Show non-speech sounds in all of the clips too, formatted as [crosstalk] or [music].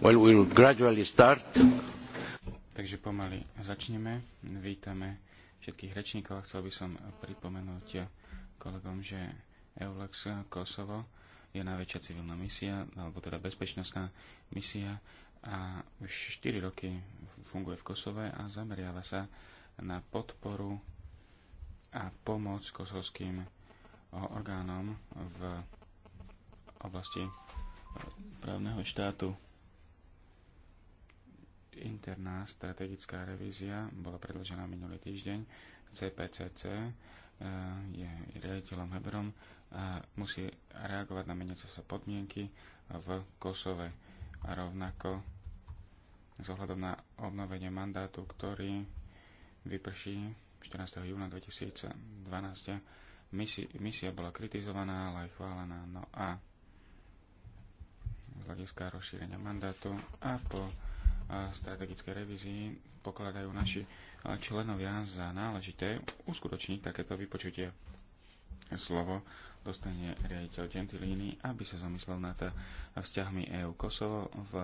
Well, we'll gradually start. Takže pomaly začneme. Vítame všetkých rečníkov a chcel by som pripomenúť kolegom, že Eulex Kosovo je najväčšia civilná misia, alebo teda bezpečnostná misia a už 4 roky funguje v Kosove a zameriava sa na podporu a pomoc kosovským orgánom v oblasti právneho štátu Interná strategická revízia bola predložená minulý týždeň. CPCC eh, je riaditeľom Hebrom a musí reagovať na meniace sa podmienky v Kosove. A rovnako s ohľadom na obnovenie mandátu, ktorý vyprší 14. júna 2012, misi, misia bola kritizovaná, ale aj chválená. No a z hľadiska rozšírenia mandátu a po strategickej revízii pokladajú naši eh, členovia za náležité uskutočniť takéto vypočutie. Slovo dostane riaditeľ Gentilíny, aby sa zamyslel nad eh, vzťahmi EU-Kosovo v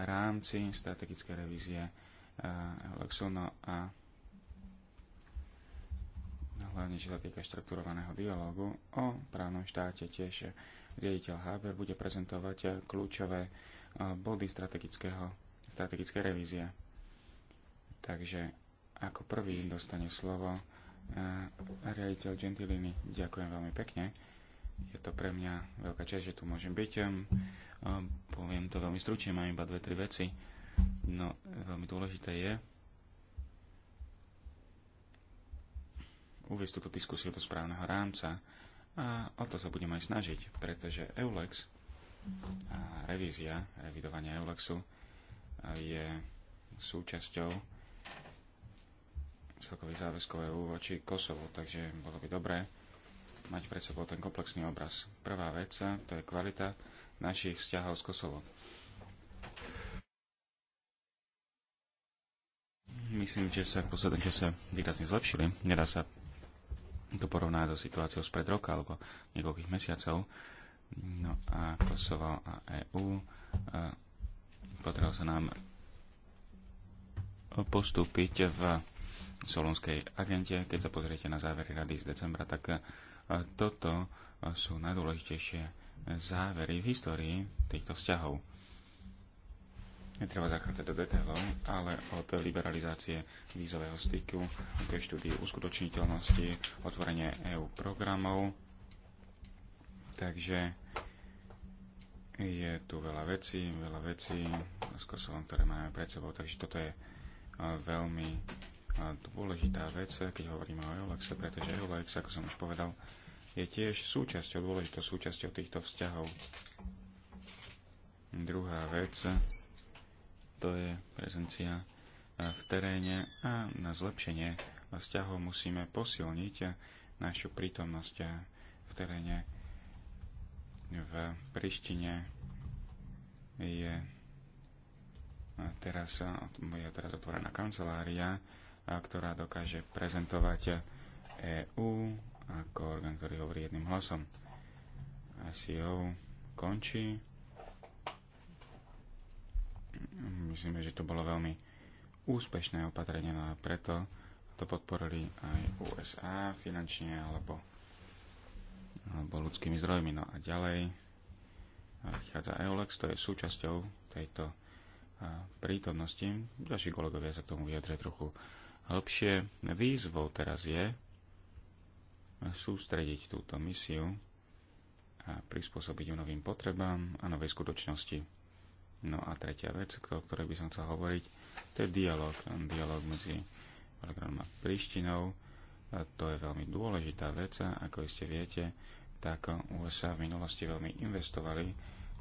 rámci strategickej revízie eh, Lexono a hlavne, čo sa týka štrukturovaného dialógu o právnom štáte tiež riaditeľ HB bude prezentovať kľúčové body strategického strategické revízie. Takže ako prvý dostane slovo eh, riaditeľ Gentilini. Ďakujem veľmi pekne. Je to pre mňa veľká čest, že tu môžem byť. Eh, poviem to veľmi stručne, mám iba dve, tri veci. No, veľmi dôležité je uviesť túto diskusiu do správneho rámca a o to sa budem aj snažiť, pretože EULEX a revízia, revidovanie EULEXu je súčasťou celkových záväzkov EU voči Kosovu, takže bolo by dobré mať pred sebou ten komplexný obraz. Prvá vec, to je kvalita našich vzťahov s Kosovom. Myslím, že sa v poslednom čase výrazne zlepšili. Nedá sa to porovnať so situáciou spred roka alebo niekoľkých mesiacov. No a Kosovo a EU podaril sa nám postúpiť v solonskej agente. Keď sa pozriete na závery rady z decembra, tak e, toto sú najdôležitejšie závery v histórii týchto vzťahov. Netreba zachádzať do detailov, ale od liberalizácie vízového styku ke štúdiu uskutočniteľnosti, otvorenie EU programov. Takže je tu veľa vecí, veľa vecí s Kosovom, ktoré máme pred sebou, takže toto je veľmi dôležitá vec, keď hovoríme o Eulexe, pretože Eulex, ako som už povedal, je tiež súčasťou, dôležitou súčasťou týchto vzťahov. Druhá vec, to je prezencia v teréne a na zlepšenie vzťahov musíme posilniť našu prítomnosť v teréne v Prištine je teraz, je teraz otvorená kancelária, ktorá dokáže prezentovať EÚ ako orgán, ktorý hovorí jedným hlasom. SEO končí. Myslíme, že to bolo veľmi úspešné opatrenie, no a preto to podporili aj USA finančne alebo alebo ľudskými zdrojmi. No a ďalej vychádza EOLEX, to je súčasťou tejto prítomnosti. Ďalší kolegovia sa k tomu vyjadria trochu hĺbšie. Výzvou teraz je sústrediť túto misiu a prispôsobiť ju novým potrebám a novej skutočnosti. No a tretia vec, o ktorej by som chcel hovoriť, to je dialog. Dialog medzi Belgradom a Prištinou to je veľmi dôležitá vec. Ako iste viete, tak USA v minulosti veľmi investovali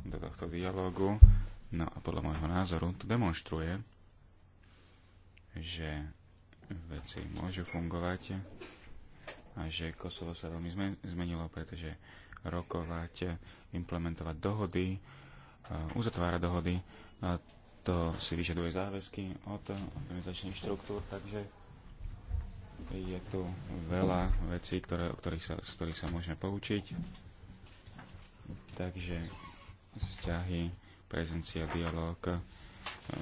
do tohto dialógu. No a podľa môjho názoru to demonstruje, že veci môžu fungovať a že Kosovo sa veľmi zmenilo, pretože rokovať, implementovať dohody, uzatvárať dohody, to si vyžaduje záväzky od organizačných štruktúr, takže je tu veľa vecí, ktoré, ktorých sa, z ktorých sa môžeme poučiť. Takže vzťahy, prezencia, dialog.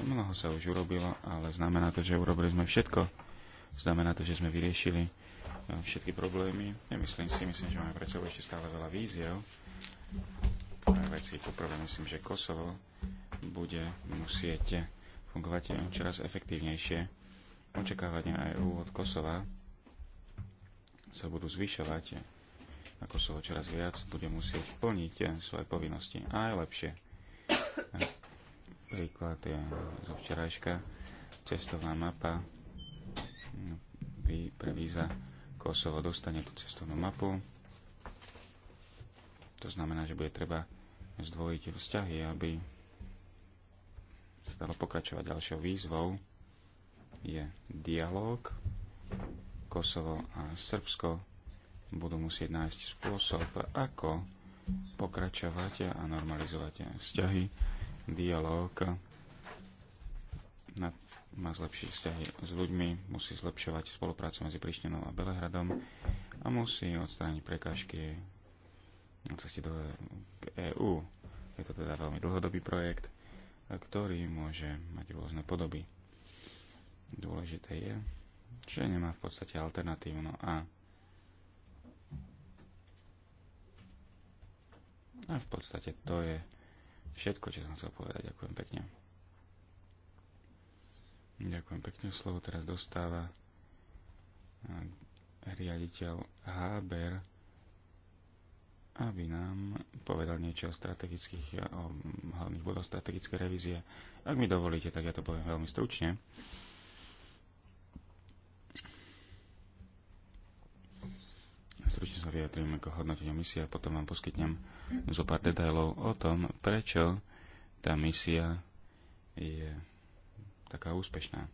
Mnoho sa už urobilo, ale znamená to, že urobili sme všetko. Znamená to, že sme vyriešili e, všetky problémy. Nemyslím si, myslím, že máme pred sebou ešte stále veľa víziev. Veci, poprvé myslím, že Kosovo bude musieť fungovať e, čoraz efektívnejšie. Očakávania EÚ od Kosova sa budú zvyšovať, ako sú ho čoraz viac, bude musieť plniť eh, svoje povinnosti. A aj lepšie. Príklad je eh, zo včerajška cestovná mapa hm, pre víza Kosovo dostane tú cestovnú mapu. To znamená, že bude treba zdvojiť vzťahy, aby sa dalo pokračovať ďalšou výzvou je dialog Kosovo a Srbsko budú musieť nájsť spôsob, ako pokračovať a normalizovať vzťahy, dialog, na, má zlepšiť vzťahy s ľuďmi, musí zlepšovať spoluprácu medzi Prištinou a Belehradom a musí odstrániť prekážky na ceste do EÚ. E je to teda veľmi dlhodobý projekt, ktorý môže mať rôzne podoby. Dôležité je, Čiže nemá v podstate alternatívu. No a, a v podstate to je všetko, čo som chcel povedať. Ďakujem pekne. Ďakujem pekne. Slovo teraz dostáva riaditeľ Haber, aby nám povedal niečo o strategických, o hlavných bodoch strategické revízie. Ak mi dovolíte, tak ja to poviem veľmi stručne. stručne sa vyjadrím k hodnoteniu misie a potom vám poskytnem zo pár detajlov o tom, prečo tá misia je taká úspešná.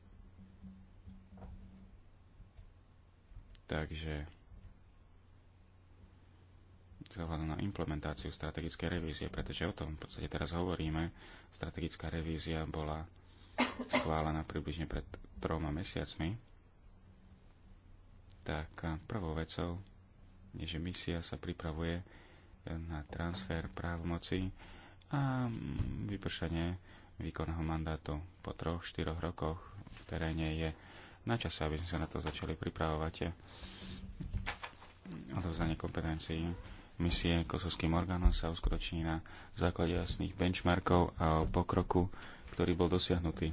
Takže vzhľadom na implementáciu strategickej revízie, pretože o tom v podstate teraz hovoríme, strategická revízia bola schválená približne pred troma mesiacmi, tak prvou vecou že misia sa pripravuje na transfer právomoci a vypršanie výkonného mandátu po troch, štyroch rokoch v teréne je na čase, aby sme sa na to začali pripravovať. Odovzdanie kompetencií misie kosovským orgánom sa uskutoční na základe jasných benchmarkov a pokroku, ktorý bol dosiahnutý.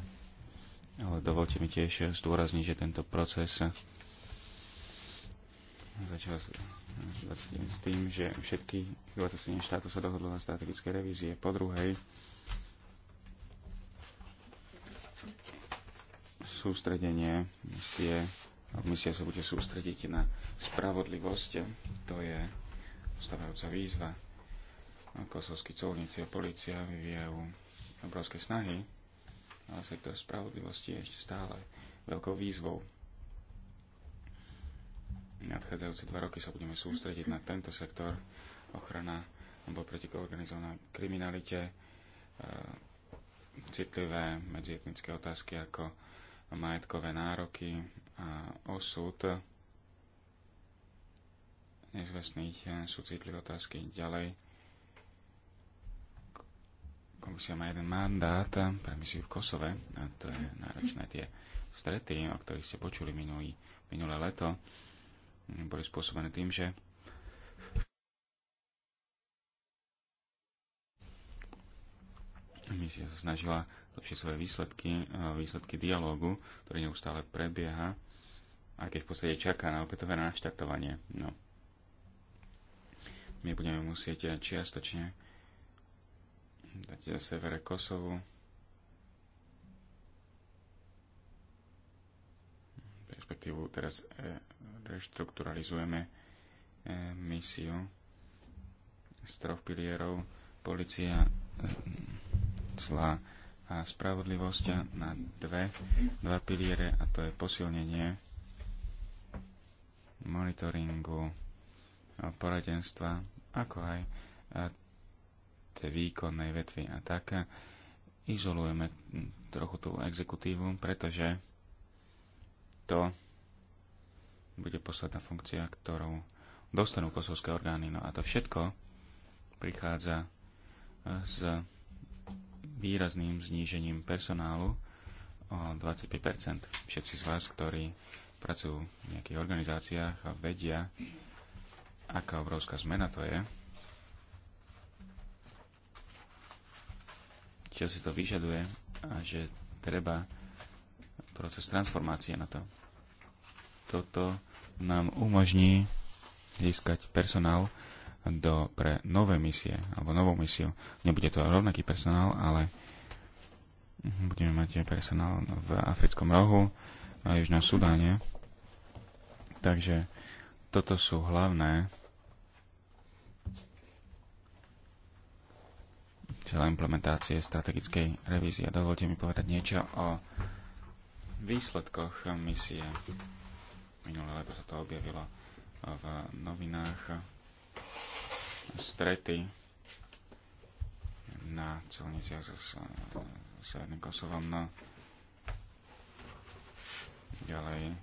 Ale dovolte mi tiež zdôrazniť, že tento proces začal s tým, že všetky 27 štátov sa dohodlo na strategické revízie. Po druhej, sústredenie misie, misia sa bude sústrediť na spravodlivosť, to je ostávajúca výzva. Kosovskí colníci a policia vyvíjajú obrovské snahy, ale sektor spravodlivosti je ešte stále veľkou výzvou nadchádzajúce dva roky sa budeme sústrediť na tento sektor ochrana alebo proti organizovanej kriminalite, e, citlivé medzietnické otázky ako majetkové nároky a osud nezvestných e, sú citlivé otázky ďalej. Komisia má jeden mandát pre misiu v Kosove a to je náročné tie strety, o ktorých ste počuli minulý, minulé leto boli spôsobené tým, že misia sa snažila lepšie svoje výsledky, e, výsledky dialógu, ktorý neustále prebieha, a keď v podstate čaká na opätovné naštartovanie. No. My budeme musieť čiastočne dať severe Kosovu, perspektívu teraz e, reštrukturalizujeme e, misiu z troch pilierov policia, cla e, a spravodlivosť na dve, dva piliere a to je posilnenie monitoringu poradenstva, ako aj tie výkonnej vetvy a tak izolujeme trochu tú exekutívu, pretože to bude posledná funkcia, ktorú dostanú kosovské orgány. No a to všetko prichádza e, s výrazným znížením personálu o 25%. Všetci z vás, ktorí pracujú v nejakých organizáciách a vedia, aká obrovská zmena to je. Čo si to vyžaduje a že treba proces transformácie na to. Toto nám umožní získať personál do, pre nové misie, alebo novú misiu. Nebude to rovnaký personál, ale budeme mať personál v Africkom rohu a Južnom Sudáne. Takže toto sú hlavné celé implementácie strategickej revízie. Dovolte mi povedať niečo o výsledkoch misie. Minulé leto sa to objavilo v novinách. Strety na celniciach s Severným Kosovom. No. Ďalej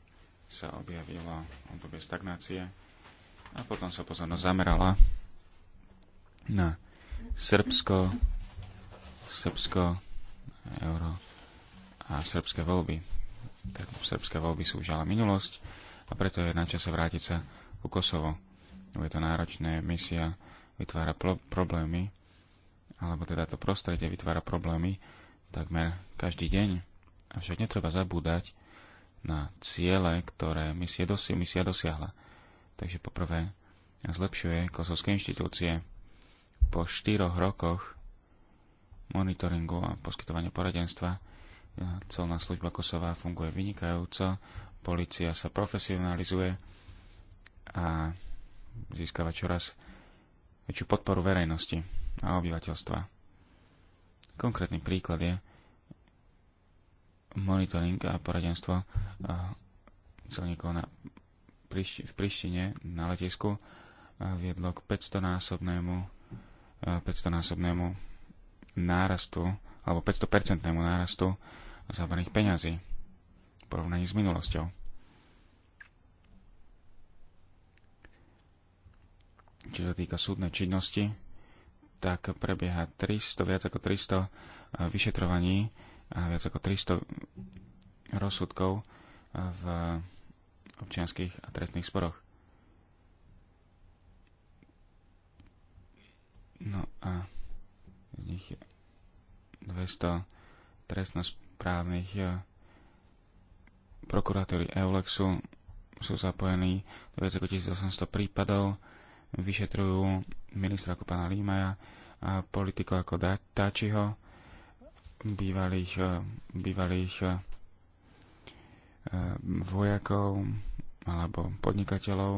sa objavilo obdobie stagnácie a potom sa pozornosť zamerala na Srbsko, Srbsko, euro a srbské voľby. Tak, srbské voľby sú už ale minulosť a preto je na čase vrátiť sa ku Kosovo. Je to náročné, misia vytvára problémy, alebo teda to prostredie vytvára problémy takmer každý deň. Avšak netreba zabúdať na ciele, ktoré misia, dosi- misia dosiahla. Takže poprvé zlepšuje kosovské inštitúcie. Po štyroch rokoch monitoringu a poskytovania poradenstva eh, celná služba Kosova funguje vynikajúco Polícia sa profesionalizuje a získava čoraz väčšiu podporu verejnosti a obyvateľstva. Konkrétny príklad je monitoring a poradenstvo celníkov na, v Prištine na letisku viedlo k 500-násobnému 500 nárastu alebo 500-percentnému nárastu zabraných peňazí porovnaní s minulosťou. Čo sa týka súdnej činnosti, tak prebieha 300, viac ako 300 eh, vyšetrovaní a viac ako 300 rozsudkov eh, v občianských a trestných sporoch. No a z nich 200 trestnosprávnych eh, prokurátori Eulexu sú zapojení do viac ako 1800 prípadov, vyšetrujú ministra ako pána Límaja a politiku ako Dačiho, bývalých, eh, bývalých eh, vojakov alebo podnikateľov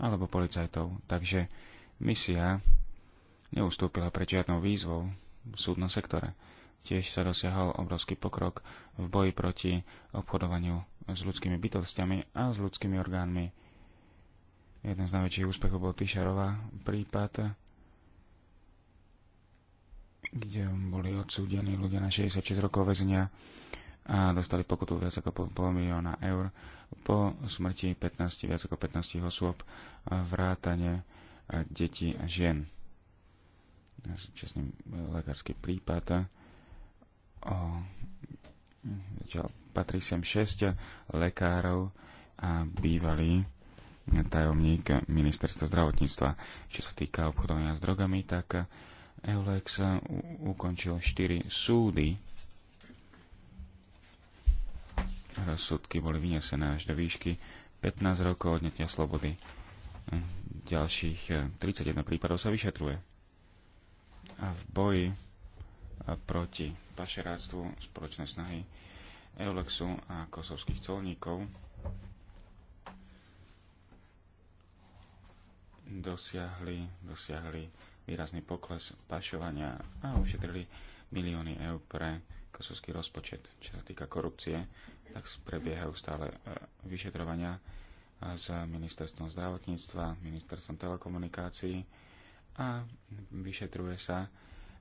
alebo policajtov. Takže misia neustúpila pred žiadnou výzvou v súdnom sektore. Tiež sa dosiahol obrovský pokrok v boji proti obchodovaniu s ľudskými bytostiami a s ľudskými orgánmi. Jeden z najväčších úspechov bol Tišarová prípad, kde boli odsúdení ľudia na 66 rokov väzenia a dostali pokutu viac ako pol milióna eur po smrti 15, viac ako 15 osôb vrátane eh, detí a žien. Súčasný lekársky prípad o, patrí sem 6 lekárov a bývalý tajomník ministerstva zdravotníctva. Čo sa týka obchodovania s drogami, tak Eulex ukončil 4 súdy. Rozsudky boli vynesené až do výšky 15 rokov odnetia slobody. Hm, ďalších 31 eh, prípadov sa vyšetruje. A v boji proti pašeráctvu, spoločné snahy Eulexu a kosovských colníkov dosiahli, dosiahli výrazný pokles pašovania a ušetrili milióny eur pre kosovský rozpočet. Čo sa týka korupcie, tak prebiehajú stále e, vyšetrovania s ministerstvom zdravotníctva, ministerstvom telekomunikácií a vyšetruje sa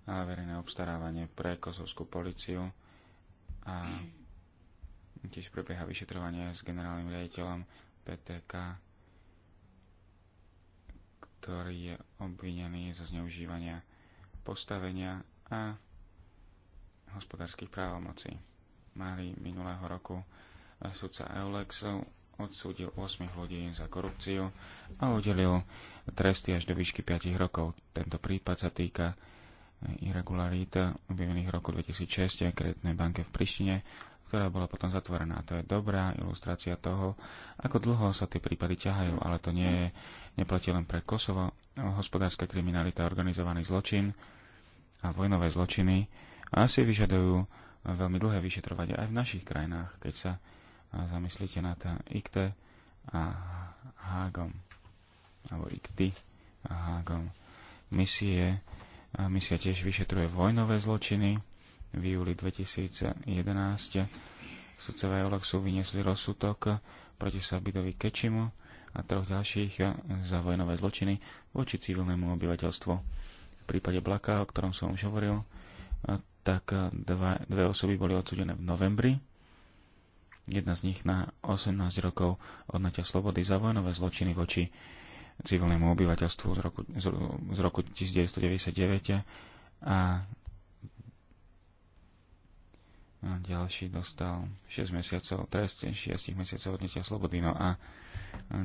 a verejné obstarávanie pre kosovskú policiu a tiež prebieha vyšetrovanie s generálnym riaditeľom PTK, ktorý je obvinený zo zneužívania postavenia a hospodárskych právomocí. Mári minulého roku sudca Eulexov odsúdil 8 ľudí za korupciu a udelil tresty až do výšky 5 rokov. Tento prípad sa týka irregularít objavených v roku 2006 kreditnej banke v Prištine, ktorá bola potom zatvorená. To je dobrá ilustrácia toho, ako dlho sa tie prípady ťahajú, ale to nie je, neplatí len pre Kosovo. Hospodárska kriminalita, organizovaný zločin a vojnové zločiny asi vyžadujú veľmi dlhé vyšetrovanie aj v našich krajinách, keď sa zamyslíte na to IKT a Hágom. Alebo IKT a Hágom. Misie Misia tiež vyšetruje vojnové zločiny. V júli 2011 sudcové Olafsu vyniesli rozsudok proti Sabidovi Kečimu a troch ďalších za vojnové zločiny voči civilnému obyvateľstvu. V prípade Blaka, o ktorom som už hovoril, tak dva, dve osoby boli odsudené v novembri. Jedna z nich na 18 rokov odnatia slobody za vojnové zločiny voči civilnému obyvateľstvu z roku, z, z roku 1999 a a ďalší dostal 6 mesiacov trest, 6 mesiacov odnetia slobody. No a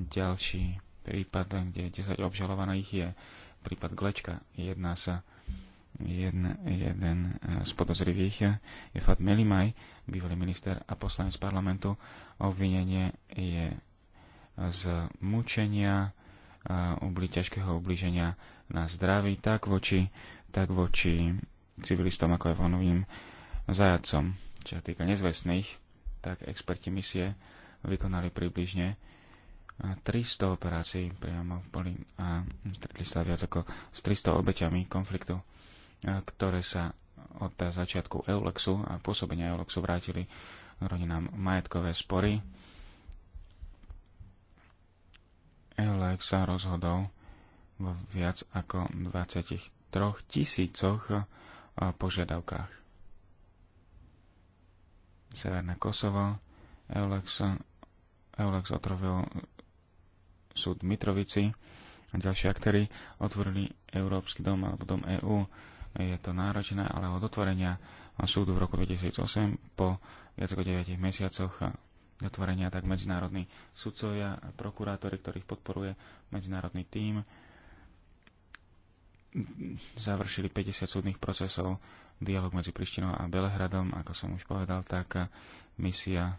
ďalší prípad, kde 10 obžalovaných je prípad Glečka. Jedná sa jeden, jeden z podozrivých je Fat Melimaj, bývalý minister a poslanec parlamentu. Obvinenie je z mučenia, obli ťažkého obliženia na zdraví, tak voči, tak voči civilistom ako aj vonovým zajacom. Čo sa týka nezvestných, tak experti misie vykonali približne 300 operácií priamo v poli a stretli sa viac ako s 300 obeťami konfliktu, ktoré sa od začiatku Eulexu a pôsobenia Eulexu vrátili rodinám majetkové spory, Elek sa rozhodol vo viac ako 23 tisícoch eh, požiadavkách. Severné Kosovo, Eulex, Eulex otrovil súd Mitrovici a ďalší aktéry otvorili Európsky dom alebo dom EÚ. Je to náročné, ale od otvorenia súdu v roku 2008 po viac ako 9 mesiacoch eh, otvorenia, tak medzinárodní sudcovia a prokurátori, ktorých podporuje medzinárodný tím, završili 50 súdnych procesov, dialog medzi Prištinou a Belehradom, ako som už povedal, tak misia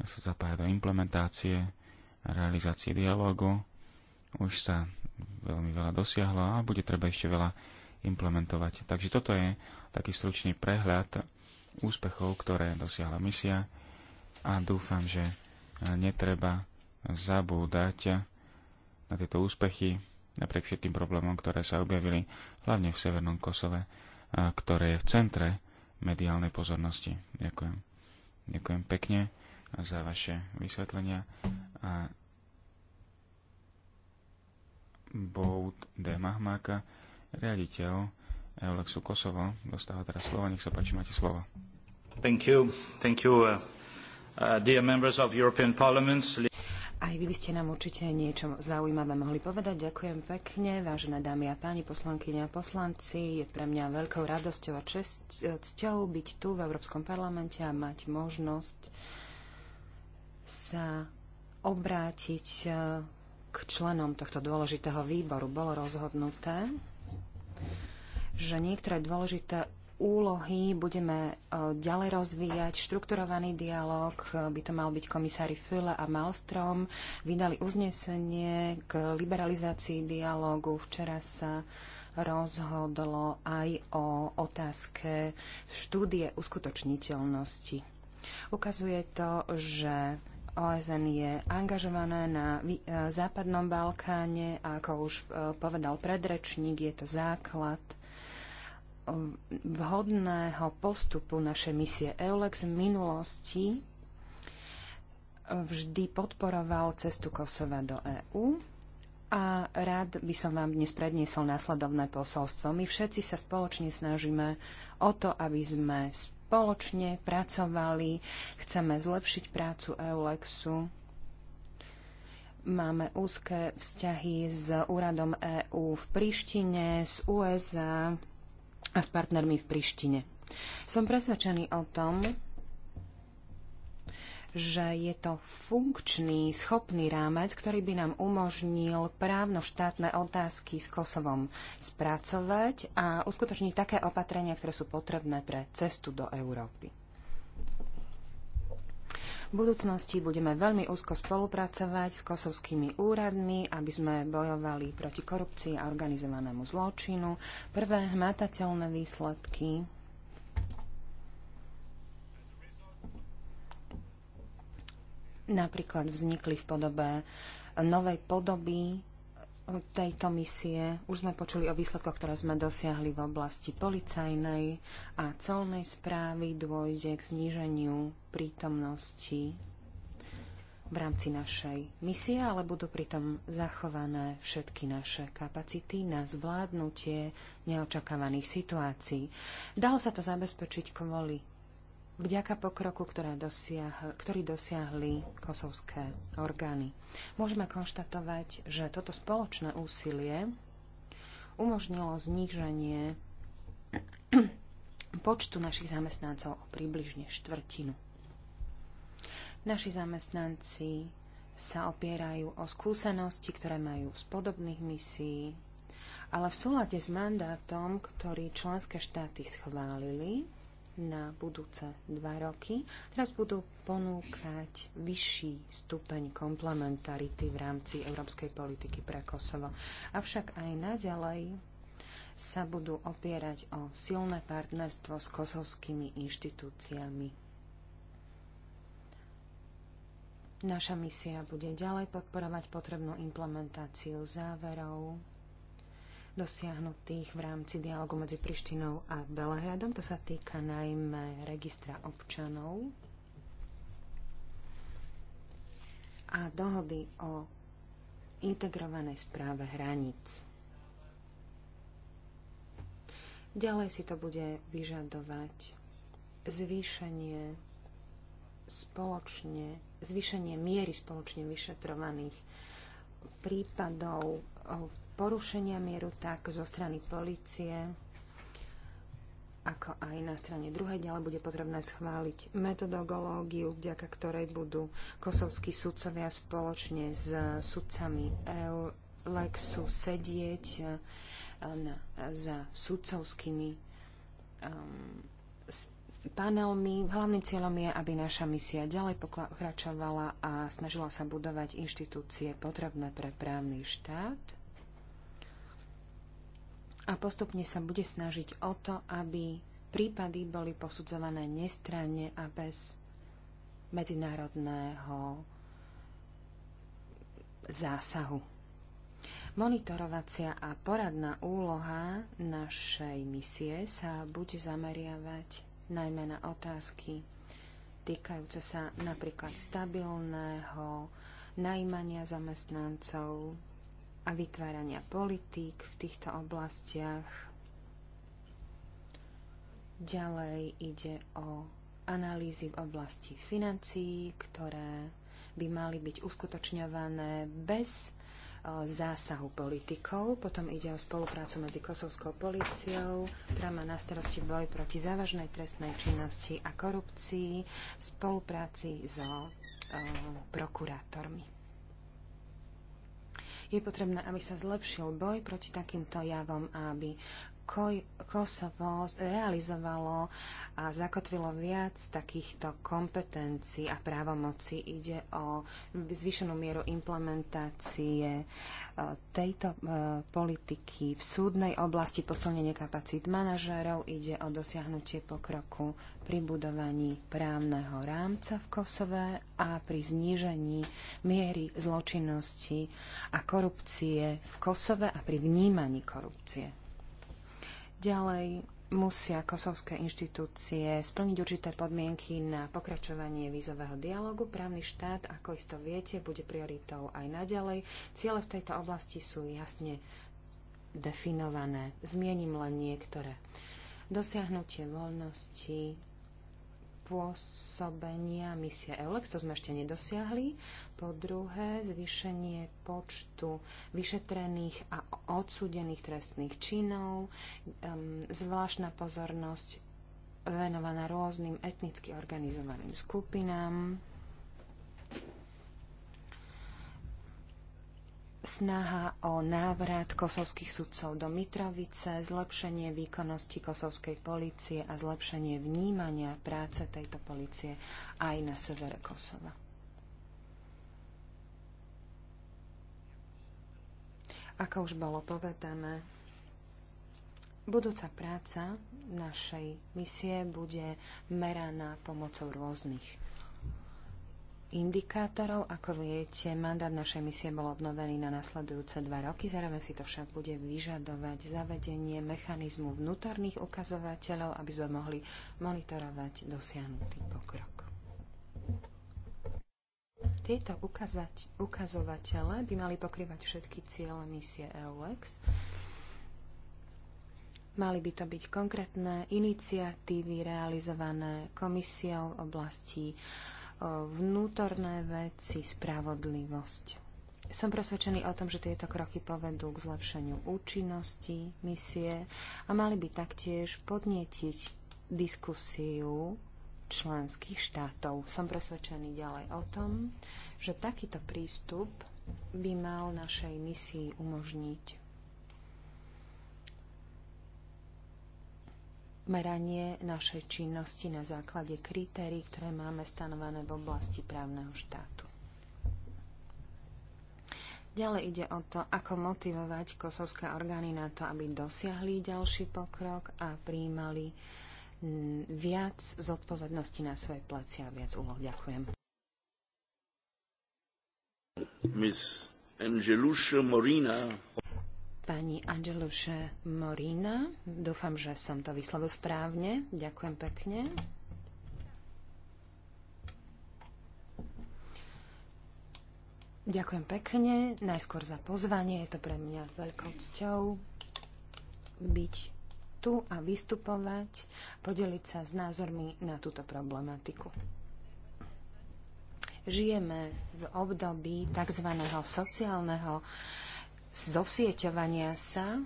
sa zapája do implementácie, realizácie dialogu. Už sa veľmi veľa dosiahlo a bude treba ešte veľa implementovať. Takže toto je taký stručný prehľad úspechov, ktoré dosiahla misia a dúfam, že netreba zabúdať na tieto úspechy napriek všetkým problémom, ktoré sa objavili hlavne v Severnom Kosove, ktoré je v centre mediálnej pozornosti. Ďakujem. Ďakujem pekne za vaše vysvetlenia a Boud D. Mahmáka, riaditeľ Eulexu Kosovo, dostáva teraz slovo. Nech sa páči, máte slovo. Thank you. Thank you. Uh, Uh, dear members of European aj vy by ste nám určite niečo zaujímavé mohli povedať. Ďakujem pekne, vážené dámy a páni, poslankyne a poslanci. Je pre mňa veľkou radosťou a e, cťou byť tu v Európskom parlamente a mať možnosť sa obrátiť e, k členom tohto dôležitého výboru. Bolo rozhodnuté, že niektoré dôležité úlohy budeme e, ďalej rozvíjať. Štrukturovaný dialog e, by to mal byť komisári Füle a Malstrom. Vydali uznesenie k liberalizácii dialogu. Včera sa rozhodlo aj o otázke štúdie uskutočniteľnosti. Ukazuje to, že OSN je angažované na e, západnom Balkáne a ako už povedal predrečník, je to základ vhodného postupu našej misie EULEX v minulosti e, vždy podporoval cestu Kosova do EÚ a rád by som vám dnes predniesol následovné posolstvo. My všetci sa spoločne snažíme o to, aby sme spoločne pracovali, chceme zlepšiť prácu EULEXu, máme úzke vzťahy s úradom EÚ v Prištine, z USA, a s partnermi v Prištine. Som presvedčený o tom, že je to funkčný, schopný rámec, ktorý by nám umožnil právno-štátne otázky s Kosovom spracovať a uskutočniť také opatrenia, ktoré sú potrebné pre cestu do Európy. V budúcnosti budeme veľmi úzko spolupracovať s kosovskými úradmi, aby sme bojovali proti korupcii a organizovanému zločinu. Prvé hmatateľné výsledky napríklad vznikli v podobe novej podoby tejto misie už sme počuli o výsledkoch, ktoré sme dosiahli v oblasti policajnej a colnej správy. Dôjde k zníženiu prítomnosti v rámci našej misie, ale budú pritom zachované všetky naše kapacity na zvládnutie neočakávaných situácií. Dalo sa to zabezpečiť kvôli vďaka pokroku, ktoré dosiahli, ktorý dosiahli kosovské orgány. Môžeme konštatovať, že toto spoločné úsilie umožnilo zníženie [clears throat] počtu našich zamestnancov o približne štvrtinu. Naši zamestnanci sa opierajú o skúsenosti, ktoré majú z podobných misií, ale v súlade s mandátom, ktorý členské štáty schválili, na budúce dva roky. Teraz budú ponúkať vyšší stupeň komplementarity v rámci európskej politiky pre Kosovo. Avšak aj naďalej sa budú opierať o silné partnerstvo s kosovskými inštitúciami. Naša misia bude ďalej podporovať potrebnú implementáciu záverov dosiahnutých v rámci dialogu medzi Prištinou a Belehradom. To sa týka najmä registra občanov a dohody o integrovanej správe hraníc. Ďalej si to bude vyžadovať zvýšenie spoločne, zvýšenie miery spoločne vyšetrovaných prípadov porušenia mieru tak zo strany policie, ako aj na strane druhej. Ďalej bude potrebné schváliť metodológiu, vďaka ktorej budú kosovskí sudcovia spoločne s sudcami Eulexu sedieť na, um, za sudcovskými um, panelmi. Hlavným cieľom je, aby naša misia ďalej pokračovala a snažila sa budovať inštitúcie potrebné pre právny štát a postupne sa bude snažiť o to, aby prípady boli posudzované nestranne a bez medzinárodného zásahu. Monitorovacia a poradná úloha našej misie sa bude zameriavať najmä na otázky týkajúce sa napríklad stabilného najímania zamestnancov, a vytvárania politík v týchto oblastiach. Ďalej ide o analýzy v oblasti financií, ktoré by mali byť uskutočňované bez zásahu politikov. Potom ide o spoluprácu medzi kosovskou policiou, ktorá má na starosti boj proti závažnej trestnej činnosti a korupcii, v spolupráci so prokurátormi. Je potrebné, aby sa zlepšil boj proti takýmto javom a aby Kosovo realizovalo a zakotvilo viac takýchto kompetencií a právomocí. Ide o zvýšenú mieru implementácie e, tejto e, politiky v súdnej oblasti, posilnenie kapacít manažérov, ide o dosiahnutie pokroku pri budovaní právneho rámca v Kosove a pri znížení miery zločinnosti a korupcie v Kosove a pri vnímaní korupcie. Ďalej musia kosovské inštitúcie splniť určité podmienky na pokračovanie vízového dialogu. Právny štát, ako isto viete, bude prioritou aj naďalej. Ciele v tejto oblasti sú jasne definované. Zmiením len niektoré. Dosiahnutie voľnosti, pôsobenia misie EULEX, to sme ešte nedosiahli. Po druhé, zvýšenie počtu vyšetrených a odsúdených trestných činov, um, zvláštna pozornosť venovaná rôznym etnicky organizovaným skupinám snaha o návrat kosovských sudcov do Mitrovice, zlepšenie výkonnosti kosovskej policie a zlepšenie vnímania práce tejto policie aj na severe Kosova. Ako už bolo povedané, budúca práca našej misie bude meraná pomocou rôznych indikátorov. Ako viete, mandát našej misie bol obnovený na nasledujúce dva roky. Zároveň si to však bude vyžadovať zavedenie mechanizmu vnútorných ukazovateľov, aby sme mohli monitorovať dosiahnutý pokrok. Tieto ukazať, ukazovatele by mali pokrývať všetky ciele misie EUX. Mali by to byť konkrétne iniciatívy realizované komisiou v oblasti uh, vnútorné veci, spravodlivosť. Som presvedčený o tom, že tieto kroky povedú k zlepšeniu účinnosti misie a mali by taktiež podnietiť diskusiu členských štátov. Som presvedčený ďalej o tom, že takýto prístup by mal našej misii umožniť meranie našej činnosti na základe kritérií, ktoré máme stanovené v oblasti právneho štátu. Ďalej ide o to, ako motivovať kosovské orgány na to, aby dosiahli ďalší pokrok a príjmali viac zodpovednosti na svoje pleci a viac úloh. Ďakujem. Miss Angelusha Morina pani Angeluše Morina. Dúfam, že som to vyslovil správne. Ďakujem pekne. Ďakujem pekne, najskôr za pozvanie. Je to pre mňa veľkou cťou byť tu a vystupovať, podeliť sa s názormi na túto problematiku. Žijeme v období tzv. sociálneho zosieťovania sa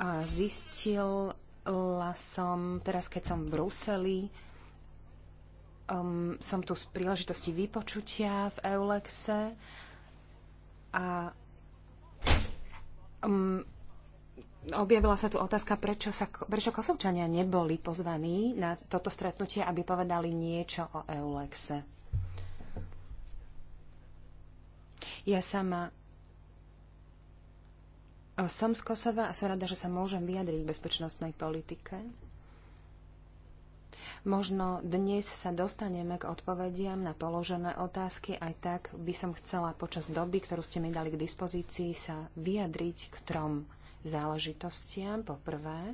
a zistila som, teraz keď som v Bruseli, um, som tu z príležitosti vypočutia v Eulexe a um, objavila sa tu otázka, prečo, sa, prečo kosovčania neboli pozvaní na toto stretnutie, aby povedali niečo o Eulexe. Ja sama som z Kosova a som rada, že sa môžem vyjadriť v bezpečnostnej politike. Možno dnes sa dostaneme k odpovediam na položené otázky, aj tak by som chcela počas doby, ktorú ste mi dali k dispozícii, sa vyjadriť k trom záležitostiam. Po prvé,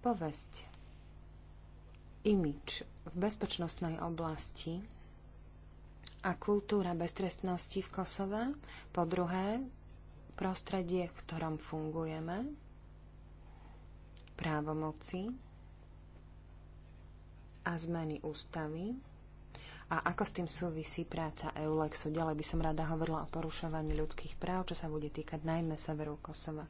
povesť, imič v bezpečnostnej oblasti a kultúra beztrestnosti v Kosove. Po druhé, prostredie, v ktorom fungujeme, právomoci a zmeny ústavy a ako s tým súvisí práca EULEXu. Ďalej by som rada hovorila o porušovaní ľudských práv, čo sa bude týkať najmä severu Kosova.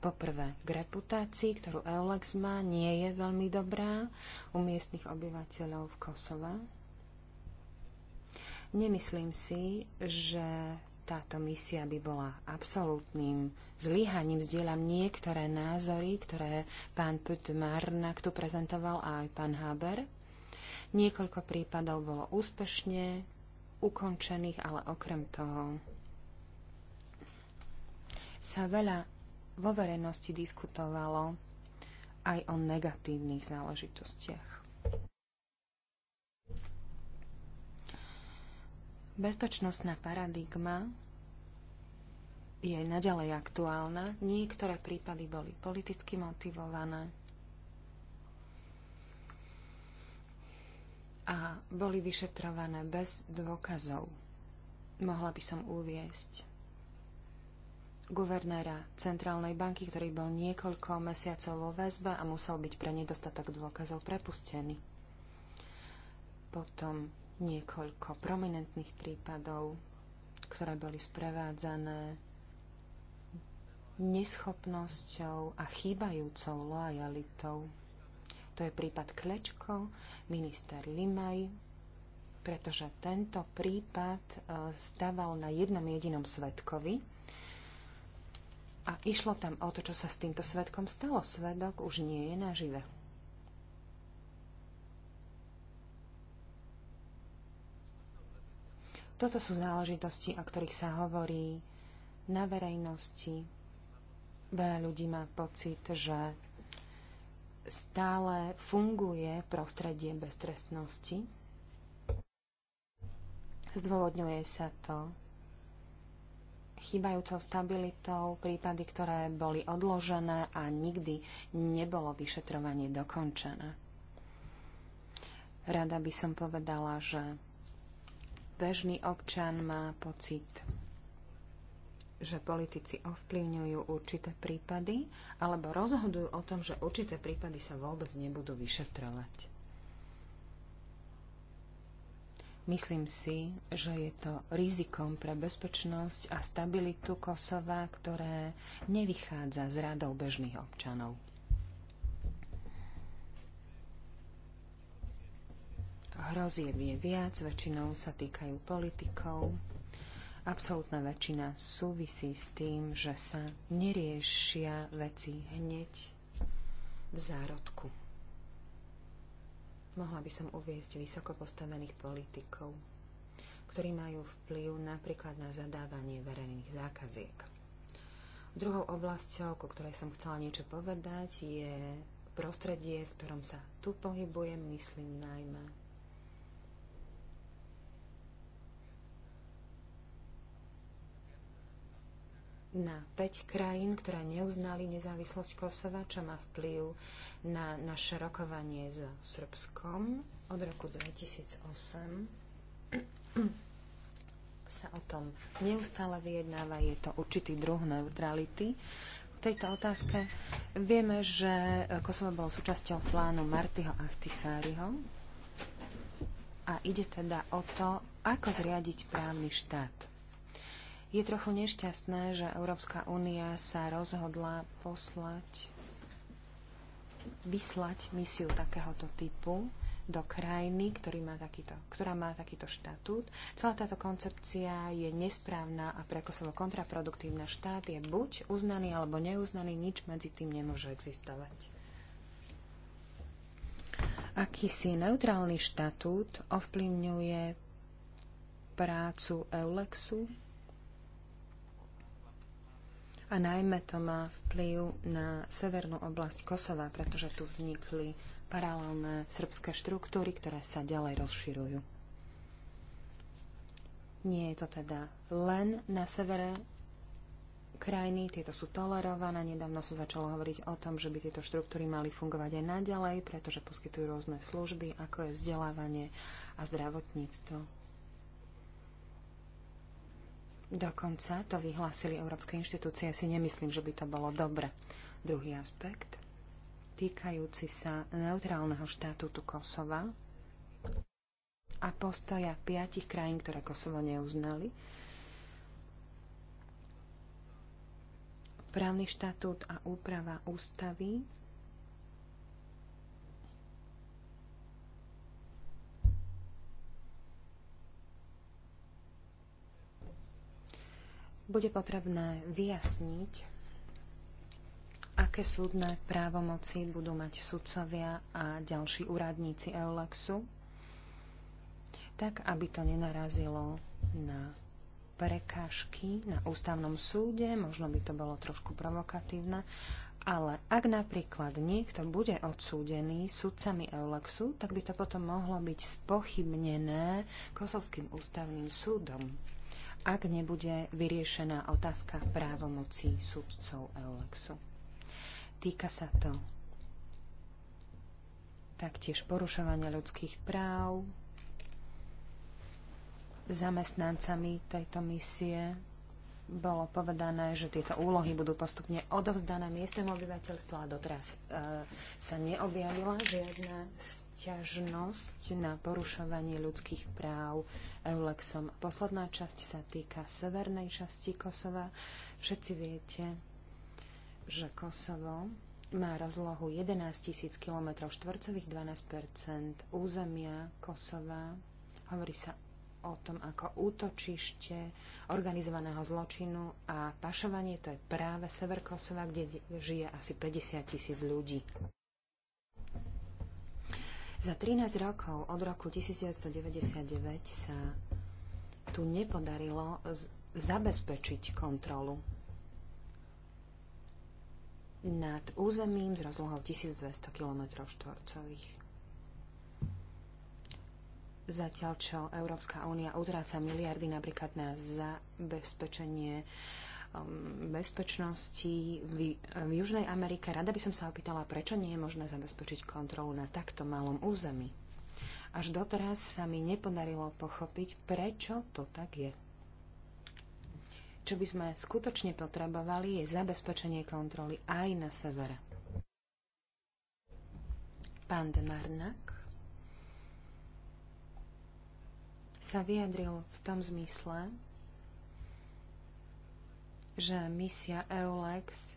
Poprvé, k reputácii, ktorú EULEX má, nie je veľmi dobrá u miestnych obyvateľov v Kosova. Nemyslím si, že táto misia by bola absolútnym zlyhaním. Zdieľam niektoré názory, ktoré pán Putmarnak tu prezentoval a aj pán Haber. Niekoľko prípadov bolo úspešne ukončených, ale okrem toho sa veľa vo verejnosti diskutovalo aj o negatívnych záležitostiach. Bezpečnostná paradigma je naďalej aktuálna. Niektoré prípady boli politicky motivované a boli vyšetrované bez dôkazov. Mohla by som uviesť guvernéra Centrálnej banky, ktorý bol niekoľko mesiacov vo väzbe a musel byť pre nedostatok dôkazov prepustený. Potom niekoľko prominentných prípadov, ktoré boli sprevádzané neschopnosťou a chýbajúcou lojalitou. To je prípad Klečko, minister Limaj, pretože tento prípad e, staval na jednom jedinom svetkovi a išlo tam o to, čo sa s týmto svetkom stalo. Svedok už nie je nažive. Toto sú záležitosti, o ktorých sa hovorí na verejnosti. Veľa ľudí má pocit, že stále funguje prostredie beztrestnosti. Zdôvodňuje sa to chýbajúcou stabilitou, prípady, ktoré boli odložené a nikdy nebolo vyšetrovanie dokončené. Rada by som povedala, že bežný občan má pocit, že politici ovplyvňujú určité prípady alebo rozhodujú o tom, že určité prípady sa vôbec nebudú vyšetrovať. Myslím si, že je to rizikom pre bezpečnosť a stabilitu Kosova, ktoré nevychádza z radov bežných občanov. hrozieb je viac, väčšinou sa týkajú politikov. Absolútna väčšina súvisí s tým, že sa neriešia veci hneď v zárodku. Mohla by som uviezť vysoko postavených politikov, ktorí majú vplyv napríklad na zadávanie verejných zákaziek. Druhou oblasťou, ku ktorej som chcela niečo povedať, je prostredie, v ktorom sa tu pohybujem, myslím najmä na 5 krajín, ktoré neuznali nezávislosť Kosova, čo má vplyv na naše rokovanie s Srbskom od roku 2008 sa o tom neustále vyjednáva, je to určitý druh neutrality. V tejto otázke vieme, že Kosovo bolo súčasťou plánu Martyho Achtisáriho a ide teda o to, ako zriadiť právny štát je trochu nešťastné, že Európska únia sa rozhodla poslať, vyslať misiu takéhoto typu do krajiny, ktorý má takýto, ktorá má takýto štatút. Celá táto koncepcia je nesprávna a pre Kosovo kontraproduktívna. Štát je buď uznaný alebo neuznaný, nič medzi tým nemôže existovať. Akýsi neutrálny štatút ovplyvňuje prácu Eulexu, a najmä to má vplyv na severnú oblasť Kosova, pretože tu vznikli paralelné srbské štruktúry, ktoré sa ďalej rozširujú. Nie je to teda len na severe krajiny, tieto sú tolerované. Nedávno sa začalo hovoriť o tom, že by tieto štruktúry mali fungovať aj naďalej, pretože poskytujú rôzne služby, ako je vzdelávanie a zdravotníctvo. Dokonca to vyhlásili európske inštitúcie. Ja si nemyslím, že by to bolo dobre. Druhý aspekt, týkajúci sa neutrálneho štatútu Kosova a postoja piatich krajín, ktoré Kosovo neuznali, právny štatút a úprava ústavy bude potrebné vyjasniť, aké súdne právomoci budú mať sudcovia a ďalší úradníci Eulexu, tak aby to nenarazilo na prekážky na ústavnom súde, možno by to bolo trošku provokatívne, ale ak napríklad niekto bude odsúdený sudcami Eulexu, tak by to potom mohlo byť spochybnené Kosovským ústavným súdom ak nebude vyriešená otázka právomocí súdcov Eulexu. Týka sa to taktiež porušovania ľudských práv zamestnancami tejto misie, bolo povedané, že tieto úlohy budú postupne odovzdané miestnemu obyvateľstvu a doteraz e, sa neobjavila žiadna sťažnosť na porušovanie ľudských práv Eulexom. Posledná časť sa týka severnej časti Kosova. Všetci viete, že Kosovo má rozlohu 11 000 km štvorcových, 12 územia Kosova. Hovorí sa o tom ako útočište organizovaného zločinu a pašovanie, to je práve sever Kosova, kde žije asi 50 tisíc ľudí. Za 13 rokov od roku 1999 sa tu nepodarilo zabezpečiť kontrolu nad územím s rozlohou 1200 km štvorcových. Zatiaľ, čo Európska únia utráca miliardy napríklad na zabezpečenie um, bezpečnosti v, v Južnej Amerike. Rada by som sa opýtala, prečo nie je možné zabezpečiť kontrolu na takto malom území. Až doteraz sa mi nepodarilo pochopiť, prečo to tak je. Čo by sme skutočne potrebovali, je zabezpečenie kontroly aj na severe. Pán Demarnak. sa vyjadril v tom zmysle, že misia EULEX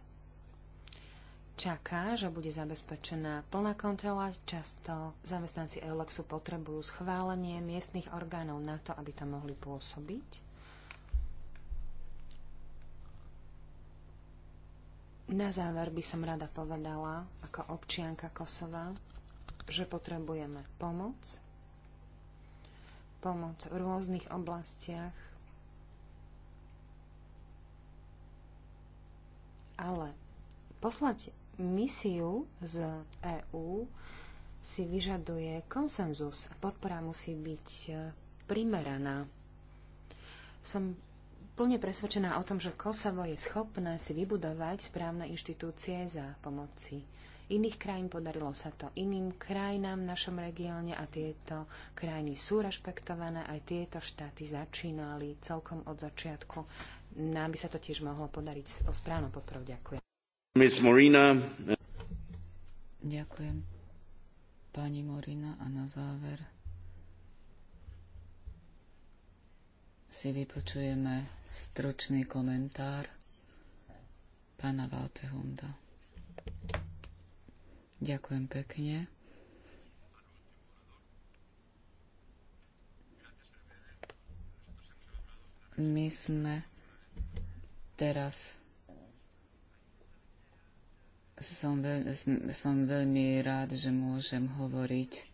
čaká, že bude zabezpečená plná kontrola. Často zamestnanci EULEXu potrebujú schválenie miestnych orgánov na to, aby tam mohli pôsobiť. Na záver by som rada povedala, ako občianka Kosova, že potrebujeme pomoc, pomoc v rôznych oblastiach, ale poslať misiu z EÚ si vyžaduje konsenzus a podpora musí byť e, primeraná. Som plne presvedčená o tom, že Kosovo je schopné si vybudovať správne inštitúcie za pomoci iných krajín. Podarilo sa to iným krajinám v našom regióne a tieto krajiny sú rešpektované. Aj tieto štáty začínali celkom od začiatku. Nám by sa to tiež mohlo podariť o správnu podporu. Ďakujem. Miss Morina. Ďakujem. Pani Morina a na záver si vypočujeme stručný komentár pána Valtehunda. Ďakujem pekne. My sme teraz som, veľ, som veľmi rád, že môžem hovoriť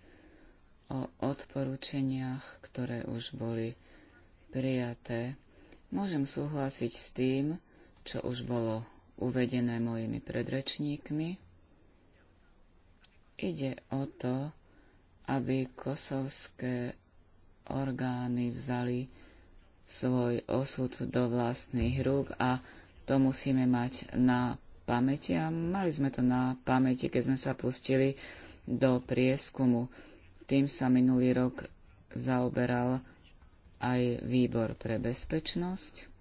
o odporúčeniach, ktoré už boli prijaté. Môžem súhlasiť s tým, čo už bolo uvedené mojimi predrečníkmi. Ide o to, aby kosovské orgány vzali svoj osud do vlastných rúk a to musíme mať na pamäti a mali sme to na pamäti, keď sme sa pustili do prieskumu. Tým sa minulý rok zaoberal aj výbor pre bezpečnosť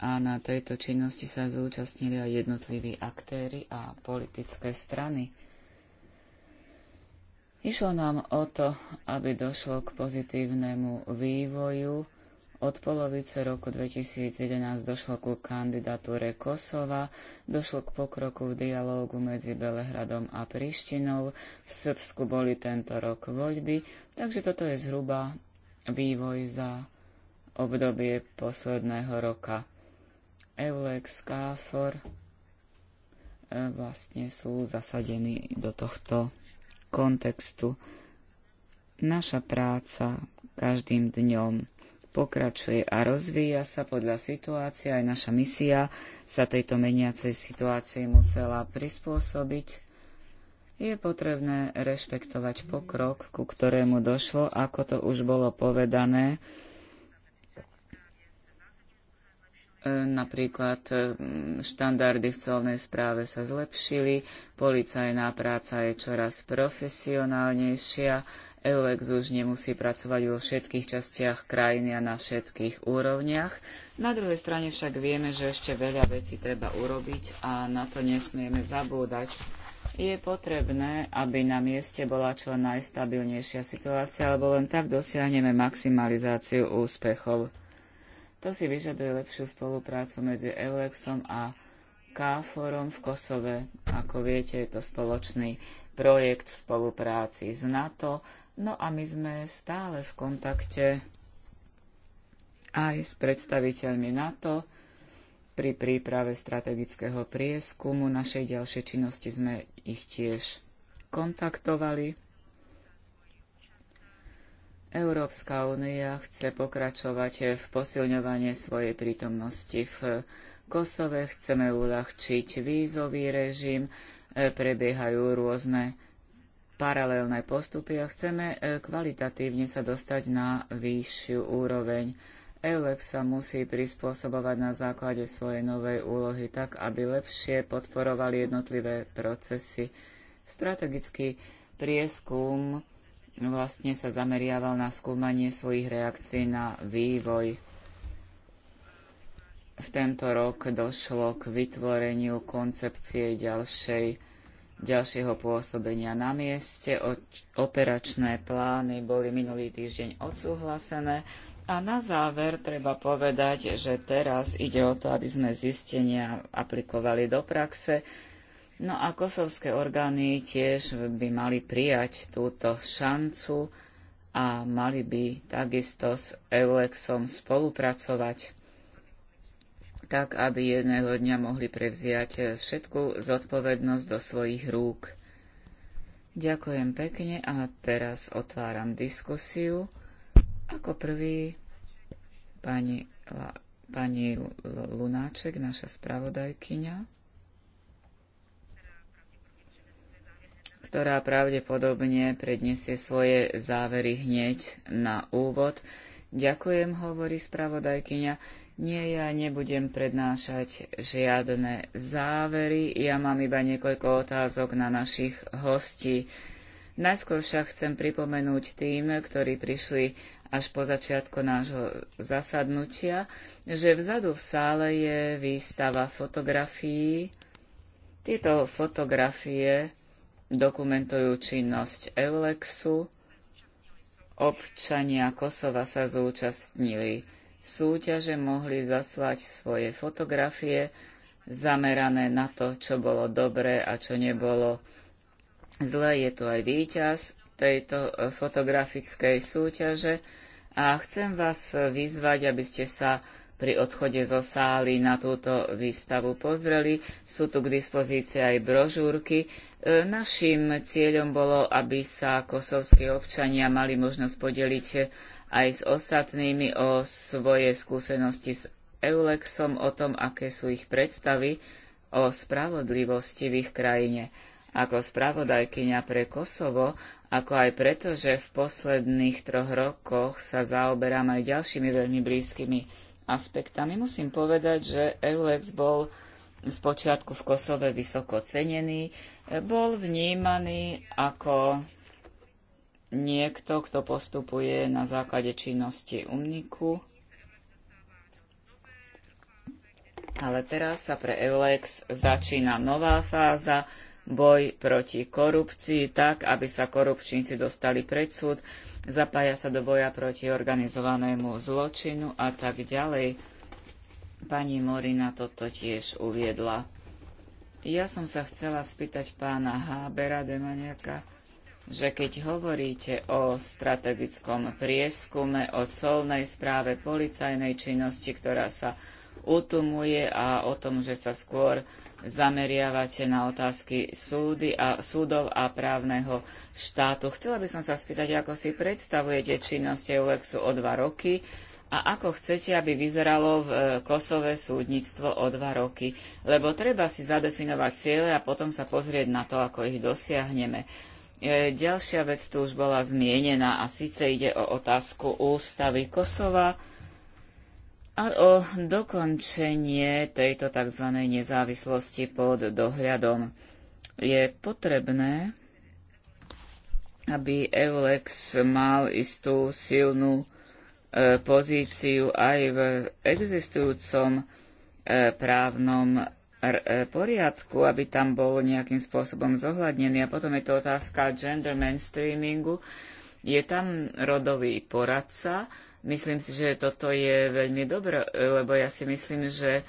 a na tejto činnosti sa zúčastnili aj jednotliví aktéry a politické strany. Išlo nám o to, aby došlo k pozitívnemu vývoju. Od polovice roku 2011 došlo ku kandidatúre Kosova, došlo k pokroku v dialógu medzi Belehradom a Prištinou, v Srbsku boli tento rok voľby, takže toto je zhruba vývoj za obdobie posledného roka. Eulex, Káfor e, vlastne sú zasadení do tohto kontextu. Naša práca každým dňom pokračuje a rozvíja sa podľa situácie. Aj naša misia sa tejto meniacej situácii musela prispôsobiť. Je potrebné rešpektovať pokrok, ku ktorému došlo, ako to už bolo povedané, Napríklad e, štandardy v celnej správe sa zlepšili, policajná práca je čoraz profesionálnejšia, Eulex už nemusí pracovať vo všetkých častiach krajiny a na všetkých úrovniach. Na druhej strane však vieme, že ešte veľa vecí treba urobiť a na to nesmieme zabúdať. Je potrebné, aby na mieste bola čo najstabilnejšia situácia, lebo len tak dosiahneme maximalizáciu úspechov. To si vyžaduje lepšiu spoluprácu medzi Eulexom a KFORom v Kosove. Ako viete, je to spoločný projekt v spolupráci s NATO. No a my sme stále v kontakte aj s predstaviteľmi NATO. Pri príprave strategického prieskumu našej ďalšej činnosti sme ich tiež kontaktovali. Európska únia chce pokračovať v posilňovaní svojej prítomnosti v Kosove, chceme uľahčiť vízový režim, e, prebiehajú rôzne paralelné postupy a chceme e, kvalitatívne sa dostať na vyššiu úroveň. EULEX sa musí prispôsobovať na základe svojej novej úlohy tak, aby lepšie podporovali jednotlivé procesy. Strategický prieskum No vlastne sa zameriaval na skúmanie svojich reakcií na vývoj. V tento rok došlo k vytvoreniu koncepcie ďalšej, ďalšieho pôsobenia na mieste. O, operačné plány boli minulý týždeň odsúhlasené. A na záver treba povedať, že teraz ide o to, aby sme zistenia aplikovali do praxe No a kosovské orgány tiež by mali prijať túto šancu a mali by takisto s Eulexom spolupracovať, tak aby jedného dňa mohli prevziať všetku zodpovednosť do svojich rúk. Ďakujem pekne a teraz otváram diskusiu. Ako prvý pani, la, pani Lunáček, naša spravodajkyňa. ktorá pravdepodobne predniesie svoje závery hneď na úvod. Ďakujem, hovorí spravodajkyňa. Nie, ja nebudem prednášať žiadne závery, ja mám iba niekoľko otázok na našich hostí. Najskôr však chcem pripomenúť tým, ktorí prišli až po začiatku nášho zasadnutia, že vzadu v sále je výstava fotografií. Tieto fotografie dokumentujú činnosť Eulexu. Občania Kosova sa zúčastnili súťaže, mohli zaslať svoje fotografie zamerané na to, čo bolo dobré a čo nebolo zlé. Je tu aj víťaz tejto e, fotografickej súťaže a chcem vás vyzvať, aby ste sa pri odchode zo sály na túto výstavu pozreli. Sú tu k dispozícii aj brožúrky, Naším cieľom bolo, aby sa kosovskí občania mali možnosť podeliť aj s ostatnými o svoje skúsenosti s Eulexom, o tom, aké sú ich predstavy o spravodlivosti v ich krajine. Ako spravodajkyňa pre Kosovo, ako aj preto, že v posledných troch rokoch sa zaoberám aj ďalšími veľmi blízkymi aspektami, musím povedať, že Eulex bol spočiatku v Kosove vysoko cenený, bol vnímaný ako niekto, kto postupuje na základe činnosti umniku. Ale teraz sa pre Eulex začína nová fáza, boj proti korupcii, tak aby sa korupčníci dostali pred súd, zapája sa do boja proti organizovanému zločinu a tak ďalej. Pani Morina toto tiež uviedla. Ja som sa chcela spýtať pána Hábera Demaniaka, že keď hovoríte o strategickom prieskume, o colnej správe policajnej činnosti, ktorá sa utumuje a o tom, že sa skôr zameriavate na otázky súdy a, súdov a právneho štátu. Chcela by som sa spýtať, ako si predstavujete činnosti Eulexu o dva roky a ako chcete, aby vyzeralo v e, Kosove súdnictvo o dva roky. Lebo treba si zadefinovať ciele a potom sa pozrieť na to, ako ich dosiahneme. E, ďalšia vec tu už bola zmienená a síce ide o otázku ústavy Kosova a o dokončenie tejto tzv. nezávislosti pod dohľadom. Je potrebné, aby Eulex mal istú silnú E, pozíciu aj v existujúcom e, právnom e, poriadku, aby tam bol nejakým spôsobom zohľadnený. A potom je to otázka gender mainstreamingu. Je tam rodový poradca. Myslím si, že toto je veľmi dobré, lebo ja si myslím, že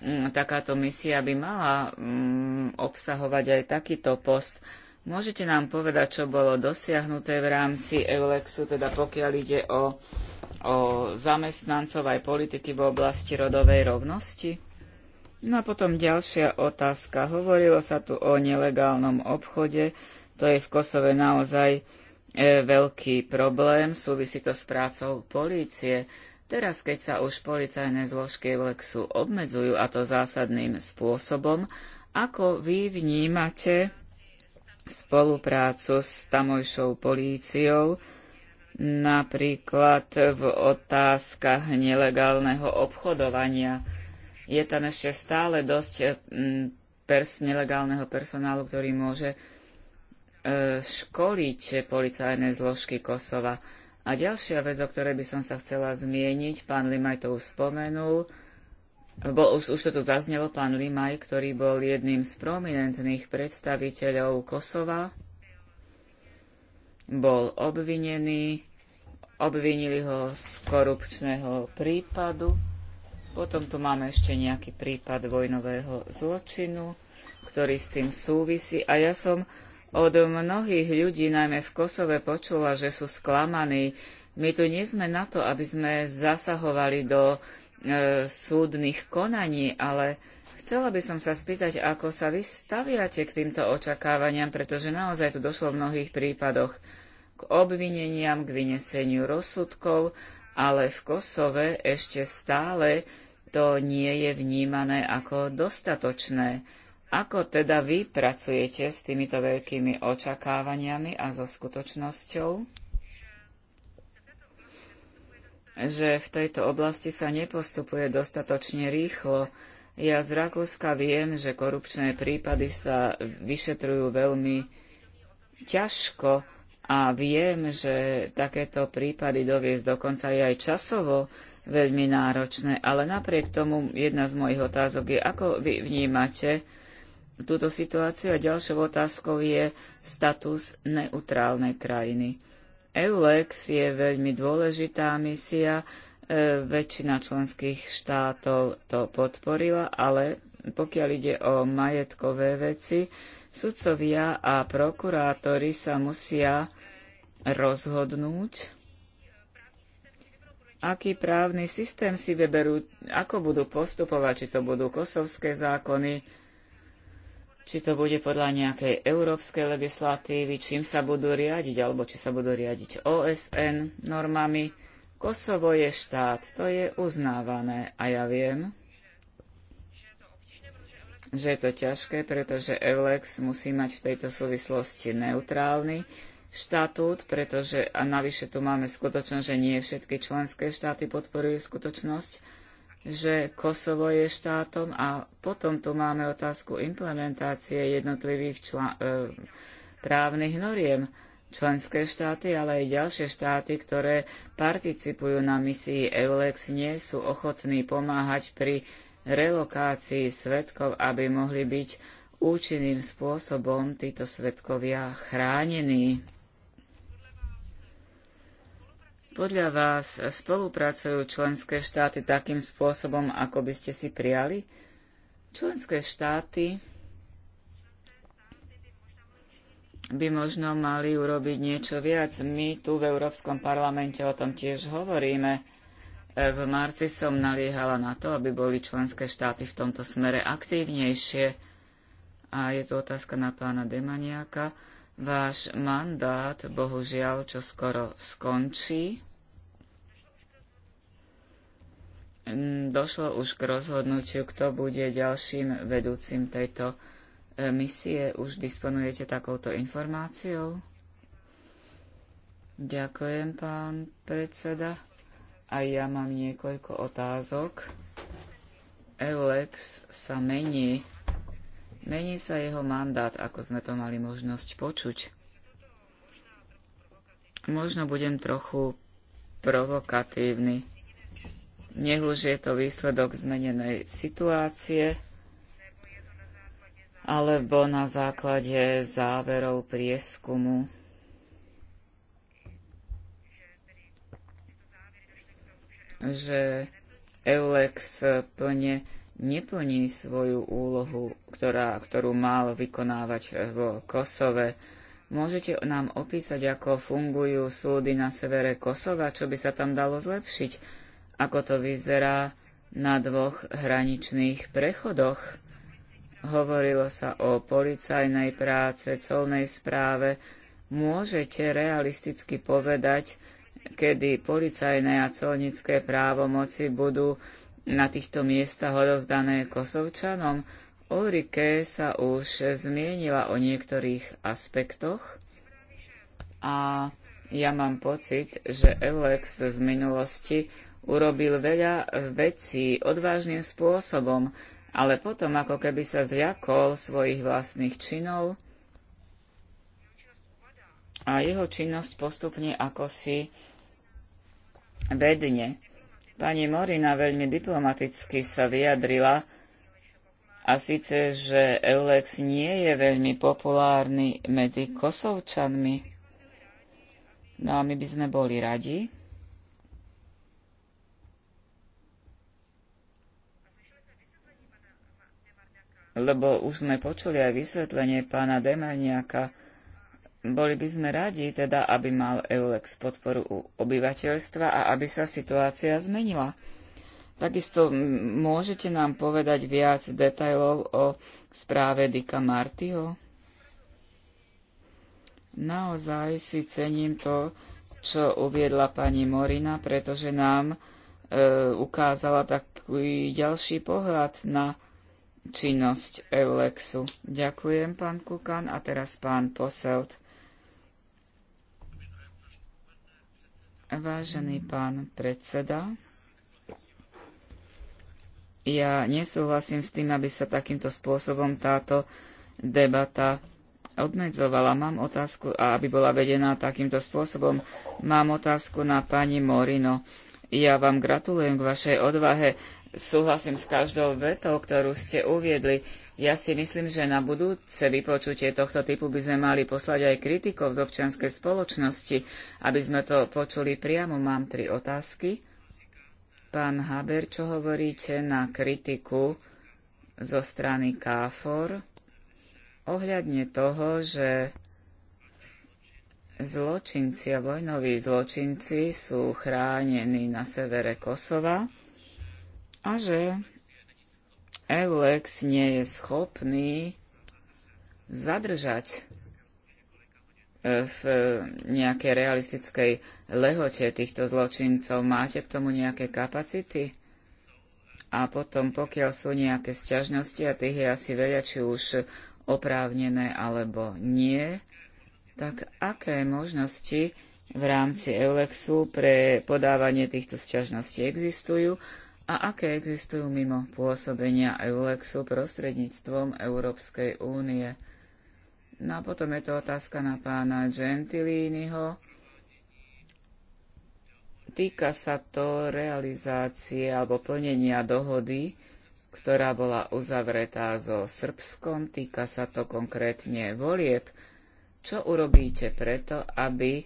mm, takáto misia by mala mm, obsahovať aj takýto post Môžete nám povedať, čo bolo dosiahnuté v rámci Eulexu, teda pokiaľ ide o, o zamestnancov aj politiky v oblasti rodovej rovnosti? No a potom ďalšia otázka. Hovorilo sa tu o nelegálnom obchode. To je v Kosove naozaj e, veľký problém. Súvisí to s prácou polície. Teraz, keď sa už policajné zložky Eulexu obmedzujú, a to zásadným spôsobom, ako vy vnímate spoluprácu s tamojšou políciou, napríklad v otázkach nelegálneho obchodovania. Je tam ešte stále dosť pers- nelegálneho personálu, ktorý môže e, školiť policajné zložky Kosova. A ďalšia vec, o ktorej by som sa chcela zmieniť, pán Limaj to už spomenul, Bo už, už to tu zaznelo pán Limaj, ktorý bol jedným z prominentných predstaviteľov Kosova. Bol obvinený, obvinili ho z korupčného prípadu. Potom tu máme ešte nejaký prípad vojnového zločinu, ktorý s tým súvisí. A ja som od mnohých ľudí, najmä v Kosove, počula, že sú sklamaní. My tu nie sme na to, aby sme zasahovali do E, súdnych konaní, ale chcela by som sa spýtať, ako sa vy staviate k týmto očakávaniam, pretože naozaj tu došlo v mnohých prípadoch k obvineniam, k vyneseniu rozsudkov, ale v Kosove ešte stále to nie je vnímané ako dostatočné. Ako teda vy pracujete s týmito veľkými očakávaniami a so skutočnosťou? že v tejto oblasti sa nepostupuje dostatočne rýchlo. Ja z Rakúska viem, že korupčné prípady sa vyšetrujú veľmi ťažko a viem, že takéto prípady doviesť dokonca je aj časovo veľmi náročné. Ale napriek tomu jedna z mojich otázok je, ako vy vnímate túto situáciu a ďalšou otázkou je status neutrálnej krajiny. EULEX je veľmi dôležitá misia, e, väčšina členských štátov to podporila, ale pokiaľ ide o majetkové veci, sudcovia a prokurátori sa musia rozhodnúť, aký právny systém si vyberú, ako budú postupovať, či to budú kosovské zákony, či to bude podľa nejakej európskej legislatívy, čím sa budú riadiť, alebo či sa budú riadiť OSN normami. Kosovo je štát, to je uznávané a ja viem, že je to ťažké, pretože Eulex musí mať v tejto súvislosti neutrálny štatút, pretože a navyše tu máme skutočnosť, že nie všetky členské štáty podporujú skutočnosť, že Kosovo je štátom a potom tu máme otázku implementácie jednotlivých e, právnych noriem. Členské štáty, ale aj ďalšie štáty, ktoré participujú na misii EULEX, nie sú ochotní pomáhať pri relokácii svetkov, aby mohli byť účinným spôsobom títo svetkovia chránení. Podľa vás spolupracujú členské štáty takým spôsobom, ako by ste si prijali? Členské štáty by možno mali urobiť niečo viac. My tu v Európskom parlamente o tom tiež hovoríme. V marci som naliehala na to, aby boli členské štáty v tomto smere aktívnejšie. A je tu otázka na pána Demaniaka Váš mandát, bohužiaľ, čo skoro skončí. Došlo už k rozhodnutiu, kto bude ďalším vedúcim tejto e, misie. Už disponujete takouto informáciou? Ďakujem, pán predseda. A ja mám niekoľko otázok. Eulex sa mení Mení sa jeho mandát, ako sme to mali možnosť počuť. Možno budem trochu provokatívny. Nech už je to výsledok zmenenej situácie, alebo na základe záverov prieskumu. že Eulex plne neplní svoju úlohu, ktorá, ktorú mal vykonávať v Kosove. Môžete nám opísať, ako fungujú súdy na severe Kosova, čo by sa tam dalo zlepšiť, ako to vyzerá na dvoch hraničných prechodoch. Hovorilo sa o policajnej práce, colnej správe. Môžete realisticky povedať, kedy policajné a colnické právomoci budú na týchto miestach odovzdané Kosovčanom. Ulrike sa už zmienila o niektorých aspektoch a ja mám pocit, že Eulex v minulosti urobil veľa vecí odvážnym spôsobom, ale potom ako keby sa zľakol svojich vlastných činov a jeho činnosť postupne ako si vedne. Pani Morina veľmi diplomaticky sa vyjadrila, a síce, že Eulex nie je veľmi populárny medzi kosovčanmi. No a my by sme boli radi, lebo už sme počuli aj vysvetlenie pána Demerniaka, boli by sme radi teda, aby mal EULEX podporu u obyvateľstva a aby sa situácia zmenila. Takisto môžete nám povedať viac detajlov o správe Dika Martyho? Naozaj si cením to, čo uviedla pani Morina, pretože nám e, ukázala taký ďalší pohľad na činnosť Eulexu. Ďakujem, pán Kukan, a teraz pán Poselt. Vážený pán predseda, ja nesúhlasím s tým, aby sa takýmto spôsobom táto debata obmedzovala. Mám otázku, a aby bola vedená takýmto spôsobom, mám otázku na pani Morino. Ja vám gratulujem k vašej odvahe. Súhlasím s každou vetou, ktorú ste uviedli. Ja si myslím, že na budúce vypočutie tohto typu by sme mali poslať aj kritikov z občianskej spoločnosti, aby sme to počuli priamo. Mám tri otázky. Pán Haber, čo hovoríte na kritiku zo strany KFOR ohľadne toho, že zločinci a vojnoví zločinci sú chránení na severe Kosova a že Eulex nie je schopný zadržať e, v e, nejakej realistickej lehote týchto zločincov. Máte k tomu nejaké kapacity? A potom, pokiaľ sú nejaké sťažnosti, a tých je asi veľa, či už oprávnené alebo nie, tak aké možnosti v rámci Eulexu pre podávanie týchto sťažností existujú a aké existujú mimo pôsobenia EULEXu prostredníctvom Európskej únie. No a potom je to otázka na pána Gentilínyho. Týka sa to realizácie alebo plnenia dohody, ktorá bola uzavretá so Srbskom. Týka sa to konkrétne volieb. Čo urobíte preto, aby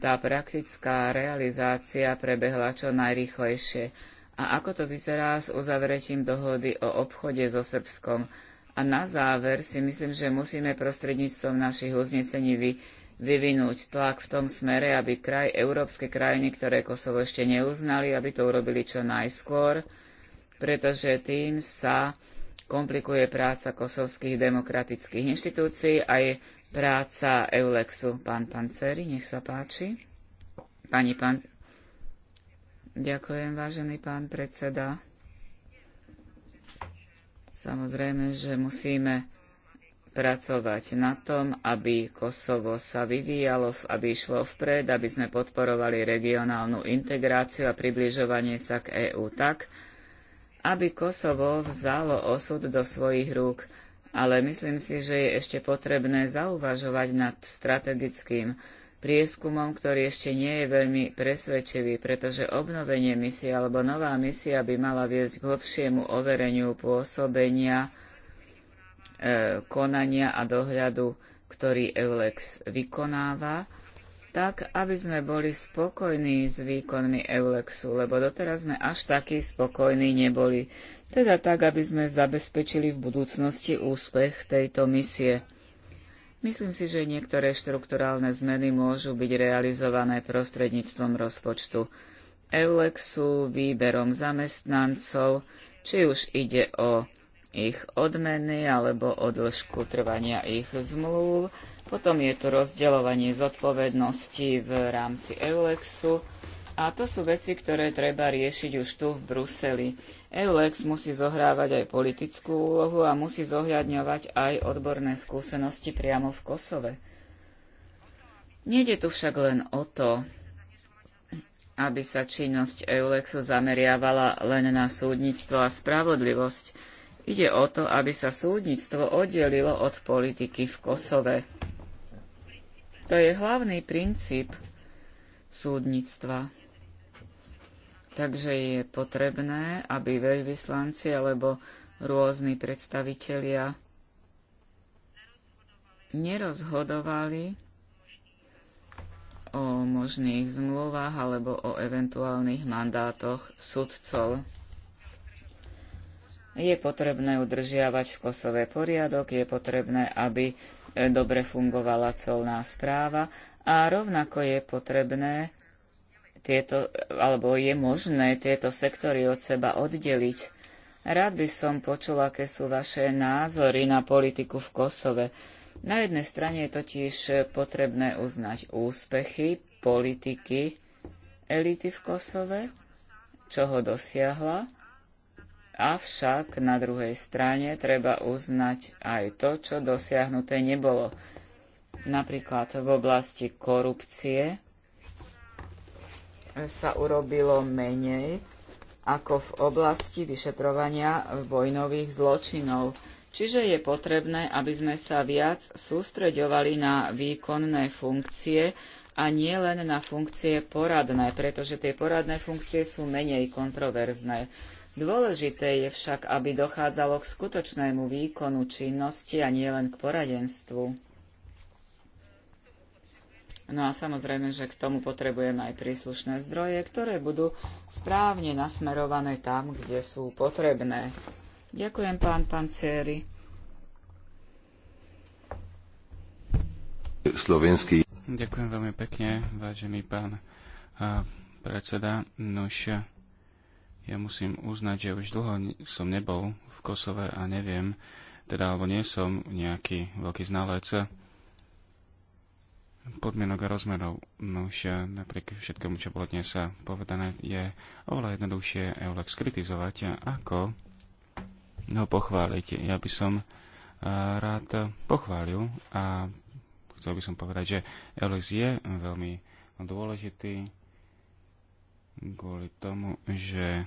tá praktická realizácia prebehla čo najrychlejšie a ako to vyzerá s uzavretím dohody o obchode so Srbskom. A na záver si myslím, že musíme prostredníctvom našich uznesení vy, vyvinúť tlak v tom smere, aby kraj, európske krajiny, ktoré Kosovo ešte neuznali, aby to urobili čo najskôr, pretože tým sa komplikuje práca kosovských demokratických inštitúcií aj práca Eulexu. Pán Panceri, nech sa páči. Pani pan, Ďakujem, vážený pán predseda. Samozrejme, že musíme pracovať na tom, aby Kosovo sa vyvíjalo, aby išlo vpred, aby sme podporovali regionálnu integráciu a približovanie sa k EÚ tak, aby Kosovo vzalo osud do svojich rúk. Ale myslím si, že je ešte potrebné zauvažovať nad strategickým prieskumom, ktorý ešte nie je veľmi presvedčivý, pretože obnovenie misie alebo nová misia by mala viesť k hlbšiemu overeniu pôsobenia, e, konania a dohľadu, ktorý EULEX vykonáva, tak, aby sme boli spokojní s výkonmi Eulexu, lebo doteraz sme až takí spokojní neboli. Teda tak, aby sme zabezpečili v budúcnosti úspech tejto misie. Myslím si, že niektoré štrukturálne zmeny môžu byť realizované prostredníctvom rozpočtu Eulexu, výberom zamestnancov, či už ide o ich odmeny alebo o dĺžku trvania ich zmluv. Potom je tu rozdeľovanie zodpovednosti v rámci Eulexu. A to sú veci, ktoré treba riešiť už tu v Bruseli. EULEX musí zohrávať aj politickú úlohu a musí zohľadňovať aj odborné skúsenosti priamo v Kosove. Nede tu však len o to, aby sa činnosť EULEXu zameriavala len na súdnictvo a spravodlivosť. Ide o to, aby sa súdnictvo oddelilo od politiky v Kosove. To je hlavný princíp súdnictva. Takže je potrebné, aby veľvyslanci alebo rôzni predstavitelia nerozhodovali o možných zmluvách alebo o eventuálnych mandátoch sudcov. Je potrebné udržiavať v Kosove poriadok, je potrebné, aby e, dobre fungovala colná správa a rovnako je potrebné tieto, alebo je možné tieto sektory od seba oddeliť. Rád by som počula, aké sú vaše názory na politiku v Kosove. Na jednej strane je totiž potrebné uznať úspechy politiky elity v Kosove, čo ho dosiahla, avšak na druhej strane treba uznať aj to, čo dosiahnuté nebolo. Napríklad v oblasti korupcie sa urobilo menej ako v oblasti vyšetrovania vojnových zločinov. Čiže je potrebné, aby sme sa viac sústreďovali na výkonné funkcie a nie len na funkcie poradné, pretože tie poradné funkcie sú menej kontroverzné. Dôležité je však, aby dochádzalo k skutočnému výkonu činnosti a nielen k poradenstvu. No a samozrejme, že k tomu potrebujeme aj príslušné zdroje, ktoré budú správne nasmerované tam, kde sú potrebné. Ďakujem, pán Pancieri. Slovenský. Ďakujem veľmi pekne, vážený pán predseda. Nož, ja musím uznať, že už dlho som nebol v Kosove a neviem, teda alebo nie som nejaký veľký znalec podmienok a rozmerov. No už e, napriek všetkému, čo bolo dnes e, povedané, je oveľa jednoduchšie Eulex kritizovať, e, ako ho pochváliť. Ja by som rád pochválil a chcel by som povedať, že Eulex je veľmi dôležitý kvôli tomu, že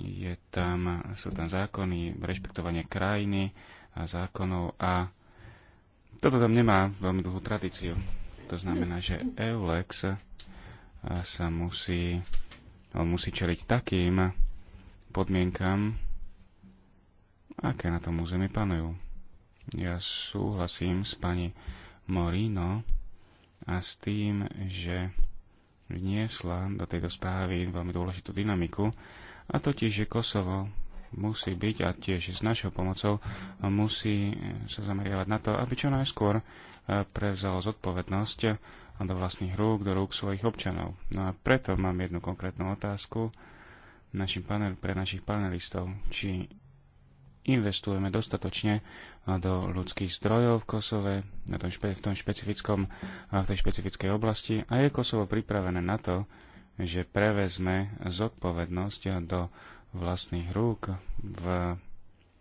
je tam, sú tam zákony, rešpektovanie krajiny a zákonov a toto tam nemá veľmi dlhú tradíciu. To znamená, že EULEX eh, sa musí, musí čeliť takým podmienkam, aké na tom území panujú. Ja súhlasím s pani Morino a s tým, že vniesla do tejto správy veľmi dôležitú dynamiku, a totiž, že Kosovo musí byť a tiež s našou pomocou musí sa zameriavať na to, aby čo najskôr e, prevzalo zodpovednosť do vlastných rúk, do rúk svojich občanov. No a preto mám jednu konkrétnu otázku našim panel, pre našich panelistov, či investujeme dostatočne do ľudských zdrojov v Kosove, na tom špe, v, tom špecifickom, v tej špecifickej oblasti a je Kosovo pripravené na to, že prevezme zodpovednosť do vlastných rúk v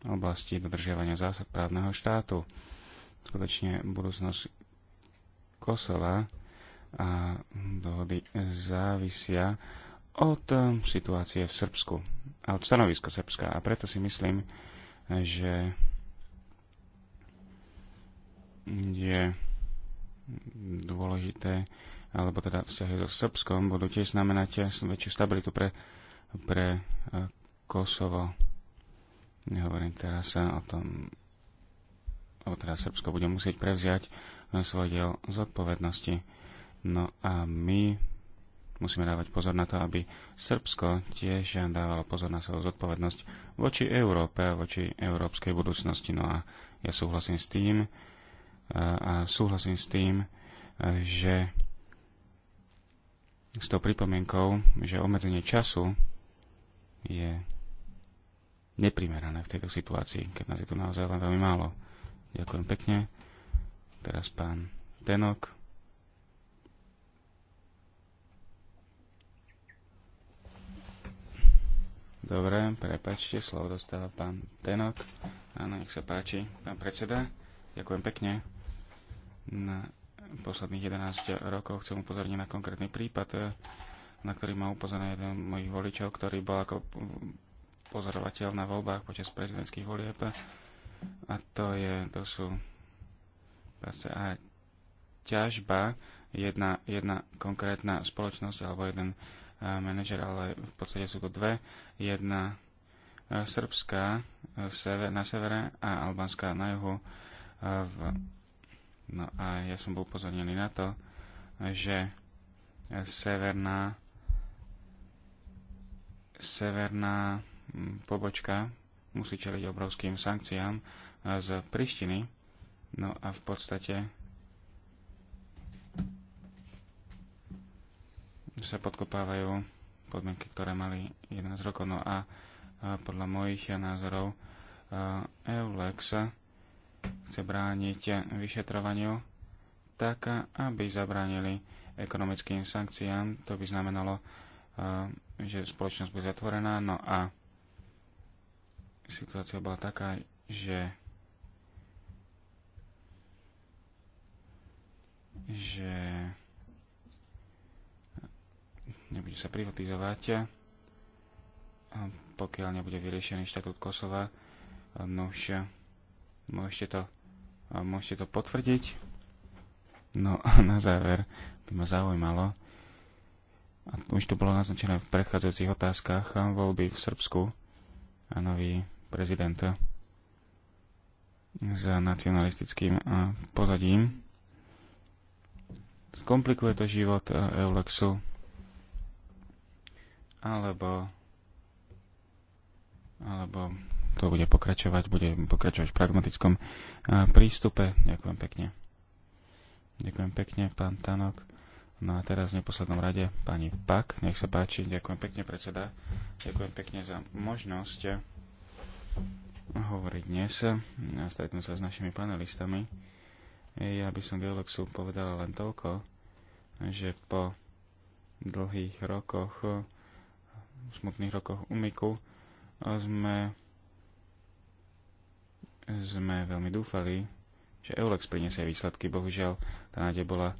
oblasti dodržiavania zásad právneho štátu. Skutočne budúcnosť Kosova a dohody závisia od situácie v Srbsku a od stanoviska Srbska. A preto si myslím, že je dôležité, alebo teda vzťahy so Srbskom budú tiež znamenať väčšiu stabilitu pre, pre Kosovo. Nehovorím teraz o tom, o teda Srbsko bude musieť prevziať svoj diel zodpovednosti. No a my musíme dávať pozor na to, aby Srbsko tiež dávalo pozor na svoju zodpovednosť voči Európe a voči európskej budúcnosti. No a ja súhlasím s tým, a súhlasím s tým, že s tou pripomienkou, že obmedzenie času je neprimerané v tejto situácii, keď nás je tu naozaj len veľmi málo. Ďakujem pekne. Teraz pán Tenok. Dobre, prepačte, slovo dostáva pán Tenok. Áno, nech sa páči, pán predseda. Ďakujem pekne. Na posledných 11 rokov chcem upozorniť na konkrétny prípad, na ktorý ma upozornil jeden mojich voličov, ktorý bol ako pozorovateľ na voľbách počas prezidentských volieb. A to, je, to sú aj ťažba, jedna, jedna konkrétna spoločnosť alebo jeden eh, manažer, ale v podstate sú to dve. Jedna eh, srbská eh, na severe a albánska na juhu. V... No a ja som bol upozornený na to, že severná severná pobočka musí čeliť obrovským sankciám e, z Prištiny. No a v podstate sa podkopávajú podmienky, ktoré mali 11 rokov. No a podľa mojich názorov e, EULEX chce brániť vyšetrovaniu tak, aby zabránili ekonomickým sankciám. To by znamenalo, e, že spoločnosť bude zatvorená, no a situácia bola taká, že že nebude sa privatizovať, pokiaľ nebude vyriešený štatút Kosova. No už môžete to, môžete to potvrdiť. No a na záver by ma zaujímalo, a už to bolo naznačené v predchádzajúcich otázkach, voľby v Srbsku a nový prezidenta za nacionalistickým pozadím. Skomplikuje to život Eulexu alebo alebo to bude pokračovať, bude pokračovať v pragmatickom prístupe. Ďakujem pekne. Ďakujem pekne, pán Tanok. No a teraz v neposlednom rade pani Pak, nech sa páči. Ďakujem pekne, predseda. Ďakujem pekne za možnosť hovoriť dnes a stretnú sa s našimi panelistami. Ja by som Geolexu povedal len toľko, že po dlhých rokoch, smutných rokoch umyku, sme, sme veľmi dúfali, že Eulex priniesie výsledky. Bohužiaľ, tá nádej bola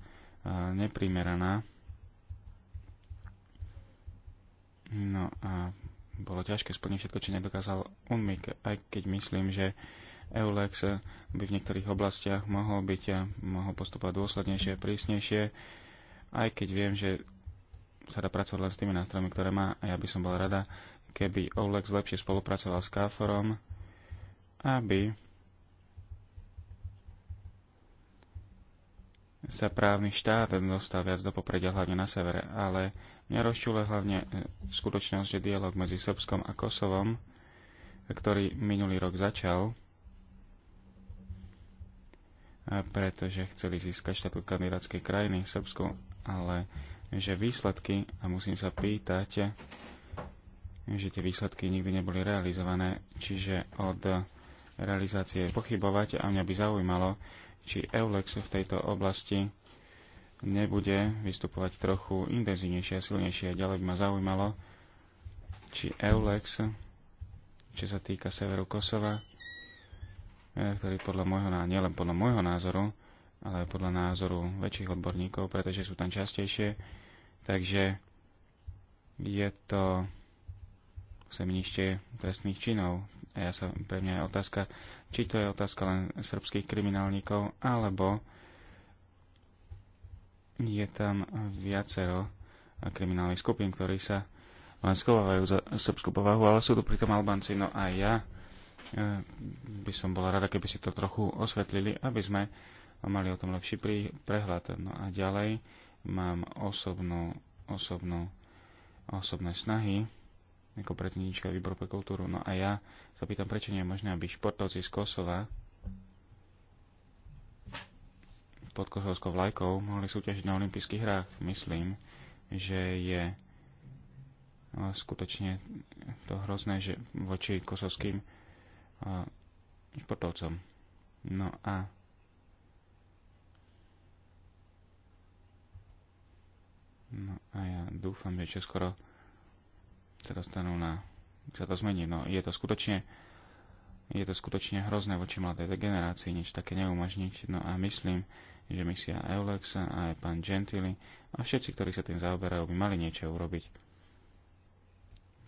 neprimeraná. No a bolo ťažké splniť všetko, čo nedokázal UNMIK, aj keď myslím, že EULEX by v niektorých oblastiach mohol byť a mohol postupovať dôslednejšie, prísnejšie, aj keď viem, že sa dá pracovať len s tými nástrojmi, ktoré má a ja by som bol rada, keby OLEX lepšie spolupracoval s KFORom, aby sa právny štát dostal viac do popredia, hlavne na severe, ale Mňa rozčule hlavne e, skutočnosť, že dialog medzi Srbskom a Kosovom, ktorý minulý rok začal, e, pretože chceli získať štatút kandidátskej krajiny v Srbsku, ale že výsledky, a musím sa pýtať, že tie výsledky nikdy neboli realizované, čiže od realizácie pochybovať a mňa by zaujímalo, či Eulex v tejto oblasti nebude vystupovať trochu intenzívnejšie a silnejšie. Ďalej by ma zaujímalo, či Eulex, čo sa týka severu Kosova, eh, ktorý podľa môjho, nielen podľa môjho názoru, ale aj podľa názoru väčších odborníkov, pretože sú tam častejšie. Takže je to semenište trestných činov. A ja sa, pre mňa je otázka, či to je otázka len srbských kriminálnikov, alebo je tam viacero kriminálnych skupín, ktorí sa len eh, schovávajú za srbskú povahu, ale sú tu pritom Albanci. No a ja eh, by som bola rada, keby si to trochu osvetlili, aby sme mali o tom lepší prehľad. No a ďalej mám osobnú, osobnú, osobné snahy ako predsednička výboru pre kultúru. No a ja sa pýtam, prečo nie je možné, aby športovci z Kosova pod kosovskou vlajkou mohli súťažiť na olympijských hrách. Myslím, že je no, skutočne to hrozné, že voči kosovským športovcom. No a No a ja dúfam, že skoro sa dostanú na... sa to zmení. No je to skutočne je to skutočne hrozné voči mladej generácii niečo také neumožniť. No a myslím, že misia Eulex a aj pán Gentili a všetci, ktorí sa tým zaoberajú, by mali niečo urobiť.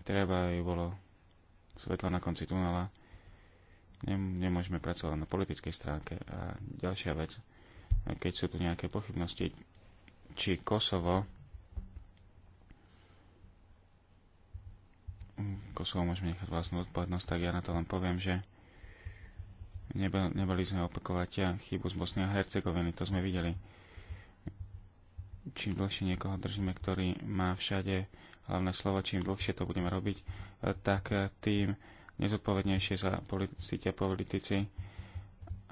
Treba ju bolo svetlo na konci tunela. Nemôžeme pracovať na politickej stránke. A ďalšia vec, keď sú tu nejaké pochybnosti, či Kosovo Kosovo môžeme nechať vlastnú odpovednosť, tak ja na to len poviem, že nebali sme opakovať chybu z Bosny a Hercegoviny, to sme videli. Čím dlhšie niekoho držíme, ktorý má všade hlavné slovo, čím dlhšie to budeme robiť, tak tým nezodpovednejšie sa politici a politici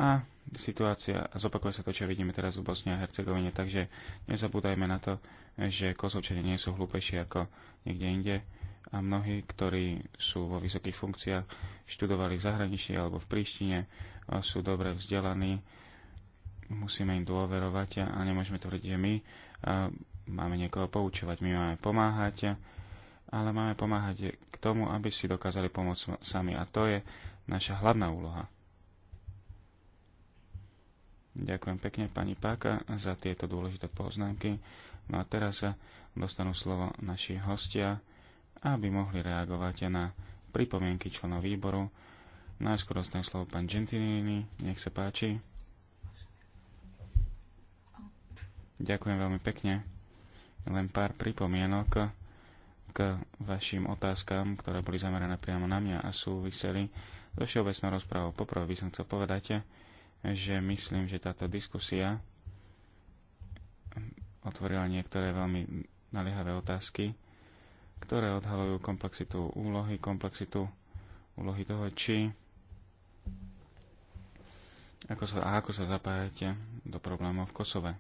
a situácia, zopakuje sa to, čo vidíme teraz v Bosne a Hercegovine, takže nezabúdajme na to, že kosovčania nie sú hlúpejšie ako niekde inde a mnohí, ktorí sú vo vysokých funkciách, študovali v zahraničí alebo v príštine, sú dobre vzdelaní, musíme im dôverovať a nemôžeme tvrdiť, že my máme niekoho poučovať, my máme pomáhať, ale máme pomáhať k tomu, aby si dokázali pomôcť sami a to je naša hlavná úloha. Ďakujem pekne pani Páka za tieto dôležité poznámky. No a teraz dostanú slovo naši hostia aby mohli reagovať na pripomienky členov výboru. Najskôr dostane slovo pán Gentilini, nech sa páči. Ďakujem veľmi pekne. Len pár pripomienok k vašim otázkam, ktoré boli zamerané priamo na mňa a súviseli so všeobecnou rozprávou. Poprvé by som chcel povedať, že myslím, že táto diskusia otvorila niektoré veľmi naliehavé otázky ktoré odhalujú komplexitu úlohy, komplexitu úlohy toho, či ako sa, a ako sa zapájate do problémov v Kosove.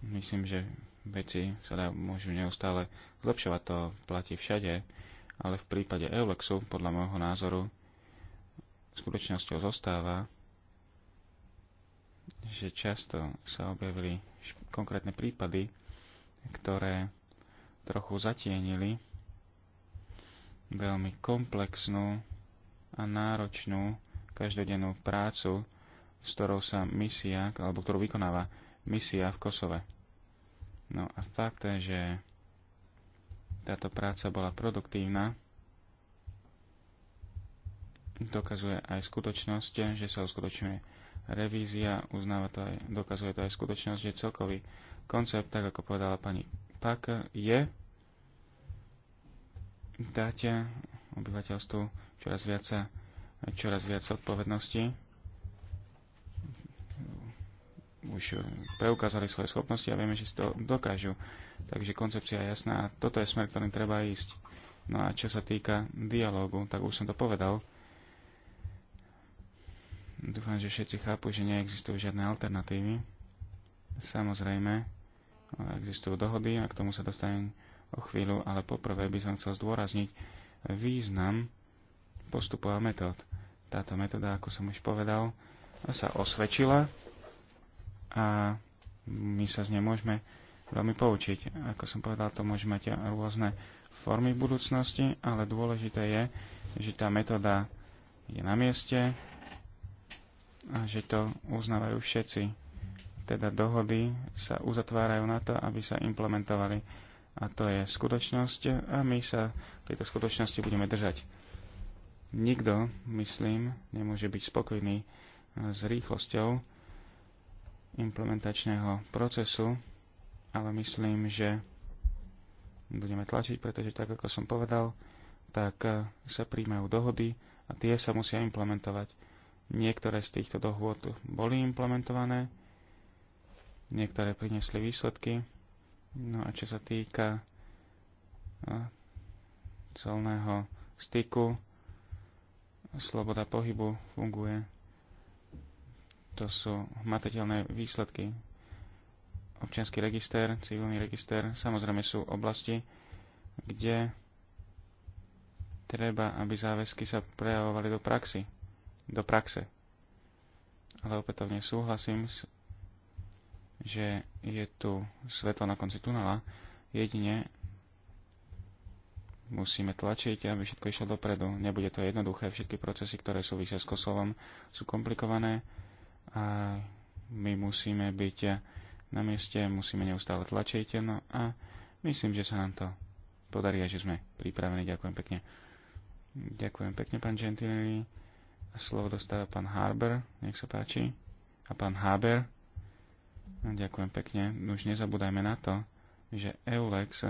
Myslím, že veci sa dá, môžu neustále zlepšovať, to platí všade, ale v prípade Eulexu, podľa môjho názoru, skutočnosťou zostáva, že často sa objavili konkrétne prípady, ktoré trochu zatienili veľmi komplexnú a náročnú každodennú prácu, s ktorou sa misia, alebo ktorú vykonáva misia v Kosove. No a fakt, že táto práca bola produktívna, dokazuje aj skutočnosť, že sa uskutočňuje revízia, uznáva to aj, dokazuje to aj skutočnosť, že celkový koncept, tak ako povedala pani Pak, je dáte obyvateľstvu čoraz viac, čoraz viac odpovednosti. Už preukázali svoje schopnosti a vieme, že si to dokážu. Takže koncepcia je jasná a toto je smer, ktorým treba ísť. No a čo sa týka dialógu, tak už som to povedal. Dúfam, že všetci chápu, že neexistujú žiadne alternatívy. Samozrejme, existujú dohody a k tomu sa dostanem o chvíľu, ale poprvé by som chcel zdôrazniť význam postupov a metód. Táto metóda, ako som už povedal, sa osvedčila a my sa z nej môžeme veľmi poučiť. Ako som povedal, to môže mať rôzne formy v budúcnosti, ale dôležité je, že tá metóda je na mieste a že to uznávajú všetci. Teda dohody sa uzatvárajú na to, aby sa implementovali a to je skutočnosť a my sa tejto skutočnosti budeme držať. Nikto, myslím, nemôže byť spokojný s rýchlosťou implementačného procesu, ale myslím, že budeme tlačiť, pretože tak, ako som povedal, tak eh, sa príjmajú dohody a tie sa musia implementovať. Niektoré z týchto dohôd boli implementované, niektoré priniesli výsledky, No a čo sa týka celného styku, sloboda pohybu funguje. To sú hmatateľné výsledky. Občianský register, civilný register, samozrejme sú oblasti, kde treba, aby záväzky sa prejavovali do praxi. Do praxe. Ale opätovne súhlasím s že je tu svetlo na konci tunela. Jedine musíme tlačiť, aby všetko išlo dopredu. Nebude to jednoduché, všetky procesy, ktoré súvisia s Kosovom, sú komplikované a my musíme byť na mieste, musíme neustále tlačiť, no a myslím, že sa nám to podarí a že sme pripravení. Ďakujem pekne. Ďakujem pekne, pán Gentilini. Slovo dostáva pán Harber, nech sa páči. A pán Haber. No, ďakujem pekne. Už nezabúdajme na to, že EULEX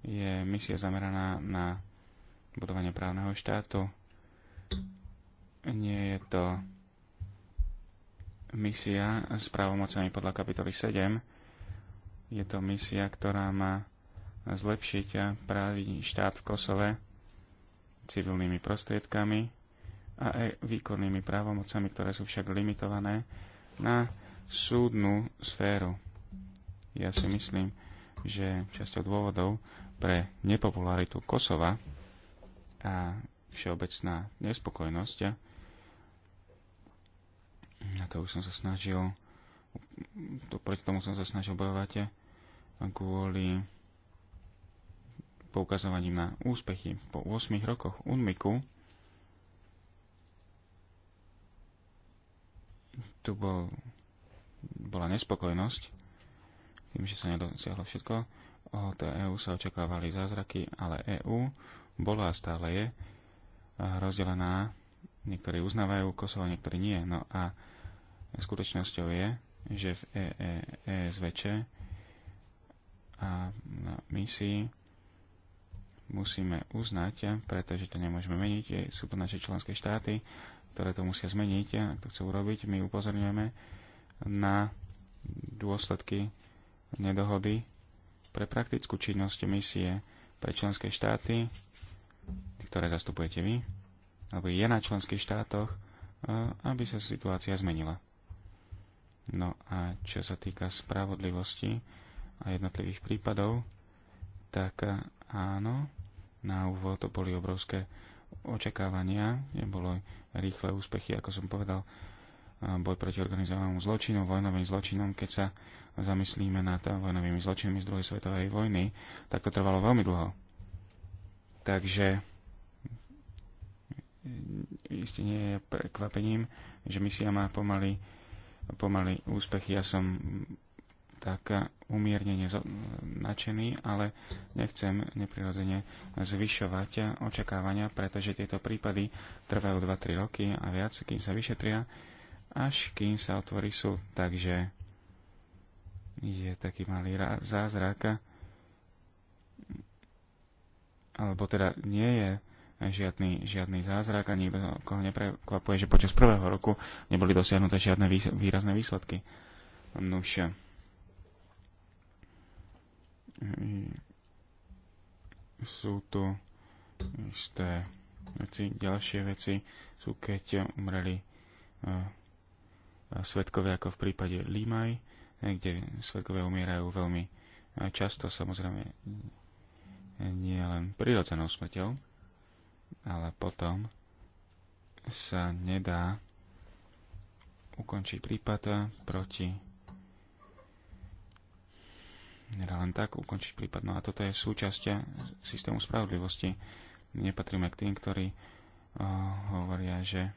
je misia zameraná na budovanie právneho štátu. Nie je to misia s právomocami podľa kapitoly 7. Je to misia, ktorá má zlepšiť právny štát v Kosove civilnými prostriedkami a aj e- výkonnými právomocami, ktoré sú však limitované na súdnu sféru. Ja si myslím, že často dôvodov pre nepopularitu Kosova a všeobecná nespokojnosť, na to už som sa snažil, to, proti tomu som sa snažil bojovať kvôli poukazovaním na úspechy po 8 rokoch UNMIKu, tu bol bola nespokojnosť tým, že sa nedosiahlo všetko. Od EÚ sa očakávali zázraky, ale EÚ bola a stále je rozdelená. Niektorí uznávajú Kosovo, niektorí nie. No a skutočnosťou je, že v EESVČ e a na misii musíme uznať, pretože to nemôžeme meniť. Sú to naše členské štáty, ktoré to musia zmeniť a to chcú urobiť. My upozorňujeme, na dôsledky nedohody pre praktickú činnosť misie pre členské štáty, ktoré zastupujete vy, alebo je na členských štátoch, e, aby sa situácia zmenila. No a čo sa týka spravodlivosti a jednotlivých prípadov, tak e, áno, na úvod to boli obrovské očakávania, nebolo rýchle úspechy, ako som povedal, boj proti organizovanému zločinu, vojnovým zločinom, keď sa zamyslíme nad vojnovými zločinmi z druhej svetovej vojny, tak to trvalo veľmi dlho. Takže isté nie je prekvapením, že misia má pomaly, pomaly úspechy. Ja som tak umiernene nadšený, ale nechcem neprirodzene zvyšovať očakávania, pretože tieto prípady trvajú 2-3 roky a viac, kým sa vyšetria až kým sa otvorí súd. Takže je taký malý zázrak. Alebo teda nie je žiadny, žiadny zázrak a nikto koho neprekvapuje, že počas prvého roku neboli dosiahnuté žiadne výrazné výsledky. Nuž. Sú tu isté veci, ďalšie veci sú, keď umreli eh, svetkovia ako v prípade Limaj, eh, kde svetkovia umierajú veľmi eh, často, samozrejme eh, nie len prirodzenou smrťou, ale potom sa nedá ukončiť prípad proti nedá len tak ukončiť prípad. No a toto je súčasť systému spravodlivosti. Nepatríme k tým, ktorí o, hovoria, že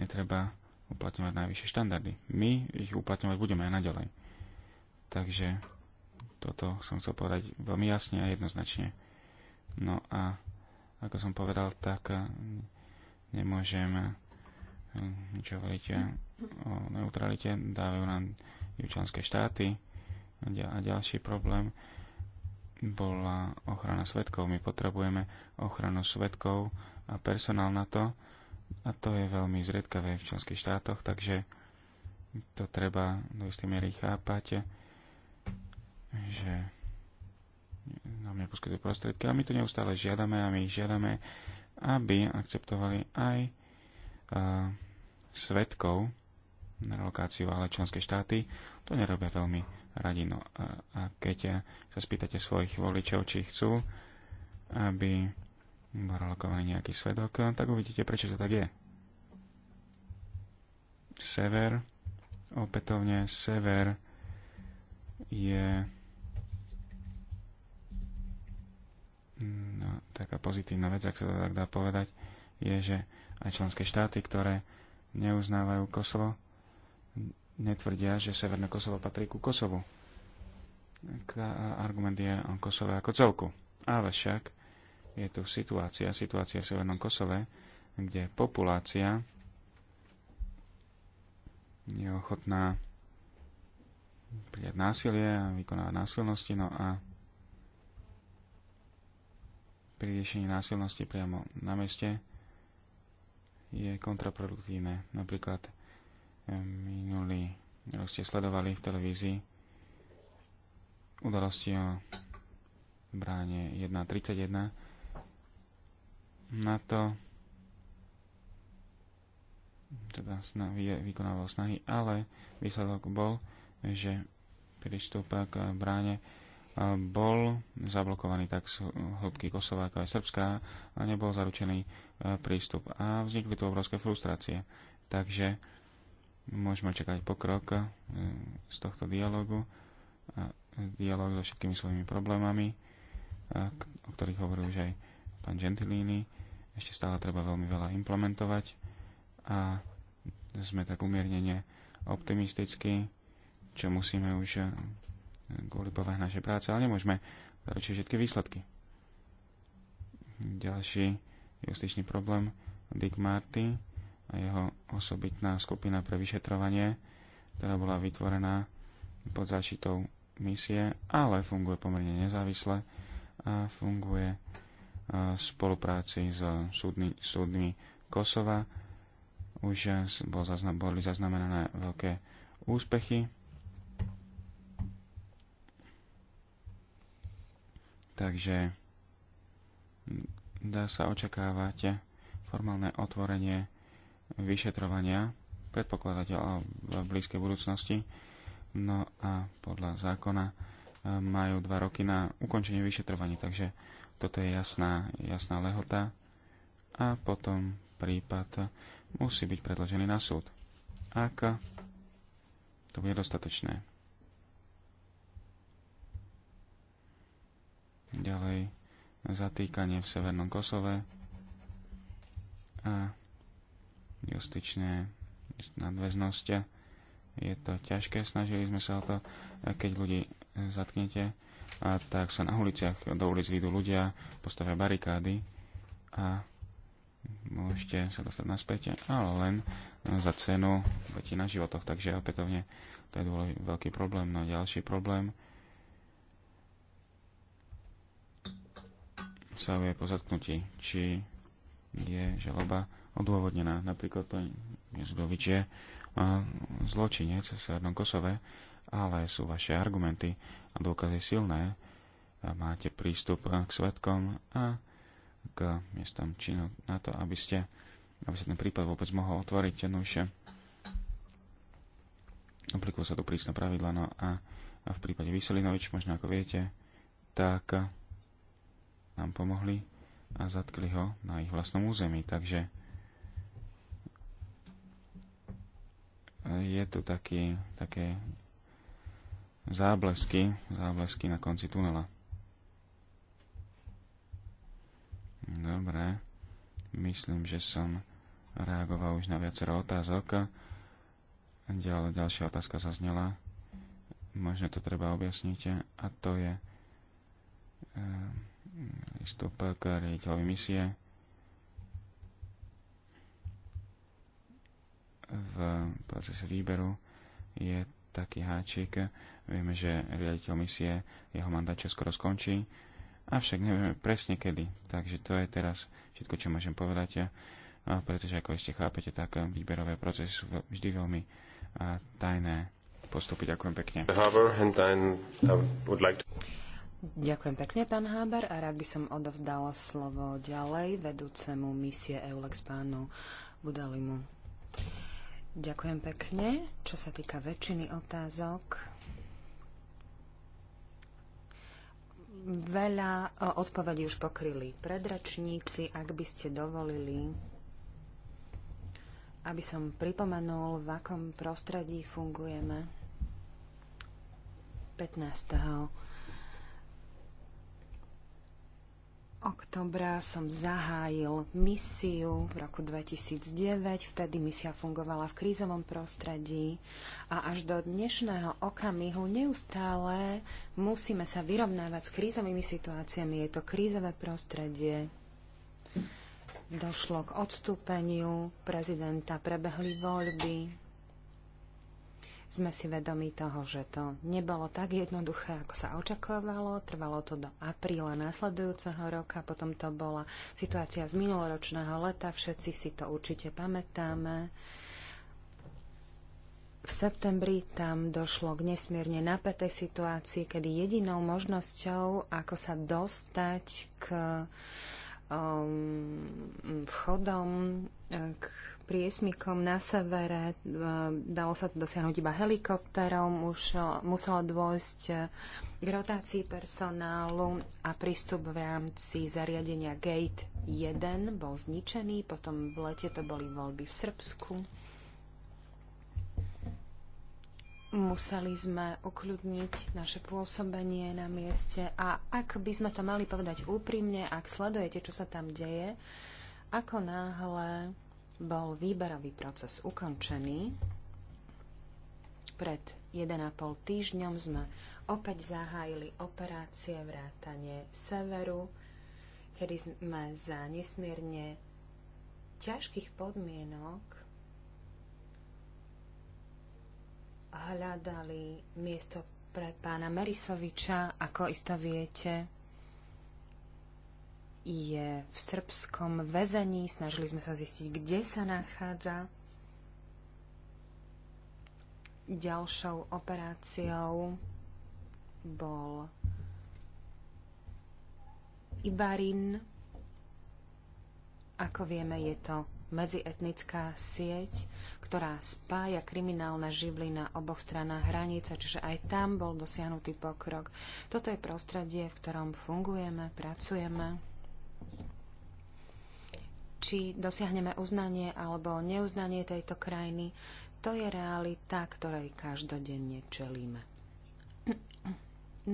netreba uplatňovať najvyššie štandardy. My ich uplatňovať budeme aj naďalej. Takže toto som chcel povedať veľmi jasne a jednoznačne. No a ako som povedal, tak eh, nemôžem eh, nič hovoriť eh, o neutralite. Dávajú nám ju členské štáty a ďalší problém bola ochrana svetkov. My potrebujeme ochranu svetkov a personál na to, a to je veľmi zriedkavé v členských štátoch, takže to treba do istej miery chápať, že nám neposkytujú prostriedky a my to neustále žiadame a my ich žiadame, aby akceptovali aj uh, e, svetkov na relokáciu, ale členské štáty to nerobia veľmi radi. No a, a keď sa spýtate svojich voličov, či chcú, aby bol alokovaný nejaký svedok, tak uvidíte, prečo to tak je. Sever, opätovne sever je no, taká pozitívna vec, ak sa to tak dá povedať, je, že aj členské štáty, ktoré neuznávajú Kosovo, netvrdia, že Severné Kosovo patrí ku Kosovu. Argument je o Kosove ako celku. Ale však je tu situácia, situácia v Severnom Kosove, kde populácia je ochotná prijať násilie a vykonávať násilnosti, no a pri riešení násilnosti priamo na meste je kontraproduktívne. Napríklad eh, minulý rok ste sledovali v televízii udalosti o bráne 1.31, na to, teda snahy, vykonával snahy, ale výsledok bol, že prístup k bráne bol zablokovaný tak z hĺbky Kosova ako aj Srbská a nebol zaručený e, prístup a vznikli tu obrovské frustrácie. Takže môžeme čakať pokrok e, z tohto dialogu, dialog so všetkými svojimi problémami, o ktorých hovoril už aj pán Gentilini ešte stále treba veľmi veľa implementovať a sme tak umiernene optimistickí, čo musíme už eh, kvôli povah našej práce, ale nemôžeme zaručiť všetky výsledky. Ďalší justičný problém Dick Marty a jeho osobitná skupina pre vyšetrovanie, ktorá bola vytvorená pod zašitou misie, ale funguje pomerne nezávisle a funguje spolupráci s so súdny, súdmi Kosova. Už bol zazna, boli zaznamenané veľké úspechy. Takže dá sa očakávať formálne otvorenie vyšetrovania predpokladateľa v blízkej budúcnosti. No a podľa zákona e, majú dva roky na ukončenie vyšetrovania, takže toto je jasná, jasná lehota. A potom prípad musí byť predložený na súd. Ak to bude dostatočné. Ďalej zatýkanie v Severnom Kosove a justičné nadväznosti. Je to ťažké, snažili sme sa o to, keď ľudí zatknete, a tak sa na uliciach do ulic vidú ľudia, postavia barikády a môžete sa dostať naspäť, ale len za cenu obeti na životoch. Takže opätovne to je veľký problém. No ďalší problém sa vie po zatknutí, či je žaloba odôvodnená. Napríklad pani Zdovič je zločinec v Severnom Kosove, ale sú vaše argumenty a dôkazy silné. Máte prístup k svetkom a k miestam činu na to, aby ste aby sa ten prípad vôbec mohol otvoriť. No aplikujú sa tu prísne pravidla, no a, a v prípade Vyselinovič, možno ako viete, tak nám pomohli a zatkli ho na ich vlastnom území. Takže je tu taký, také záblesky, záblesky na konci tunela. Dobre, myslím, že som reagoval už na viacero otázok. Ďalej, ďalšia otázka zaznela. Možno to treba objasniť. A to je e, k riaditeľovi misie v procese výberu je taký háčik. Vieme, že riaditeľ misie, jeho mandát skoro skončí, avšak nevieme presne kedy. Takže to je teraz všetko, čo môžem povedať, a pretože ako ešte chápete, tak výberové procesy sú vždy veľmi tajné postupy. Ďakujem pekne. Ďakujem pekne, pán Háber, a rád by som odovzdala slovo ďalej vedúcemu misie EULEX pánu Budalimu. Ďakujem pekne. Čo sa týka väčšiny otázok, veľa e, odpovedí už pokryli predračníci. Ak by ste dovolili, aby som pripomenul, v akom prostredí fungujeme 15. oktobra som zahájil misiu v roku 2009. Vtedy misia fungovala v krízovom prostredí a až do dnešného okamihu neustále musíme sa vyrovnávať s krízovými situáciami. Je to krízové prostredie. Došlo k odstúpeniu prezidenta, prebehli voľby sme si vedomi toho, že to nebolo tak jednoduché, ako sa očakávalo. Trvalo to do apríla následujúceho roka, potom to bola situácia z minuloročného leta, všetci si to určite pamätáme. V septembri tam došlo k nesmierne napätej situácii, kedy jedinou možnosťou, ako sa dostať k Um, vchodom eh, k priesmikom na severe. Eh, dalo sa to dosiahnuť iba helikopterom, už eh, muselo dôjsť k rotácii personálu a prístup v rámci zariadenia Gate 1 bol zničený, potom v lete to boli voľby v Srbsku. Museli sme ukľudniť naše pôsobenie na mieste a ak by sme to mali povedať úprimne, ak sledujete, čo sa tam deje, ako náhle bol výberový proces ukončený, pred 1,5 týždňom sme opäť zahájili operácie vrátane severu, kedy sme za nesmierne ťažkých podmienok hľadali miesto pre pána Merisoviča, ako isto viete, je v srbskom väzení. Snažili sme sa zistiť, kde sa nachádza. Ďalšou operáciou bol Ibarin. Ako vieme, je to medzietnická sieť, ktorá spája kriminálne živly na oboch stranách hranice, čiže aj tam bol dosiahnutý pokrok. Toto je prostredie, v ktorom fungujeme, pracujeme. Či dosiahneme uznanie alebo neuznanie tejto krajiny, to je realita, ktorej každodenne čelíme. [clears throat]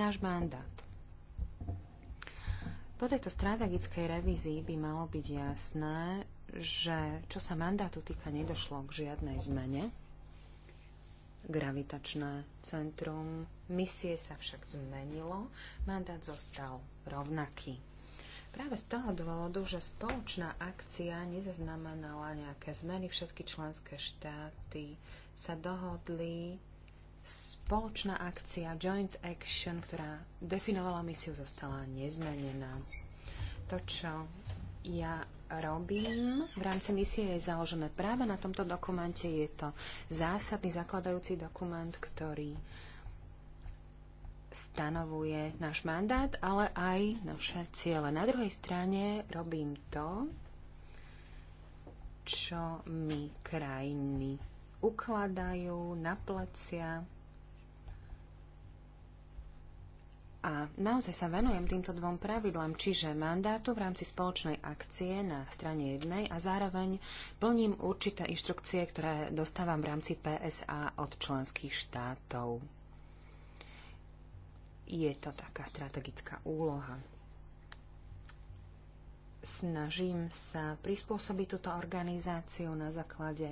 Náš mandát. Po tejto strategickej revízii by malo byť jasné, že čo sa mandátu týka, nedošlo k žiadnej zmene. Gravitačné centrum misie sa však zmenilo, mandát zostal rovnaký. Práve z toho dôvodu, že spoločná akcia nezaznamenala nejaké zmeny, všetky členské štáty sa dohodli spoločná akcia Joint Action, ktorá definovala misiu, zostala nezmenená. To, čo ja robím v rámci misie je založené práve na tomto dokumente. Je to zásadný zakladajúci dokument, ktorý stanovuje náš mandát, ale aj naše ciele. Na druhej strane robím to, čo mi krajiny ukladajú na plecia A naozaj sa venujem týmto dvom pravidlám, čiže mandátu v rámci spoločnej akcie na strane jednej a zároveň plním určité inštrukcie, ktoré dostávam v rámci PSA od členských štátov. Je to taká strategická úloha. Snažím sa prispôsobiť túto organizáciu na základe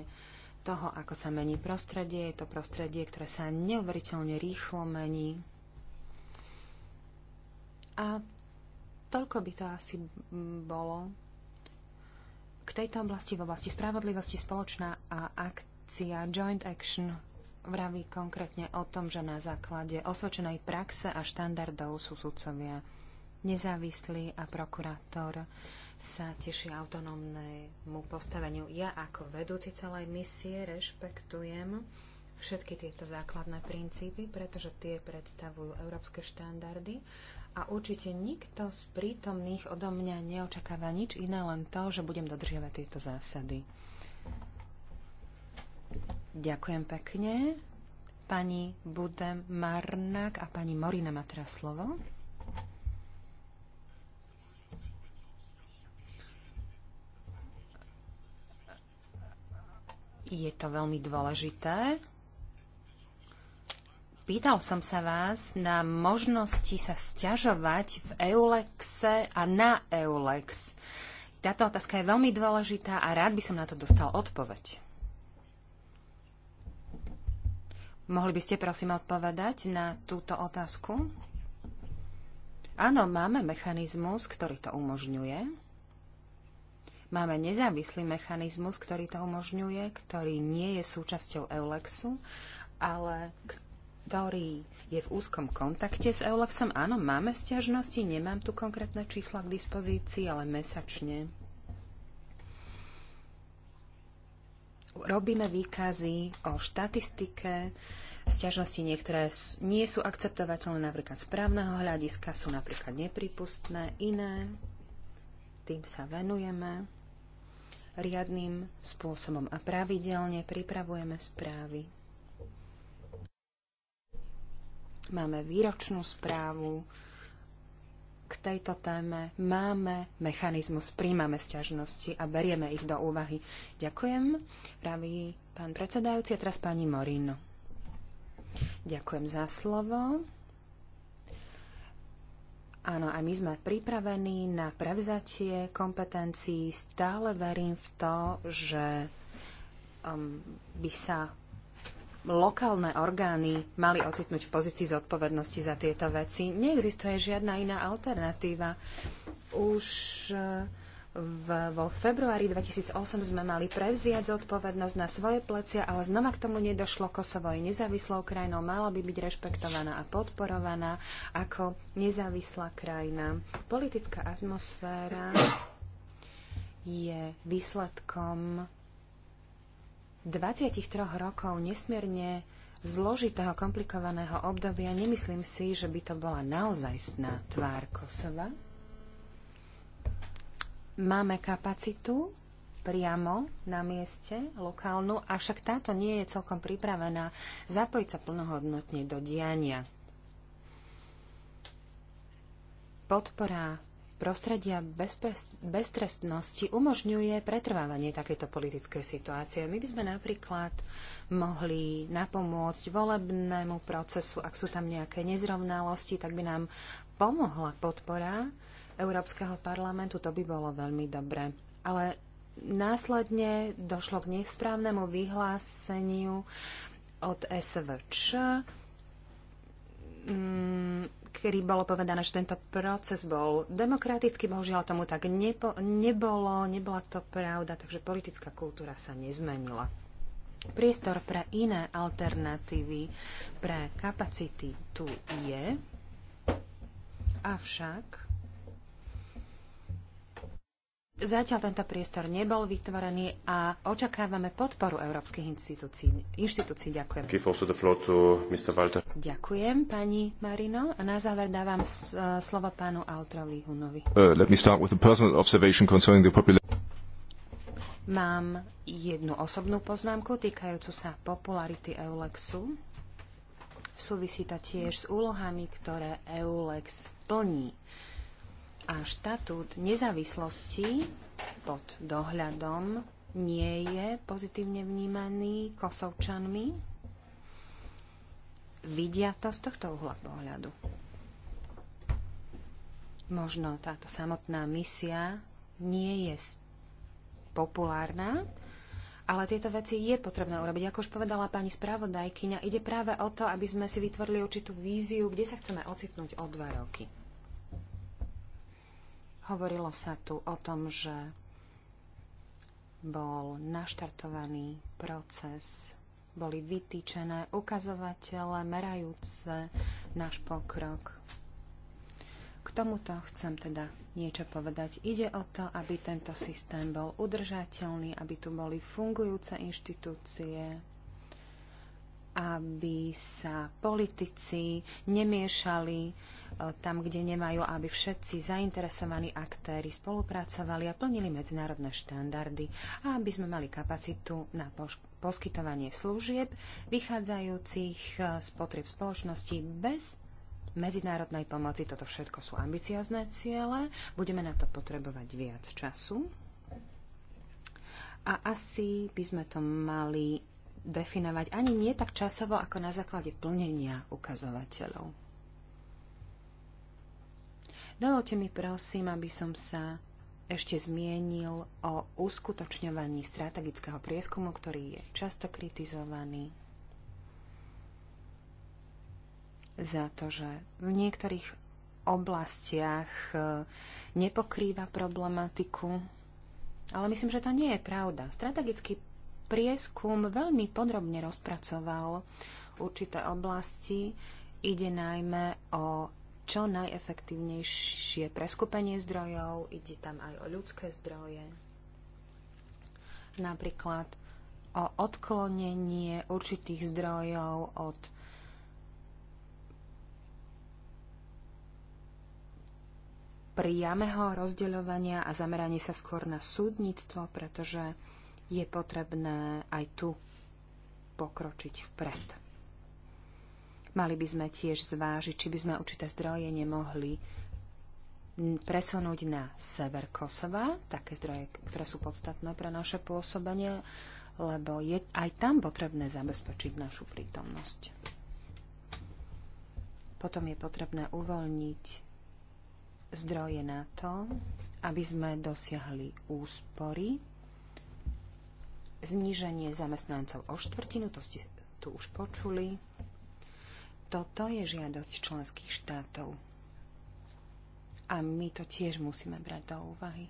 toho, ako sa mení prostredie. Je to prostredie, ktoré sa neuveriteľne rýchlo mení a toľko by to asi bolo k tejto oblasti v oblasti spravodlivosti spoločná a akcia Joint Action vraví konkrétne o tom, že na základe osvedčenej praxe a štandardov sú sudcovia nezávislí a prokurátor sa teší autonómnemu postaveniu. Ja ako vedúci celej misie rešpektujem všetky tieto základné princípy, pretože tie predstavujú európske štandardy a určite nikto z prítomných odo mňa neočakáva nič iné, len to, že budem dodržiavať tieto zásady. Ďakujem pekne. Pani Budem Marnak a pani Morina má teraz slovo. Je to veľmi dôležité. Pýtal som sa vás na možnosti sa sťažovať v Eulexe a na Eulex. Táto otázka je veľmi dôležitá a rád by som na to dostal odpoveď. Mohli by ste prosím odpovedať na túto otázku? Áno, máme mechanizmus, ktorý to umožňuje. Máme nezávislý mechanizmus, ktorý to umožňuje, ktorý nie je súčasťou Eulexu, ale ktorý je v úzkom kontakte s Eulexom. Áno, máme stiažnosti, nemám tu konkrétne čísla k dispozícii, ale mesačne. Robíme výkazy o štatistike, Sťažnosti niektoré nie sú akceptovateľné napríklad z právneho hľadiska, sú napríklad nepripustné, iné. Tým sa venujeme riadným spôsobom a pravidelne pripravujeme správy Máme výročnú správu k tejto téme. Máme mechanizmus, príjmame sťažnosti a berieme ich do úvahy. Ďakujem, praví pán predsedajúci a teraz pani Morin. Ďakujem za slovo. Áno, aj my sme pripravení na prevzatie kompetencií. Stále verím v to, že um, by sa lokálne orgány mali ocitnúť v pozícii zodpovednosti za tieto veci. Neexistuje žiadna iná alternatíva. Už e, v, vo februári 2008 sme mali prevziať zodpovednosť na svoje plecia, ale znova k tomu nedošlo. Kosovo je nezávislou krajinou, mala by byť rešpektovaná a podporovaná ako nezávislá krajina. Politická atmosféra je výsledkom 23 rokov nesmierne zložitého, komplikovaného obdobia nemyslím si, že by to bola naozajstná tvár Kosova. Máme kapacitu priamo na mieste, lokálnu, avšak táto nie je celkom pripravená zapojiť sa plnohodnotne do diania. Podpora prostredia beztrestnosti umožňuje pretrvávanie takéto politickej situácie. My by sme napríklad mohli napomôcť volebnému procesu, ak sú tam nejaké nezrovnalosti, tak by nám pomohla podpora Európskeho parlamentu, to by bolo veľmi dobré. Ale následne došlo k nesprávnemu vyhláseniu od SVČ mm, kedy bolo povedané, že tento proces bol demokratický, bohužiaľ tomu tak nepo, nebolo, nebola to pravda, takže politická kultúra sa nezmenila. Priestor pre iné alternatívy, pre kapacity tu je, avšak Zatiaľ tento priestor nebol vytvorený a očakávame podporu európskych inštitúcií. inštitúcií ďakujem. Ďakujem, pani Marino. A na záver dávam e, slovo pánu Altrovi Hunovi. Uh, Mám jednu osobnú poznámku týkajúcu sa popularity Eulexu. Súvisí to tiež s úlohami, ktoré Eulex plní. Uh, a štatút nezávislosti pod dohľadom nie je pozitívne vnímaný kosovčanmi. Vidia to z tohto uhla pohľadu. Možno táto samotná misia nie je populárna, ale tieto veci je potrebné urobiť. Ako už povedala pani spravodajkyňa, ide práve o to, aby sme si vytvorili určitú víziu, kde sa chceme ocitnúť o dva roky. Hovorilo sa tu o tom, že bol naštartovaný proces, boli vytýčené ukazovatele merajúce náš pokrok. K tomuto chcem teda niečo povedať. Ide o to, aby tento systém bol udržateľný, aby tu boli fungujúce inštitúcie, aby sa politici nemiešali e, tam, kde nemajú, aby všetci zainteresovaní aktéry spolupracovali a plnili medzinárodné štandardy a aby sme mali kapacitu na poskytovanie služieb vychádzajúcich e, z potrieb spoločnosti bez medzinárodnej pomoci. Toto všetko sú ambiciozne ciele. Budeme na to potrebovať viac času. A asi by sme to mali definovať ani nie tak časovo, ako na základe plnenia ukazovateľov. Dovolte mi prosím, aby som sa ešte zmienil o uskutočňovaní strategického prieskumu, ktorý je často kritizovaný za to, že v niektorých oblastiach e, nepokrýva problematiku. Ale myslím, že to nie je pravda. Strategický prieskum veľmi podrobne rozpracoval určité oblasti. Ide najmä o čo najefektívnejšie preskupenie zdrojov, ide tam aj o ľudské zdroje, napríklad o odklonenie určitých zdrojov od priameho rozdeľovania a zameranie sa skôr na súdnictvo, pretože je potrebné aj tu pokročiť vpred. Mali by sme tiež zvážiť, či by sme určité zdroje nemohli presunúť na sever Kosova, také zdroje, ktoré sú podstatné pre naše pôsobenie, lebo je aj tam potrebné zabezpečiť našu prítomnosť. Potom je potrebné uvoľniť zdroje na to, aby sme dosiahli úspory zníženie zamestnancov o štvrtinu, to ste tu už počuli. Toto je žiadosť členských štátov. A my to tiež musíme brať do úvahy.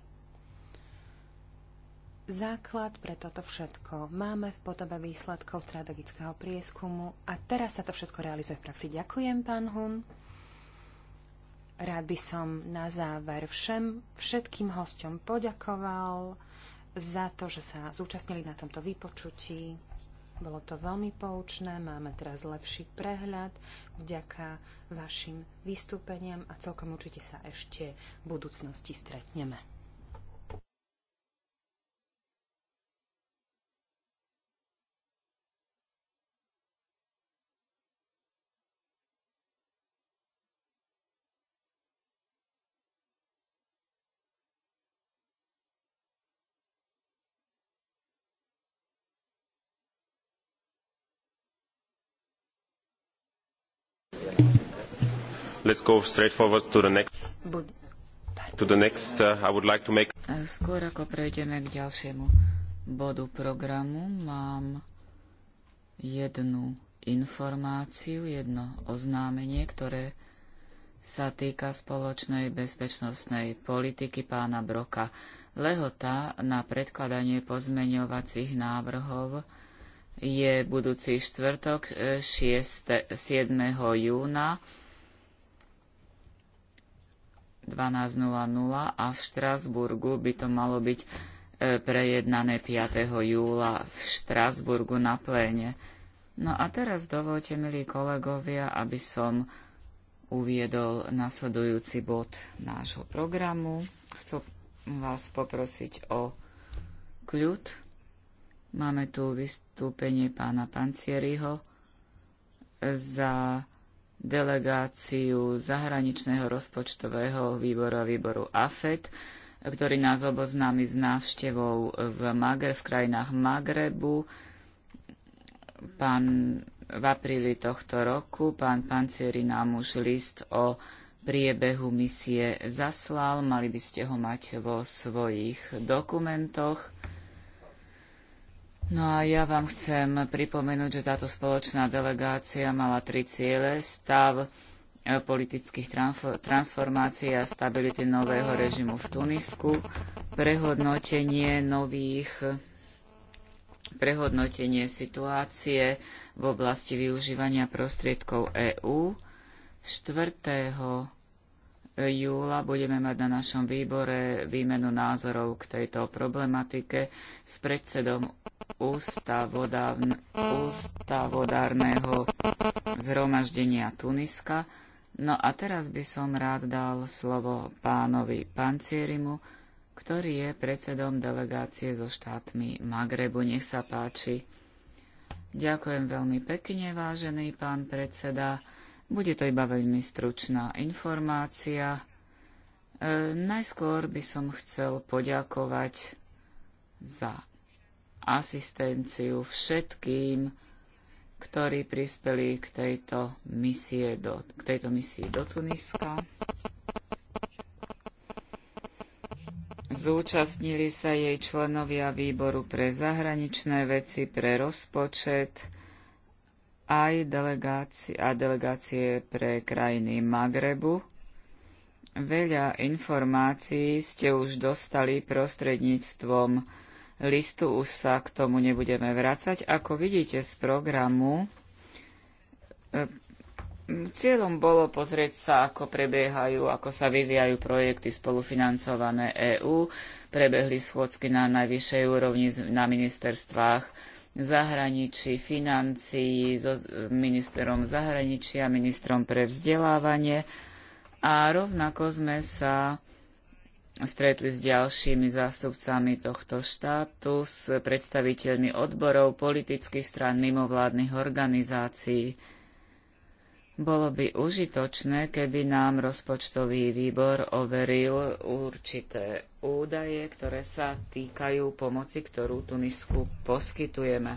Základ pre toto všetko máme v podobe výsledkov strategického prieskumu a teraz sa to všetko realizuje v praxi. Ďakujem, pán Hun. Rád by som na záver všem, všetkým hosťom poďakoval za to, že sa zúčastnili na tomto vypočutí. Bolo to veľmi poučné, máme teraz lepší prehľad vďaka vašim vystúpeniam a celkom určite sa ešte v budúcnosti stretneme. let's go straight forward to the next. To the next, uh, I would like to make... Skôr ako prejdeme k ďalšiemu bodu programu, mám jednu informáciu, jedno oznámenie, ktoré sa týka spoločnej bezpečnostnej politiky pána Broka. Lehota na predkladanie pozmeňovacích návrhov je budúci štvrtok 6, eh, 7. júna 12.00 a v Štrasburgu by to malo byť e, prejednané 5. júla v Štrasburgu na pléne. No a teraz dovolte, milí kolegovia, aby som uviedol nasledujúci bod nášho programu. Chcem vás poprosiť o kľud. Máme tu vystúpenie pána Pancieriho za delegáciu zahraničného rozpočtového výboru a výboru AFET, ktorý nás oboznámi s návštevou v, Magre, v krajinách Magrebu. Pán, v apríli tohto roku pán Pancieri nám už list o priebehu misie zaslal. Mali by ste ho mať vo svojich dokumentoch. No a ja vám chcem pripomenúť, že táto spoločná delegácia mala tri ciele. Stav e, politických transformácií a stability nového režimu v Tunisku, prehodnotenie nových prehodnotenie situácie v oblasti využívania prostriedkov EÚ. 4. júla budeme mať na našom výbore výmenu názorov k tejto problematike s predsedom ústavodárneho zhromaždenia Tuniska. No a teraz by som rád dal slovo pánovi Pancierimu, ktorý je predsedom delegácie so štátmi Magrebu. Nech sa páči. Ďakujem veľmi pekne, vážený pán predseda. Bude to iba veľmi stručná informácia. E, najskôr by som chcel poďakovať za asistenciu všetkým, ktorí prispeli k tejto, misie do, k tejto misii do Tuniska. Zúčastnili sa jej členovia výboru pre zahraničné veci, pre rozpočet, aj delegácie, a delegácie pre krajiny Magrebu. Veľa informácií ste už dostali prostredníctvom listu, už sa k tomu nebudeme vrácať. Ako vidíte z programu, e, cieľom bolo pozrieť sa, ako prebiehajú, ako sa vyvíjajú projekty spolufinancované EÚ. Prebehli schôdzky na najvyššej úrovni na ministerstvách zahraničí, financií, so ministrom zahraničia, ministrom pre vzdelávanie. A rovnako sme sa stretli s ďalšími zástupcami tohto štátu, s predstaviteľmi odborov, politických strán, mimovládnych organizácií. Bolo by užitočné, keby nám rozpočtový výbor overil určité údaje, ktoré sa týkajú pomoci, ktorú Tunisku poskytujeme.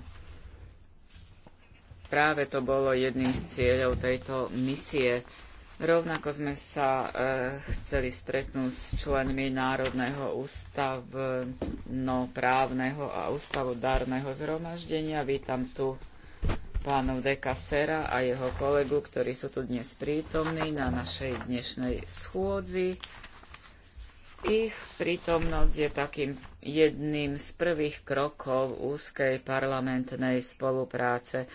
Práve to bolo jedným z cieľov tejto misie Rovnako sme sa e, chceli stretnúť s členmi Národného ústavnoprávneho a ústavodárneho zhromaždenia. Vítam tu pánov de Casera a jeho kolegu, ktorí sú tu dnes prítomní na našej dnešnej schôdzi. Ich prítomnosť je takým jedným z prvých krokov úzkej parlamentnej spolupráce.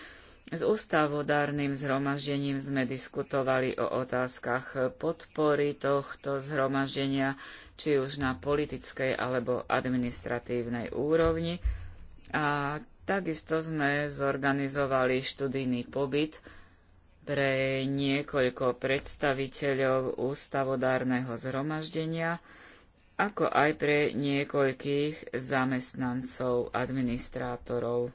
S ústavodárnym zhromaždením sme diskutovali o otázkach podpory tohto zhromaždenia, či už na politickej alebo administratívnej úrovni. A takisto sme zorganizovali študijný pobyt pre niekoľko predstaviteľov ústavodárneho zhromaždenia, ako aj pre niekoľkých zamestnancov administrátorov.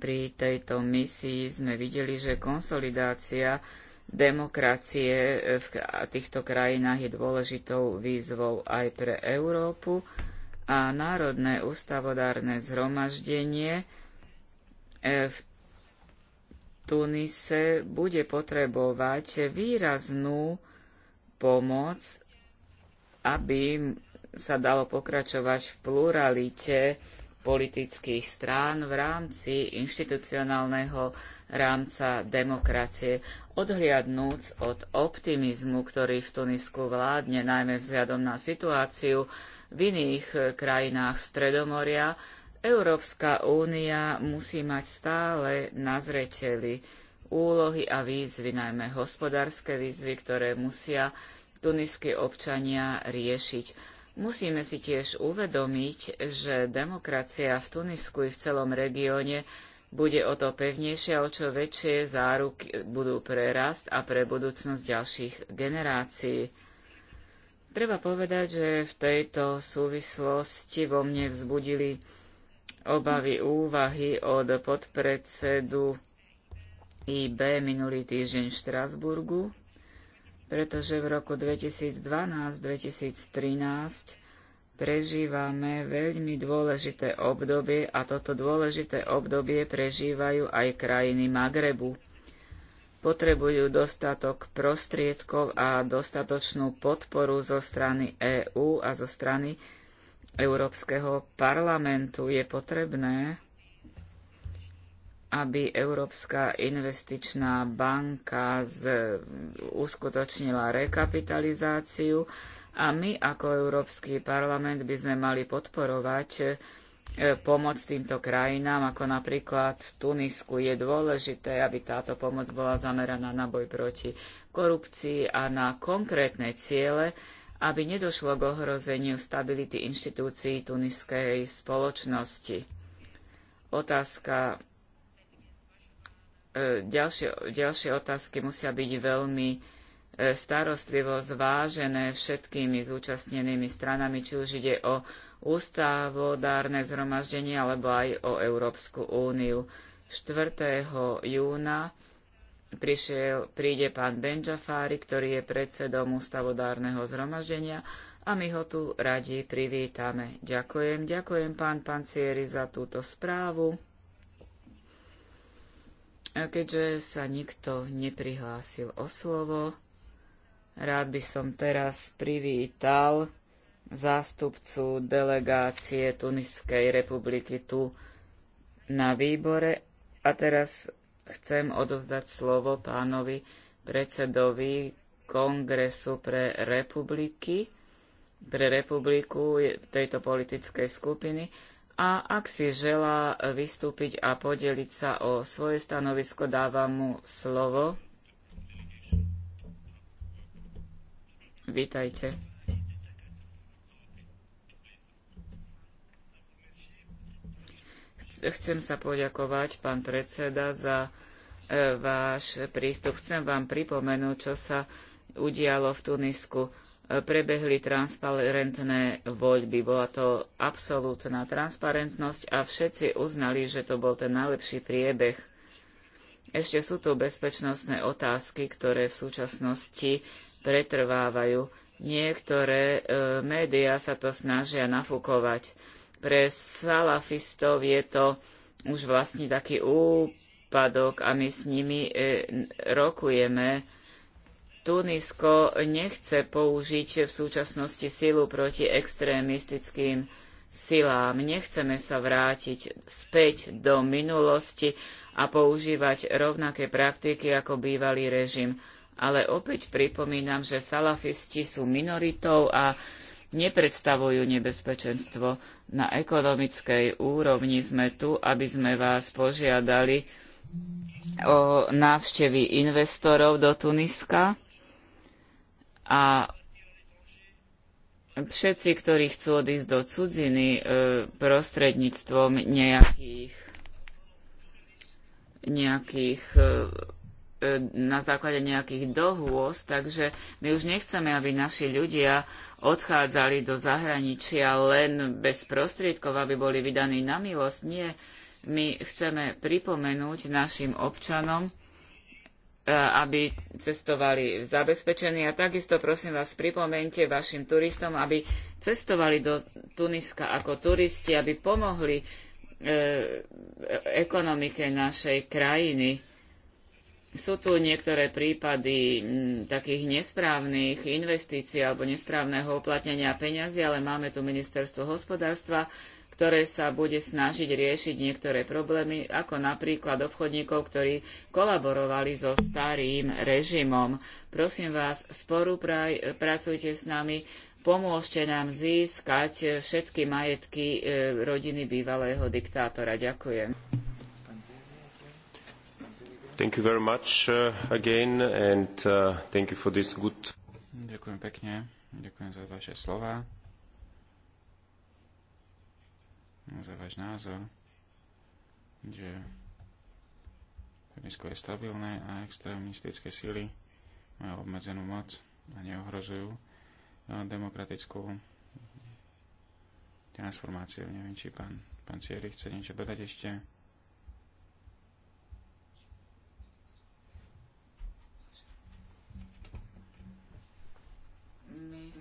Pri tejto misii sme videli, že konsolidácia demokracie v týchto krajinách je dôležitou výzvou aj pre Európu a Národné ústavodárne zhromaždenie e, v Tunise bude potrebovať výraznú pomoc, aby sa dalo pokračovať v pluralite politických strán v rámci inštitucionálneho rámca demokracie, odhliadnúc od optimizmu, ktorý v Tunisku vládne, najmä vzhľadom na situáciu v iných krajinách Stredomoria, Európska únia musí mať stále na zreteli úlohy a výzvy, najmä hospodárske výzvy, ktoré musia tuniskí občania riešiť Musíme si tiež uvedomiť, že demokracia v Tunisku i v celom regióne bude o to pevnejšia, o čo väčšie záruky budú pre rast a pre budúcnosť ďalších generácií. Treba povedať, že v tejto súvislosti vo mne vzbudili obavy úvahy od podpredsedu IB minulý týždeň v Štrasburgu, pretože v roku 2012-2013 prežívame veľmi dôležité obdobie a toto dôležité obdobie prežívajú aj krajiny Magrebu. Potrebujú dostatok prostriedkov a dostatočnú podporu zo strany EÚ a zo strany Európskeho parlamentu. Je potrebné, aby Európska investičná banka z, uskutočnila rekapitalizáciu a my ako Európsky parlament by sme mali podporovať e, pomoc týmto krajinám, ako napríklad Tunisku. Je dôležité, aby táto pomoc bola zameraná na boj proti korupcii a na konkrétne ciele, aby nedošlo k ohrozeniu stability inštitúcií tuniskej spoločnosti. Otázka E, ďalšie, ďalšie otázky musia byť veľmi e, starostlivo zvážené všetkými zúčastnenými stranami, či už ide o ústavodárne zhromaždenie alebo aj o Európsku úniu. 4. júna prišiel, príde pán Benžafári, ktorý je predsedom ústavodárneho zhromaždenia a my ho tu radi privítame. Ďakujem, ďakujem pán Pancieri za túto správu. Keďže sa nikto neprihlásil o slovo, rád by som teraz privítal zástupcu delegácie Tuniskej republiky tu na výbore. A teraz chcem odovzdať slovo pánovi predsedovi Kongresu pre republiky, pre republiku tejto politickej skupiny, a ak si želá vystúpiť a podeliť sa o svoje stanovisko, dávam mu slovo. Vítajte. Chcem sa poďakovať, pán predseda, za e, váš prístup. Chcem vám pripomenúť, čo sa udialo v Tunisku prebehli transparentné voľby. Bola to absolútna transparentnosť a všetci uznali, že to bol ten najlepší priebeh. Ešte sú tu bezpečnostné otázky, ktoré v súčasnosti pretrvávajú. Niektoré e, médiá sa to snažia nafúkovať. Pre salafistov je to už vlastne taký úpadok a my s nimi e, rokujeme Tunisko nechce použiť v súčasnosti silu proti extrémistickým silám. Nechceme sa vrátiť späť do minulosti a používať rovnaké praktiky ako bývalý režim. Ale opäť pripomínam, že salafisti sú minoritou a nepredstavujú nebezpečenstvo. Na ekonomickej úrovni sme tu, aby sme vás požiadali o návštevy investorov do Tuniska a všetci, ktorí chcú odísť do cudziny e, prostredníctvom nejakých, nejakých e, e, na základe nejakých dohôz, takže my už nechceme, aby naši ľudia odchádzali do zahraničia len bez prostriedkov, aby boli vydaní na milosť. Nie, my chceme pripomenúť našim občanom, E, aby cestovali zabezpečení. A takisto prosím vás, pripomente vašim turistom, aby cestovali do Tuniska ako turisti, aby pomohli e, ekonomike našej krajiny. Sú tu niektoré prípady m, takých nesprávnych investícií alebo nesprávneho uplatnenia peňazí, ale máme tu ministerstvo hospodárstva, ktoré sa bude snažiť riešiť niektoré problémy, ako napríklad obchodníkov, ktorí kolaborovali so starým režimom. Prosím vás, spolupracujte s nami, pomôžte nám získať všetky majetky e, rodiny bývalého diktátora. Ďakujem. Thank you very much uh, again and uh, thank you for this good... Ďakujem pekne, ďakujem za vaše slova za váš názor, že Rusko je stabilné a extrémistické síly majú obmedzenú moc a neohrozujú no, demokratickú transformáciu. Neviem, či pán, pán Cieri chce niečo dodať ešte.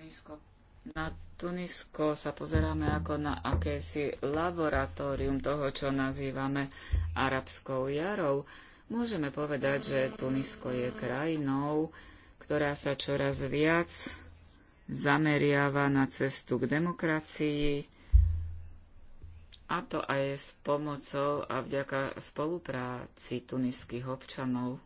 Nízko na Tunisko sa pozeráme ako na akési laboratórium toho, čo nazývame arabskou jarou. Môžeme povedať, že Tunisko je krajinou, ktorá sa čoraz viac zameriava na cestu k demokracii, a to aj s pomocou a vďaka spolupráci tuniských občanov.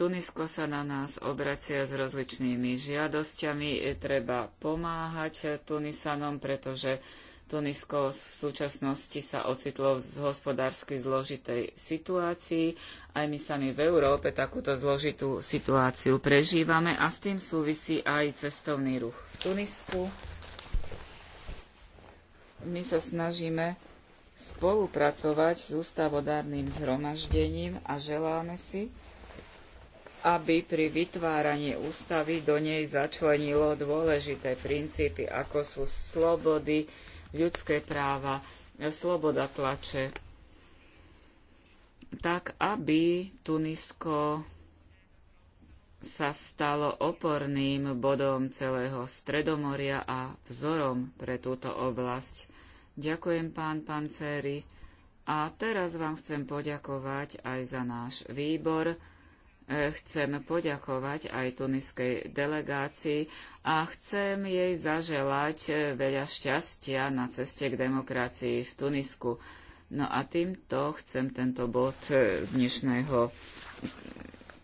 Tunisko sa na nás obracia s rozličnými žiadosťami. Treba pomáhať Tunisanom, pretože Tunisko v súčasnosti sa ocitlo v hospodársky zložitej situácii. Aj my sami v Európe takúto zložitú situáciu prežívame a s tým súvisí aj cestovný ruch v Tunisku. My sa snažíme spolupracovať s ústavodárnym zhromaždením a želáme si, aby pri vytváraní ústavy do nej začlenilo dôležité princípy, ako sú slobody, ľudské práva, sloboda tlače, tak aby Tunisko sa stalo oporným bodom celého Stredomoria a vzorom pre túto oblasť. Ďakujem pán Pancéry a teraz vám chcem poďakovať aj za náš výbor, Chcem poďakovať aj tuniskej delegácii a chcem jej zaželať e, veľa šťastia na ceste k demokracii v Tunisku. No a týmto chcem tento bod e, dnešného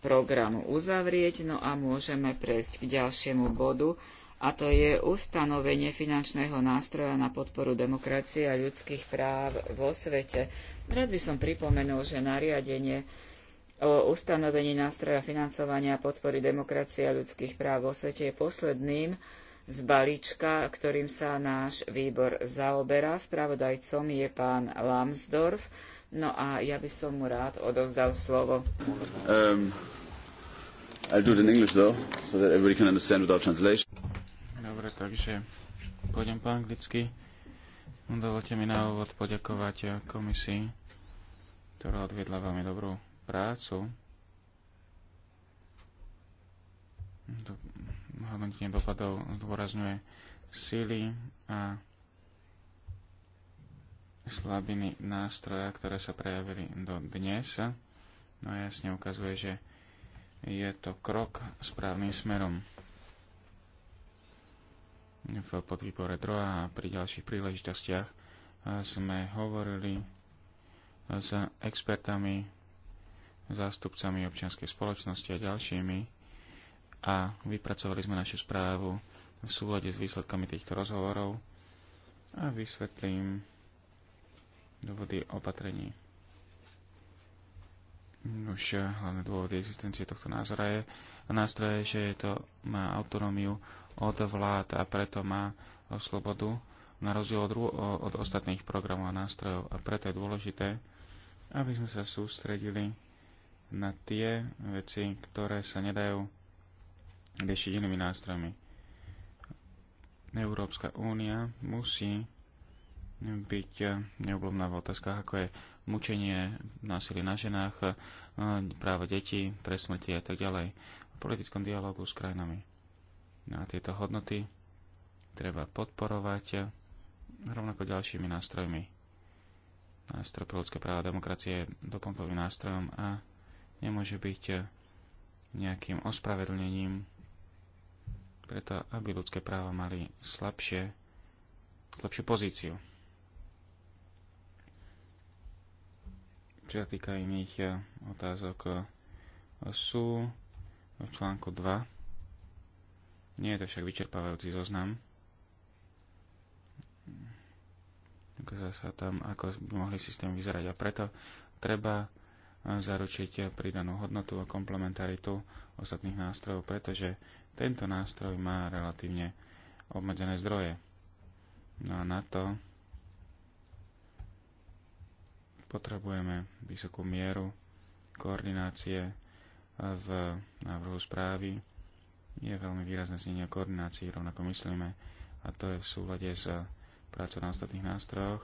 programu uzavrieť, no a môžeme prejsť k ďalšiemu bodu, a to je ustanovenie finančného nástroja na podporu demokracie a ľudských práv vo svete. Rád by som pripomenul, že nariadenie o ustanovení nástroja financovania a podpory demokracie a ľudských práv vo svete je posledným z balíčka, ktorým sa náš výbor zaoberá. Spravodajcom je pán Lambsdorff. No a ja by som mu rád odovzdal slovo. Um, English, though, so Dobre, takže pôjdem po anglicky. Dovolte mi na úvod poďakovať komisii, ktorá odviedla veľmi dobrú prácu, hodnotenie dopadov zdôrazňuje síly a slabiny nástroja, ktoré sa prejavili do dnes. No a jasne ukazuje, že je to krok správnym smerom. V podvýbore droha a pri ďalších príležitostiach sme hovorili s expertami zástupcami občianskej spoločnosti a ďalšími a vypracovali sme našu správu v súlade s výsledkami týchto rozhovorov a vysvetlím dôvody opatrení. Už hlavné dôvody existencie tohto názora je, nástroje, že je to, má autonómiu od vlád a preto má slobodu na rozdiel od, od ostatných programov a nástrojov. A preto je dôležité, aby sme sa sústredili na tie veci, ktoré sa nedajú riešiť inými nástrojmi. Európska únia musí byť neoblomná v otázkach, ako je mučenie, násilie na ženách, práva detí, trest smrti a tak ďalej. V politickom dialogu s krajinami. A tieto hodnoty treba podporovať rovnako ďalšími nástrojmi. Nástroj pre ľudské práva a demokracie je doplnkovým nástrojom a nemôže byť eh, nejakým ospravedlnením preto, aby ľudské práva mali slabšie, slabšiu pozíciu. Čo sa týka iných eh, otázok, eh, sú v článku 2. Nie je to však vyčerpávajúci zoznam. Ukázal sa tam, ako by mohli systém vyzerať a preto treba zaručiť pridanú hodnotu a komplementaritu ostatných nástrojov, pretože tento nástroj má relatívne obmedzené zdroje. No a na to potrebujeme vysokú mieru koordinácie v návrhu správy. Je veľmi výrazné znenie koordinácií, rovnako myslíme, a to je v súlade s prácou na ostatných nástrojoch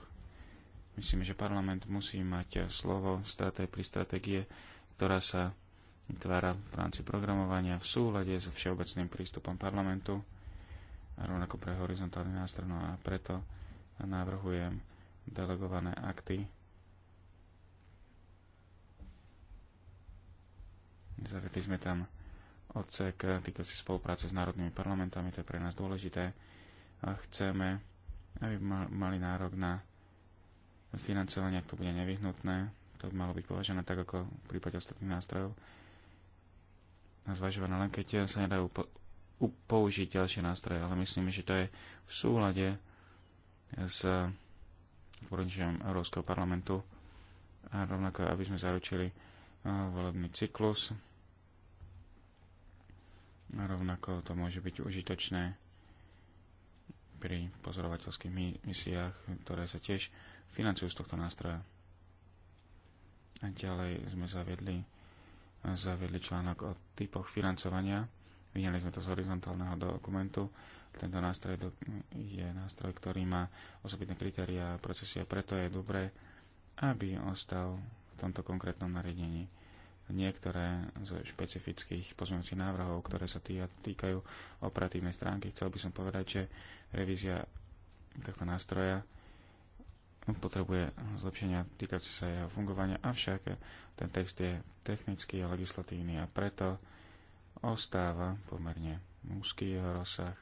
Myslím, že parlament musí mať slovo straté pri stratégie, ktorá sa vytvára v rámci programovania v súlade so všeobecným prístupom parlamentu a rovnako pre horizontálny nástroj. No a preto navrhujem delegované akty Zavedli sme tam odsek týkajúci spolupráce s národnými parlamentami, to je pre nás dôležité. A chceme, aby mali nárok na financovanie, ak to bude nevyhnutné, to by malo byť považené tak, ako v prípade ostatných nástrojov, Na zvažované no len keď sa nedajú po- použiť ďalšie nástroje, ale myslím, že to je v súlade s poradničením Európskeho parlamentu a rovnako, aby sme zaručili volebný cyklus. A rovnako to môže byť užitočné pri pozorovateľských misiách, ktoré sa tiež financujú z tohto nástroja. A ďalej sme zaviedli, zaviedli článok o typoch financovania. Vyňali sme to z horizontálneho dokumentu. Tento nástroj je nástroj, ktorý má osobitné kritéria a procesy a preto je dobré, aby ostal v tomto konkrétnom nariadení niektoré z špecifických pozmeňujúcich návrhov, ktoré sa týja, týkajú operatívnej stránky. Chcel by som povedať, že revízia tohto nástroja potrebuje zlepšenia týkať sa jeho fungovania, avšak ten text je technický a legislatívny a preto ostáva pomerne úzky jeho rozsah,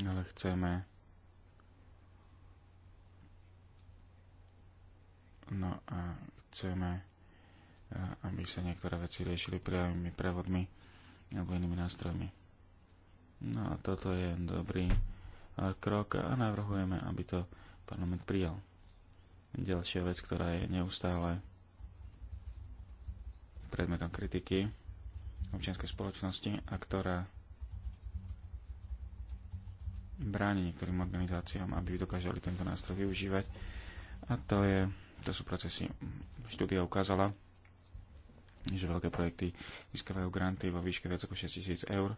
ale chceme no a chceme eh, aby sa niektoré veci riešili priamými prevodmi alebo inými nástrojmi. No a toto je dobrý krok a navrhujeme, aby to parlament prijal. Ďalšia vec, ktorá je neustále predmetom kritiky občianskej spoločnosti a ktorá bráni niektorým organizáciám, aby dokážali tento nástroj využívať. A to, je, to sú procesy. Štúdia ukázala, že veľké projekty získavajú granty vo výške viac ako 6000 eur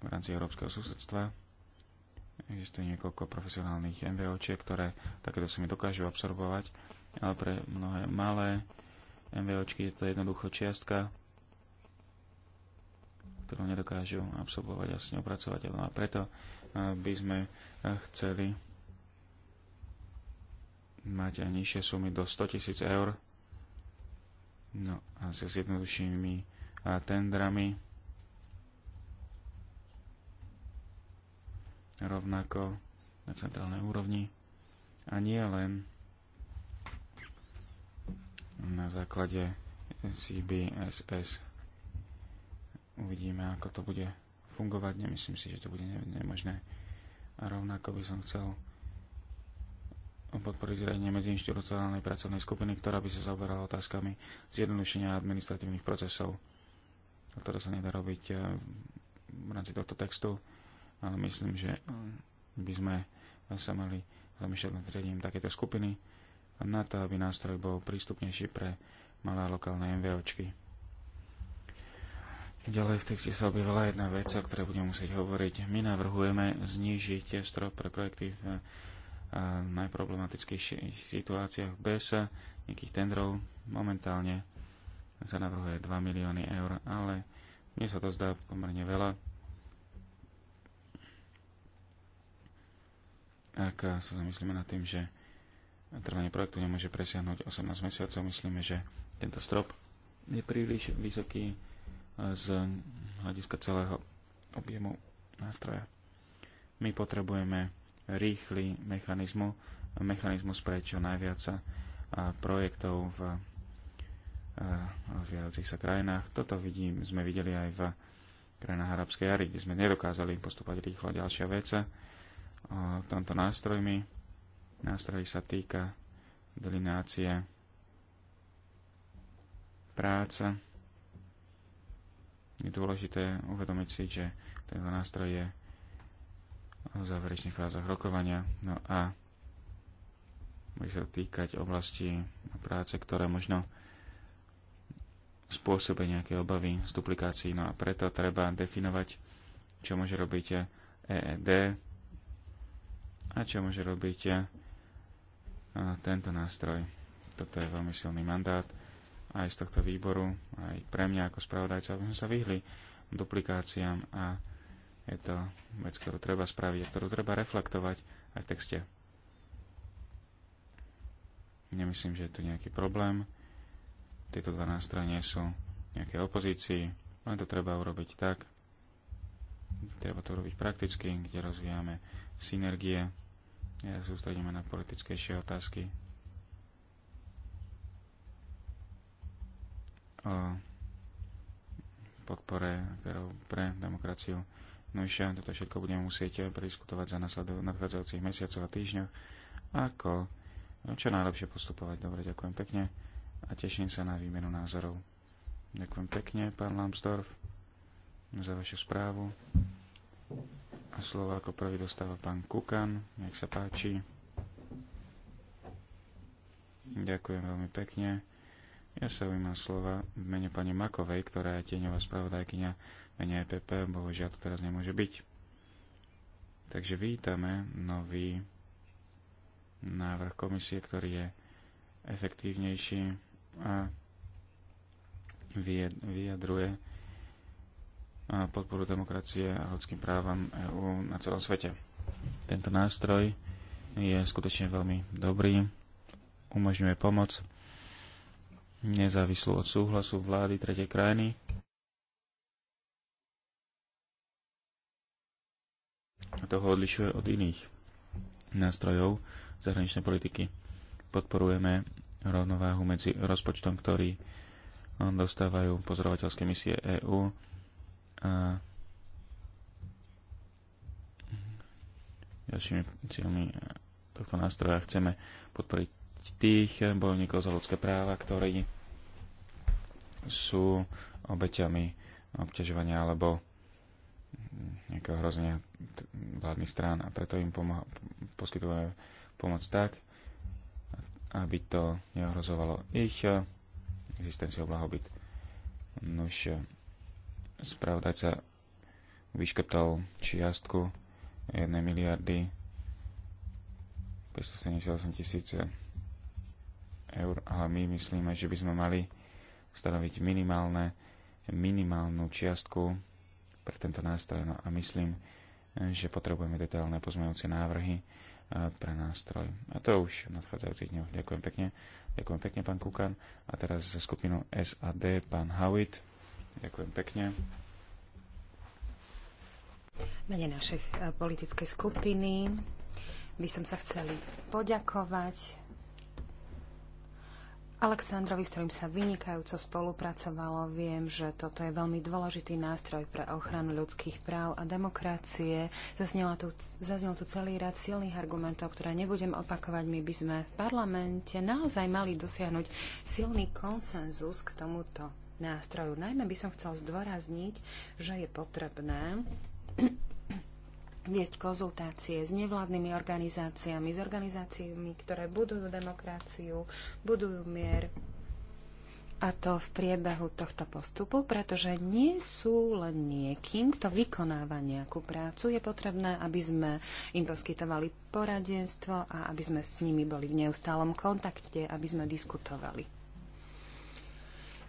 v rámci európskeho susedstva Existuje niekoľko profesionálnych MVOčiek, ktoré takéto sumy dokážu absorbovať, ale pre mnohé malé MVOčky je to jednoducho čiastka, ktorú nedokážu absorbovať a s ňou pracovať. No a preto eh, by sme eh, chceli mať aj nižšie sumy do 100 tisíc eur. No a s jednoduchšími eh, tendrami rovnako na centrálnej úrovni a nie len na základe CBSS. Uvidíme, ako to bude fungovať. Nemyslím si, že to bude nemožné. A rovnako by som chcel podporiť zriadenie medziinštitucionálnej pracovnej skupiny, ktorá by sa zaoberala otázkami zjednodušenia administratívnych procesov, ktoré sa nedá robiť eh, v rámci tohto textu ale myslím, že mm, by sme sa mali zamýšľať nad riadením takéto skupiny na to, aby nástroj bol prístupnejší pre malé lokálne MVOčky. Ďalej v texte sa objavila jedna vec, o ktorej budem musieť hovoriť. My navrhujeme znížiť strop pre projekty v eh, najproblematickejších situáciách bez eh, nejakých tendrov. Momentálne sa navrhuje 2 milióny eur, ale mne sa to zdá pomerne veľa Ak sa zamyslíme nad tým, že trvanie projektu nemôže presiahnuť 18 mesiacov, myslíme, že tento strop je príliš vysoký e, z hľadiska celého objemu nástroja. My potrebujeme rýchly mechanizmu, mechanizmus pre čo najviac e, projektov v e, rozvíjajúcich sa krajinách. Toto vidím, sme videli aj v krajinách arabskej jary, kde sme nedokázali postupovať rýchlo. Ďalšia vec, tomto nástrojmi. Nástroj sa týka delinácie práca. Je dôležité uvedomiť si, že tento nástroj je v záverečných fázach rokovania. No a bude sa týkať oblasti práce, ktoré možno spôsobe nejaké obavy z duplikácií. No a preto treba definovať, čo môže robiť EED, a čo môže robiť eh, tento nástroj. Toto je veľmi silný mandát aj z tohto výboru, aj pre mňa ako spravodajca, aby sme sa vyhli duplikáciám a je to vec, ktorú treba spraviť a ktorú treba reflektovať aj v texte. Nemyslím, že je tu nejaký problém. Tieto dva nástroje nie sú nejaké opozícii, len to treba urobiť tak, treba to urobiť prakticky, kde rozvíjame synergie. Ja sústredíme na politickejšie otázky. O podpore ktorou teda pre demokraciu. No ešte toto všetko budeme musieť prediskutovať za nadchádzajúcich mesiacov a týždňoch, ako no, čo najlepšie postupovať. Dobre, ďakujem pekne a teším sa na výmenu názorov. Ďakujem pekne, pán Lambsdorff, za vašu správu. A slovo ako prvý dostáva pán Kukan. Nech sa páči. Ďakujem veľmi pekne. Ja sa ujímam slova v mene pani Makovej, ktorá je tieňová spravodajkyňa mene EPP, bohužiaľ to teraz nemôže byť. Takže vítame nový návrh komisie, ktorý je efektívnejší a vyjadruje a podporu demokracie a ľudským právam EÚ na celom svete. Tento nástroj je skutočne veľmi dobrý, umožňuje pomoc nezávislú od súhlasu vlády tretej krajiny a toho odlišuje od iných nástrojov zahraničnej politiky. Podporujeme rovnováhu medzi rozpočtom, ktorý dostávajú pozorovateľské misie EÚ ďalšími cieľmi tohto nástroja chceme podporiť tých bojovníkov za ľudské práva, ktorí sú obeťami obťažovania alebo nejakého hrozenia vládnych strán a preto im pomo- poskytujeme pomoc tak, aby to neohrozovalo ich existenciou blahobyt. Nož spravodajca vyškrtol čiastku 1 miliardy 578 tisíc eur, ale my myslíme, že by sme mali stanoviť minimálne, minimálnu čiastku pre tento nástroj. No a myslím, že potrebujeme detailné pozmejúce návrhy e, pre nástroj. A to už v nadchádzajúcich dňoch. Ďakujem pekne. Ďakujem pekne, pán Kukan. A teraz za skupinu SAD, pán Howitt. Ďakujem pekne. Mene našej e, politickej skupiny by som sa chceli poďakovať Aleksandrovi, s ktorým sa vynikajúco spolupracovalo. Viem, že toto je veľmi dôležitý nástroj pre ochranu ľudských práv a demokracie. Zaznelo tu, zaznel tu celý rad silných argumentov, ktoré nebudem opakovať. My by sme v parlamente naozaj mali dosiahnuť silný konsenzus k tomuto nástrojov. Najmä by som chcel zdôrazniť, že je potrebné [clears throat] viesť konzultácie s nevládnymi organizáciami, s organizáciami, ktoré budujú demokraciu, budujú mier a to v priebehu tohto postupu, pretože nie sú len niekým, kto vykonáva nejakú prácu. Je potrebné, aby sme im poskytovali poradenstvo a aby sme s nimi boli v neustálom kontakte, aby sme diskutovali.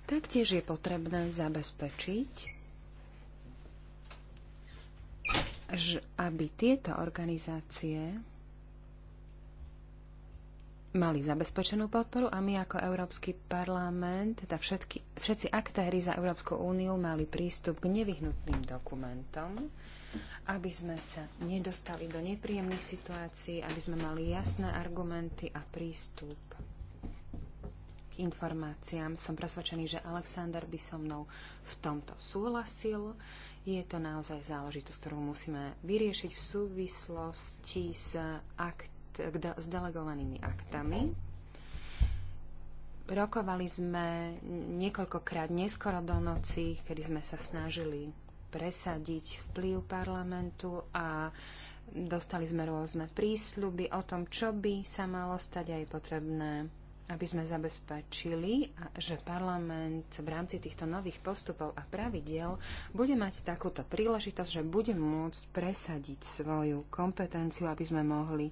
Taktiež je potrebné zabezpečiť, že aby tieto organizácie mali zabezpečenú podporu a my ako Európsky parlament, teda všetky, všetci aktéry za Európsku úniu mali prístup k nevyhnutným dokumentom, aby sme sa nedostali do nepríjemných situácií, aby sme mali jasné argumenty a prístup k informáciám. Som presvedčený, že Alexander by so mnou v tomto súhlasil. Je to naozaj záležitosť, ktorú musíme vyriešiť v súvislosti s, akt, s delegovanými aktami. Rokovali sme niekoľkokrát neskoro do noci, kedy sme sa snažili presadiť vplyv parlamentu a dostali sme rôzne prísľuby o tom, čo by sa malo stať a je potrebné aby sme zabezpečili, že parlament v rámci týchto nových postupov a pravidiel bude mať takúto príležitosť, že bude môcť presadiť svoju kompetenciu, aby sme mohli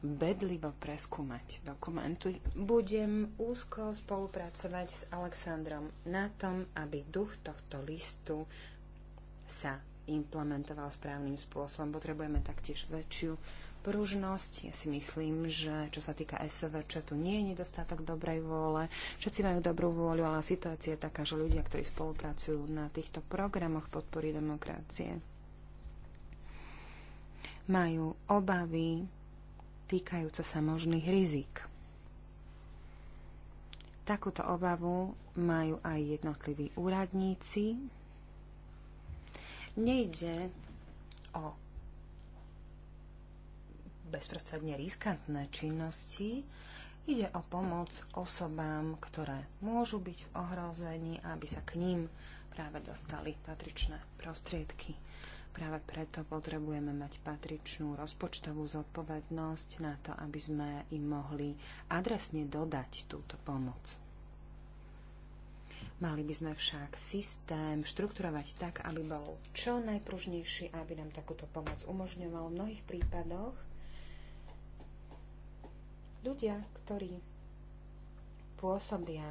bedlivo preskúmať dokumenty. Budem úzko spolupracovať s Alexandrom na tom, aby duch tohto listu sa implementoval správnym spôsobom. Potrebujeme taktiež väčšiu pružnosť. Ja si myslím, že čo sa týka čo tu nie je nedostatok dobrej vôle. Všetci majú dobrú vôľu, ale situácia je taká, že ľudia, ktorí spolupracujú na týchto programoch podpory demokracie, majú obavy týkajúce sa možných rizik. Takúto obavu majú aj jednotliví úradníci. Nejde o bezprostredne riskantné činnosti. Ide o pomoc osobám, ktoré môžu byť v ohrození, aby sa k ním práve dostali patričné prostriedky. Práve preto potrebujeme mať patričnú rozpočtovú zodpovednosť na to, aby sme im mohli adresne dodať túto pomoc. Mali by sme však systém štrukturovať tak, aby bol čo najpružnejší, aby nám takúto pomoc umožňoval v mnohých prípadoch Ľudia, ktorí pôsobia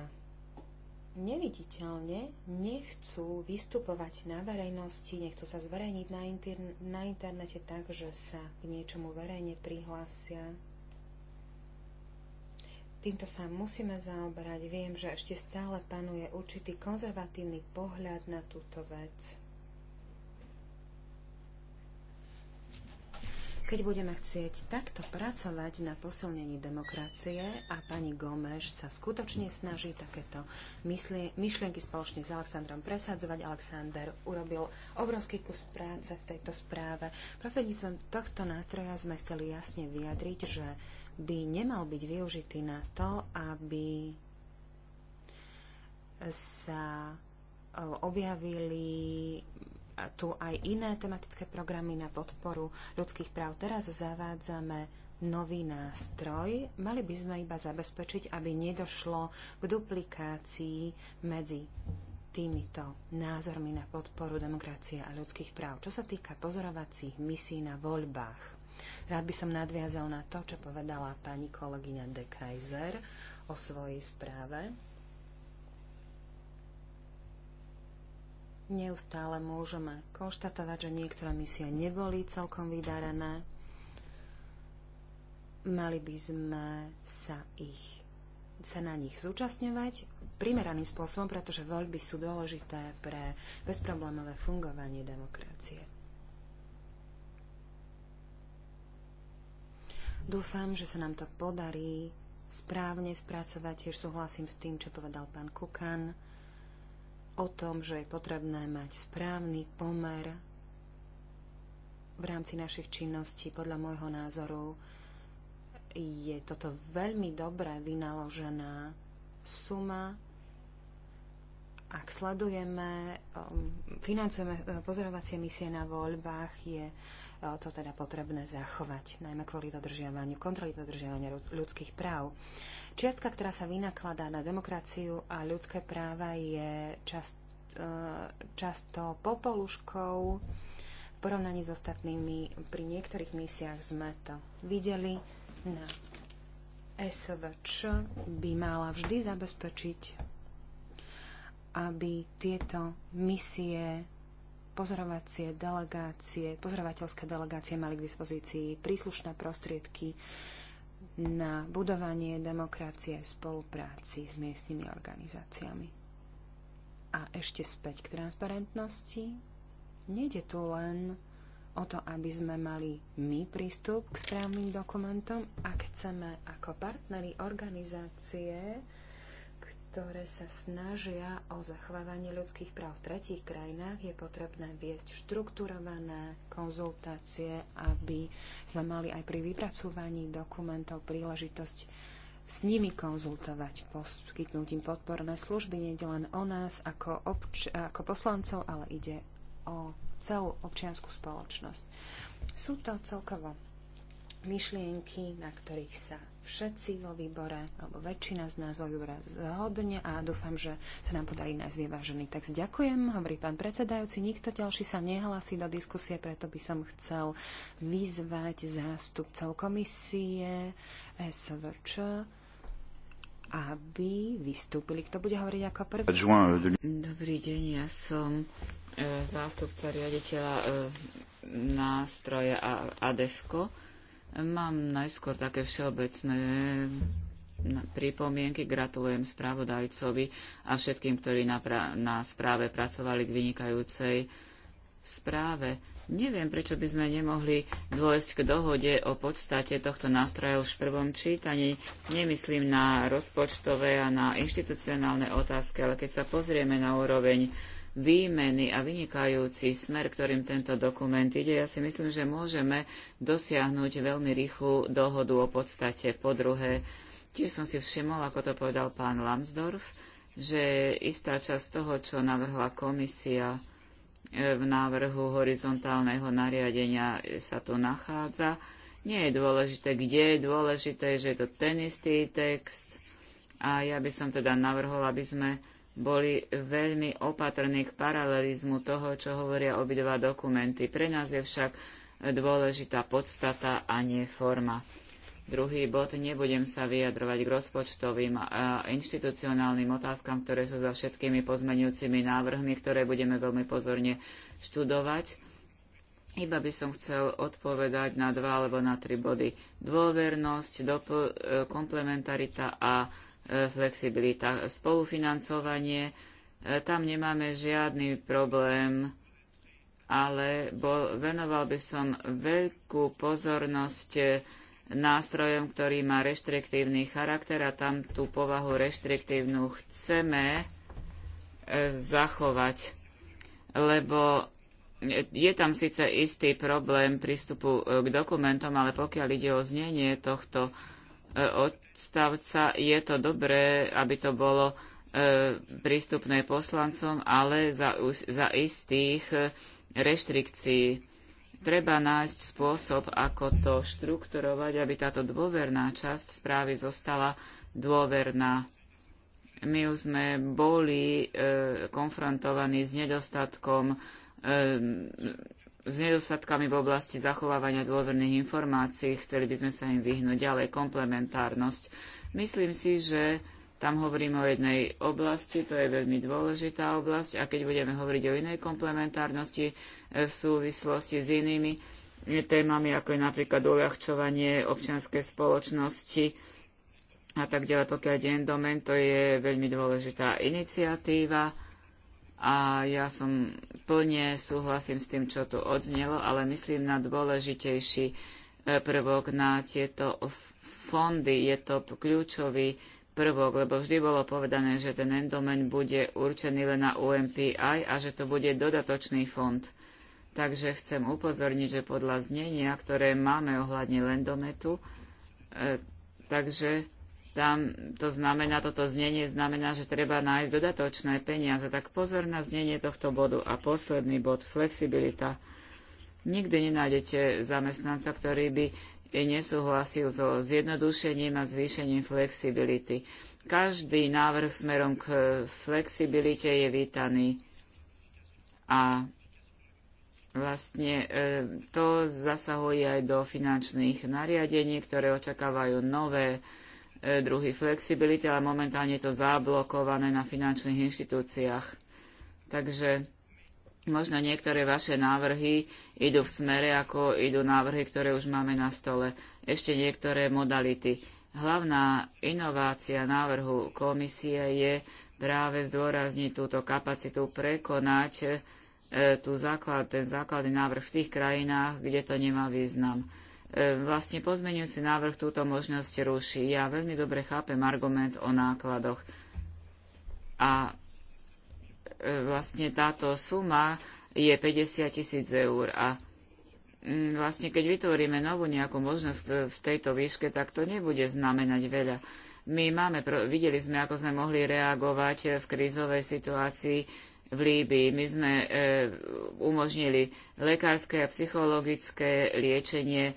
neviditeľne, nechcú vystupovať na verejnosti, nechcú sa zverejniť na, inter- na internete tak, že sa k niečomu verejne prihlásia. Týmto sa musíme zaoberať. Viem, že ešte stále panuje určitý konzervatívny pohľad na túto vec. Keď budeme chcieť takto pracovať na posilnení demokracie a pani Gomeš sa skutočne snaží takéto mysli, myšlienky spoločne s Aleksandrom presadzovať, Alexander urobil obrovský kus práce v tejto správe. Prostredníctvom tohto nástroja sme chceli jasne vyjadriť, že by nemal byť využitý na to, aby sa objavili tu aj iné tematické programy na podporu ľudských práv. Teraz zavádzame nový nástroj. Mali by sme iba zabezpečiť, aby nedošlo k duplikácii medzi týmito názormi na podporu demokracie a ľudských práv. Čo sa týka pozorovacích misí na voľbách, rád by som nadviazal na to, čo povedala pani kolegyňa De Kaiser o svojej správe Neustále môžeme konštatovať, že niektoré misie neboli celkom vydarené. Mali by sme sa ich sa na nich zúčastňovať primeraným spôsobom, pretože voľby sú dôležité pre bezproblémové fungovanie demokracie. Dúfam, že sa nám to podarí správne spracovať. Tiež súhlasím s tým, čo povedal pán Kukan o tom, že je potrebné mať správny pomer v rámci našich činností. Podľa môjho názoru je toto veľmi dobre vynaložená suma ak sledujeme, um, financujeme eh, pozorovacie misie na voľbách, je eh, to teda potrebné zachovať, najmä kvôli dodržiavaniu, kontroly dodržiavania ľudských práv. Čiastka, ktorá sa vynakladá na demokraciu a ľudské práva, je čast, eh, často popoluškou v porovnaní s ostatnými. Pri niektorých misiách sme to videli na SVČ by mala vždy zabezpečiť aby tieto misie, pozorovacie delegácie, pozorovateľské delegácie mali k dispozícii príslušné prostriedky na budovanie demokracie v spolupráci s miestnymi organizáciami. A ešte späť k transparentnosti. Nede tu len o to, aby sme mali my prístup k správnym dokumentom, ak chceme ako partneri organizácie ktoré sa snažia o zachovávanie ľudských práv v tretích krajinách, je potrebné viesť štrukturované konzultácie, aby sme mali aj pri vypracúvaní dokumentov príležitosť s nimi konzultovať, poskytnúť im podporné služby. Nie je len o nás ako, obč- ako poslancov, ale ide o celú občianskú spoločnosť. Sú to celkovo myšlienky, na ktorých sa všetci vo výbore, alebo väčšina z nás vo výbore zhodne a dúfam, že sa nám podarí nájsť vyvážený text. Ďakujem, hovorí pán predsedajúci. Nikto ďalší sa nehlasí do diskusie, preto by som chcel vyzvať zástupcov komisie SVČ, aby vystúpili. Kto bude hovoriť ako prvý? Dobrý deň, ja som e, zástupca riaditeľa e, nástroja ADEFCO Mám najskôr také všeobecné pripomienky. Gratulujem spravodajcovi a všetkým, ktorí na, na správe pracovali k vynikajúcej správe. Neviem, prečo by sme nemohli dôjsť k dohode o podstate tohto nástroja už v prvom čítaní. Nemyslím na rozpočtové a na inštitucionálne otázky, ale keď sa pozrieme na úroveň výmeny a vynikajúci smer, ktorým tento dokument ide, ja si myslím, že môžeme dosiahnuť veľmi rýchlu dohodu o podstate. Po druhé, tiež som si všimol, ako to povedal pán Lambsdorff, že istá časť toho, čo navrhla komisia e, v návrhu horizontálneho nariadenia sa tu nachádza. Nie je dôležité, kde je dôležité, že je to ten istý text. A ja by som teda navrhol, aby sme boli veľmi opatrní k paralelizmu toho, čo hovoria obidva dokumenty. Pre nás je však dôležitá podstata a nie forma. Druhý bod, nebudem sa vyjadrovať k rozpočtovým a inštitucionálnym otázkam, ktoré sú za všetkými pozmenujúcimi návrhmi, ktoré budeme veľmi pozorne študovať. Iba by som chcel odpovedať na dva alebo na tri body. Dôvernosť, e, komplementarita a flexibilita, spolufinancovanie. E, tam nemáme žiadny problém, ale bol, venoval by som veľkú pozornosť nástrojom, ktorý má reštriktívny charakter a tam tú povahu reštriktívnu chceme e, zachovať, lebo je tam síce istý problém prístupu e, k dokumentom, ale pokiaľ ide o znenie tohto E, odstavca je to dobré, aby to bolo e, prístupné poslancom, ale za, za istých e, reštrikcií. Treba nájsť spôsob, ako to štrukturovať, aby táto dôverná časť správy zostala dôverná. My už sme boli e, konfrontovaní s nedostatkom e, s nedostatkami v oblasti zachovávania dôverných informácií. Chceli by sme sa im vyhnúť ďalej komplementárnosť. Myslím si, že tam hovoríme o jednej oblasti, to je veľmi dôležitá oblasť a keď budeme hovoriť o inej komplementárnosti e, v súvislosti s inými témami, ako je napríklad uľahčovanie občianskej spoločnosti a tak ďalej, pokiaľ ide endomen, to je veľmi dôležitá iniciatíva a ja som plne súhlasím s tým, čo tu odznelo, ale myslím na dôležitejší e, prvok na tieto fondy. Je to kľúčový prvok, lebo vždy bolo povedané, že ten endomen bude určený len na UMPI a že to bude dodatočný fond. Takže chcem upozorniť, že podľa znenia, ktoré máme ohľadne lendometu, e, takže tam to znamená, toto znenie znamená, že treba nájsť dodatočné peniaze. Tak pozor na znenie tohto bodu. A posledný bod, flexibilita. Nikdy nenájdete zamestnanca, ktorý by nesúhlasil so zjednodušením a zvýšením flexibility. Každý návrh smerom k flexibilite je vítaný. A vlastne e, to zasahuje aj do finančných nariadení, ktoré očakávajú nové E, druhy flexibility, ale momentálne je to zablokované na finančných inštitúciách. Takže možno niektoré vaše návrhy idú v smere, ako idú návrhy, ktoré už máme na stole. Ešte niektoré modality. Hlavná inovácia návrhu komisie je práve zdôrazniť túto kapacitu prekonať e, tú základ, ten základný návrh v tých krajinách, kde to nemá význam. E, vlastne pozmeňujúci návrh túto možnosť ruší. Ja veľmi dobre chápem argument o nákladoch. A e, vlastne táto suma je 50 tisíc eur. A mm, vlastne keď vytvoríme novú nejakú možnosť e, v tejto výške, tak to nebude znamenať veľa. My máme, videli sme, ako sme mohli reagovať v krízovej situácii v Líbii. My sme umožnili lekárske a psychologické liečenie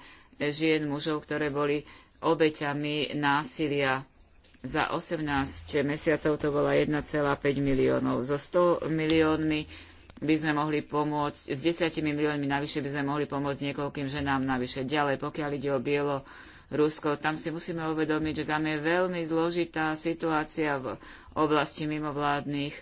žien, mužov, ktoré boli obeťami násilia. Za 18 mesiacov to bola 1,5 miliónov. So 100 miliónmi by sme mohli pomôcť, s 10 miliónmi navyše by sme mohli pomôcť niekoľkým ženám navyše. Ďalej, pokiaľ ide o Bielo, Rusko. Tam si musíme uvedomiť, že tam je veľmi zložitá situácia v oblasti mimovládnych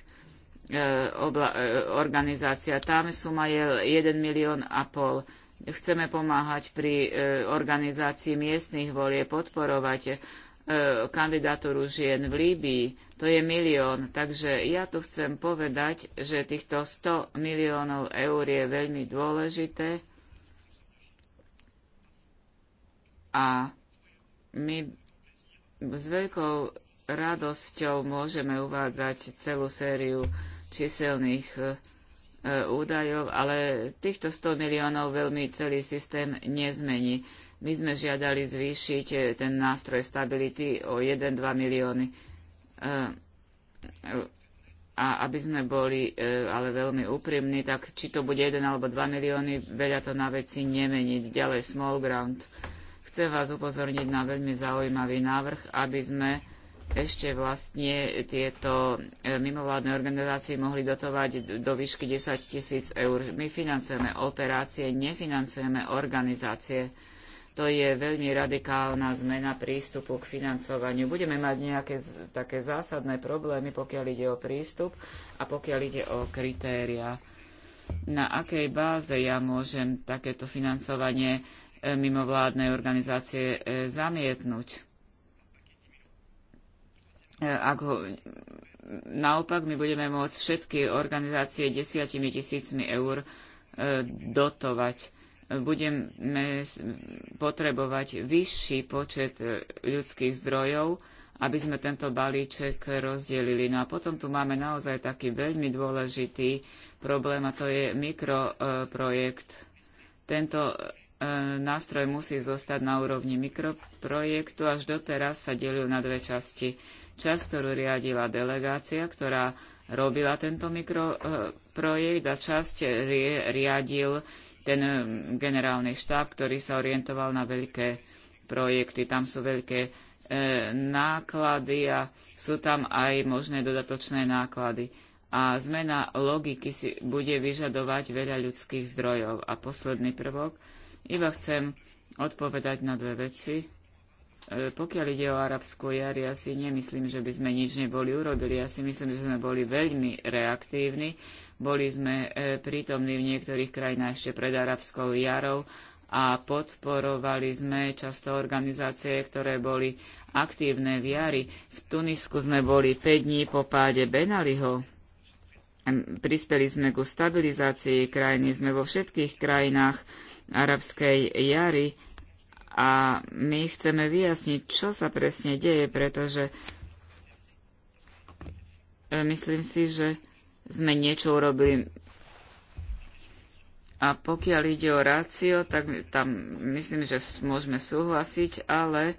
e, obla, e, organizácií. Tam suma je 1 milión a pol. Chceme pomáhať pri e, organizácii miestnych volie, podporovať e, kandidatúru žien v Líbii. To je milión. Takže ja tu chcem povedať, že týchto 100 miliónov eur je veľmi dôležité a my s veľkou radosťou môžeme uvádzať celú sériu číselných e, E, údajov, ale týchto 100 miliónov veľmi celý systém nezmení. My sme žiadali zvýšiť e, ten nástroj stability o 1-2 milióny. E, a aby sme boli ale veľmi úprimní, tak či to bude 1 alebo 2 milióny, veľa to na veci nemeniť. Ďalej small ground. Chcem vás upozorniť na veľmi zaujímavý návrh, aby sme ešte vlastne tieto e, mimovládne organizácie mohli dotovať do výšky 10 tisíc eur. My financujeme operácie, nefinancujeme organizácie. To je veľmi radikálna zmena prístupu k financovaniu. Budeme mať nejaké také zásadné problémy, pokiaľ ide o prístup a pokiaľ ide o kritéria. Na akej báze ja môžem takéto financovanie e, mimovládnej organizácie e, zamietnúť? ak ho, naopak my budeme môcť všetky organizácie desiatimi tisícmi eur e, dotovať. Budeme potrebovať vyšší počet e, ľudských zdrojov, aby sme tento balíček rozdelili. No a potom tu máme naozaj taký veľmi dôležitý problém a to je mikroprojekt. Tento e, nástroj musí zostať na úrovni mikroprojektu, až doteraz sa delil na dve časti časť, ktorú riadila delegácia, ktorá robila tento mikroprojekt a časť riadil ten um, generálny štáb, ktorý sa orientoval na veľké projekty. Tam sú veľké e, náklady a sú tam aj možné dodatočné náklady. A zmena logiky si bude vyžadovať veľa ľudských zdrojov. A posledný prvok. Iba chcem odpovedať na dve veci E, pokiaľ ide o arabskú jar, ja si nemyslím, že by sme nič neboli urobili. Ja si myslím, že sme boli veľmi reaktívni. Boli sme e, prítomní v niektorých krajinách ešte pred arabskou jarou a podporovali sme často organizácie, ktoré boli aktívne v jari. V Tunisku sme boli 5 dní po páde Benaliho. Prispeli sme ku stabilizácii krajiny. Sme vo všetkých krajinách arabskej jary a my chceme vyjasniť, čo sa presne deje, pretože e, myslím si, že sme niečo urobili. A pokiaľ ide o rácio, tak tam myslím, že môžeme súhlasiť, ale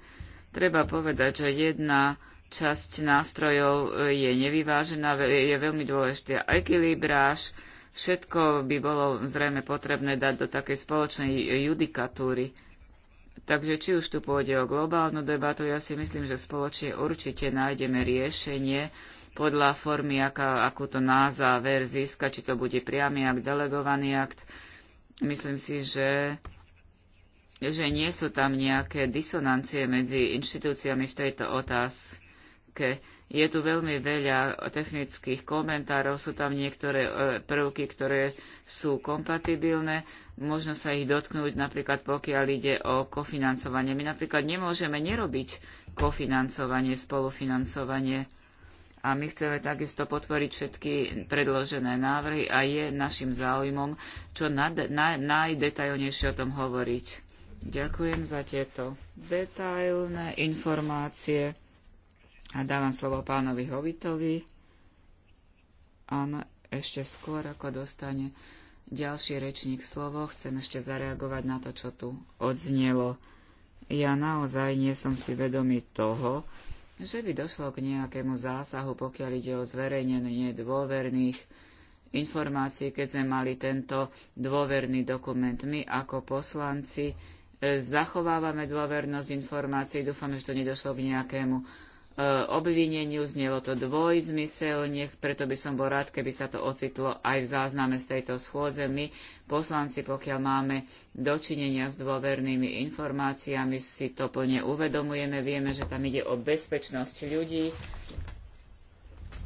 treba povedať, že jedna časť nástrojov e, je nevyvážená, je veľmi dôležitý ekilibráž, všetko by bolo zrejme potrebné dať do takej spoločnej judikatúry Takže či už tu pôjde o globálnu debatu, ja si myslím, že spoločne určite nájdeme riešenie podľa formy, aká, akú to náza ver získa, či to bude priamy akt, delegovaný akt. Myslím si, že, že nie sú tam nejaké disonancie medzi inštitúciami v tejto otázke. Je tu veľmi veľa technických komentárov, sú tam niektoré e, prvky, ktoré sú kompatibilné. Možno sa ich dotknúť napríklad pokiaľ ide o kofinancovanie. My napríklad nemôžeme nerobiť kofinancovanie, spolufinancovanie. A my chceme takisto potvoriť všetky predložené návrhy a je našim záujmom čo nad, na, o tom hovoriť. Ďakujem za tieto detailné informácie. A dávam slovo pánovi Hovitovi. On ešte skôr, ako dostane ďalší rečník slovo, chcem ešte zareagovať na to, čo tu odznelo. Ja naozaj nie som si vedomý toho, že by došlo k nejakému zásahu, pokiaľ ide o zverejnenie dôverných informácií, keď sme mali tento dôverný dokument. My ako poslanci e, zachovávame dôvernosť informácií. Dúfam, že to nedošlo k nejakému E, obvineniu, znelo to dvojzmyselne, preto by som bol rád, keby sa to ocitlo aj v zázname z tejto schôdze. My, poslanci, pokiaľ máme dočinenia s dôvernými informáciami, si to plne uvedomujeme, vieme, že tam ide o bezpečnosť ľudí.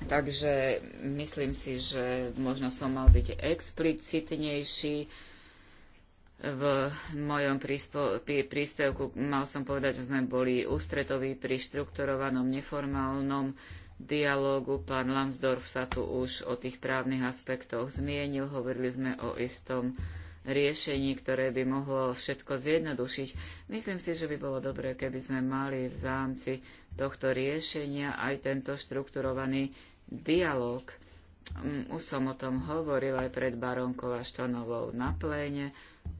Takže myslím si, že možno som mal byť explicitnejší v mojom príspevku mal som povedať, že sme boli ústretoví pri štrukturovanom neformálnom dialógu. Pán Lambsdorff sa tu už o tých právnych aspektoch zmienil. Hovorili sme o istom riešení, ktoré by mohlo všetko zjednodušiť. Myslím si, že by bolo dobré, keby sme mali v zámci tohto riešenia aj tento štrukturovaný dialóg Mm, už som o tom hovorila aj pred baronkou Štanovou na pléne.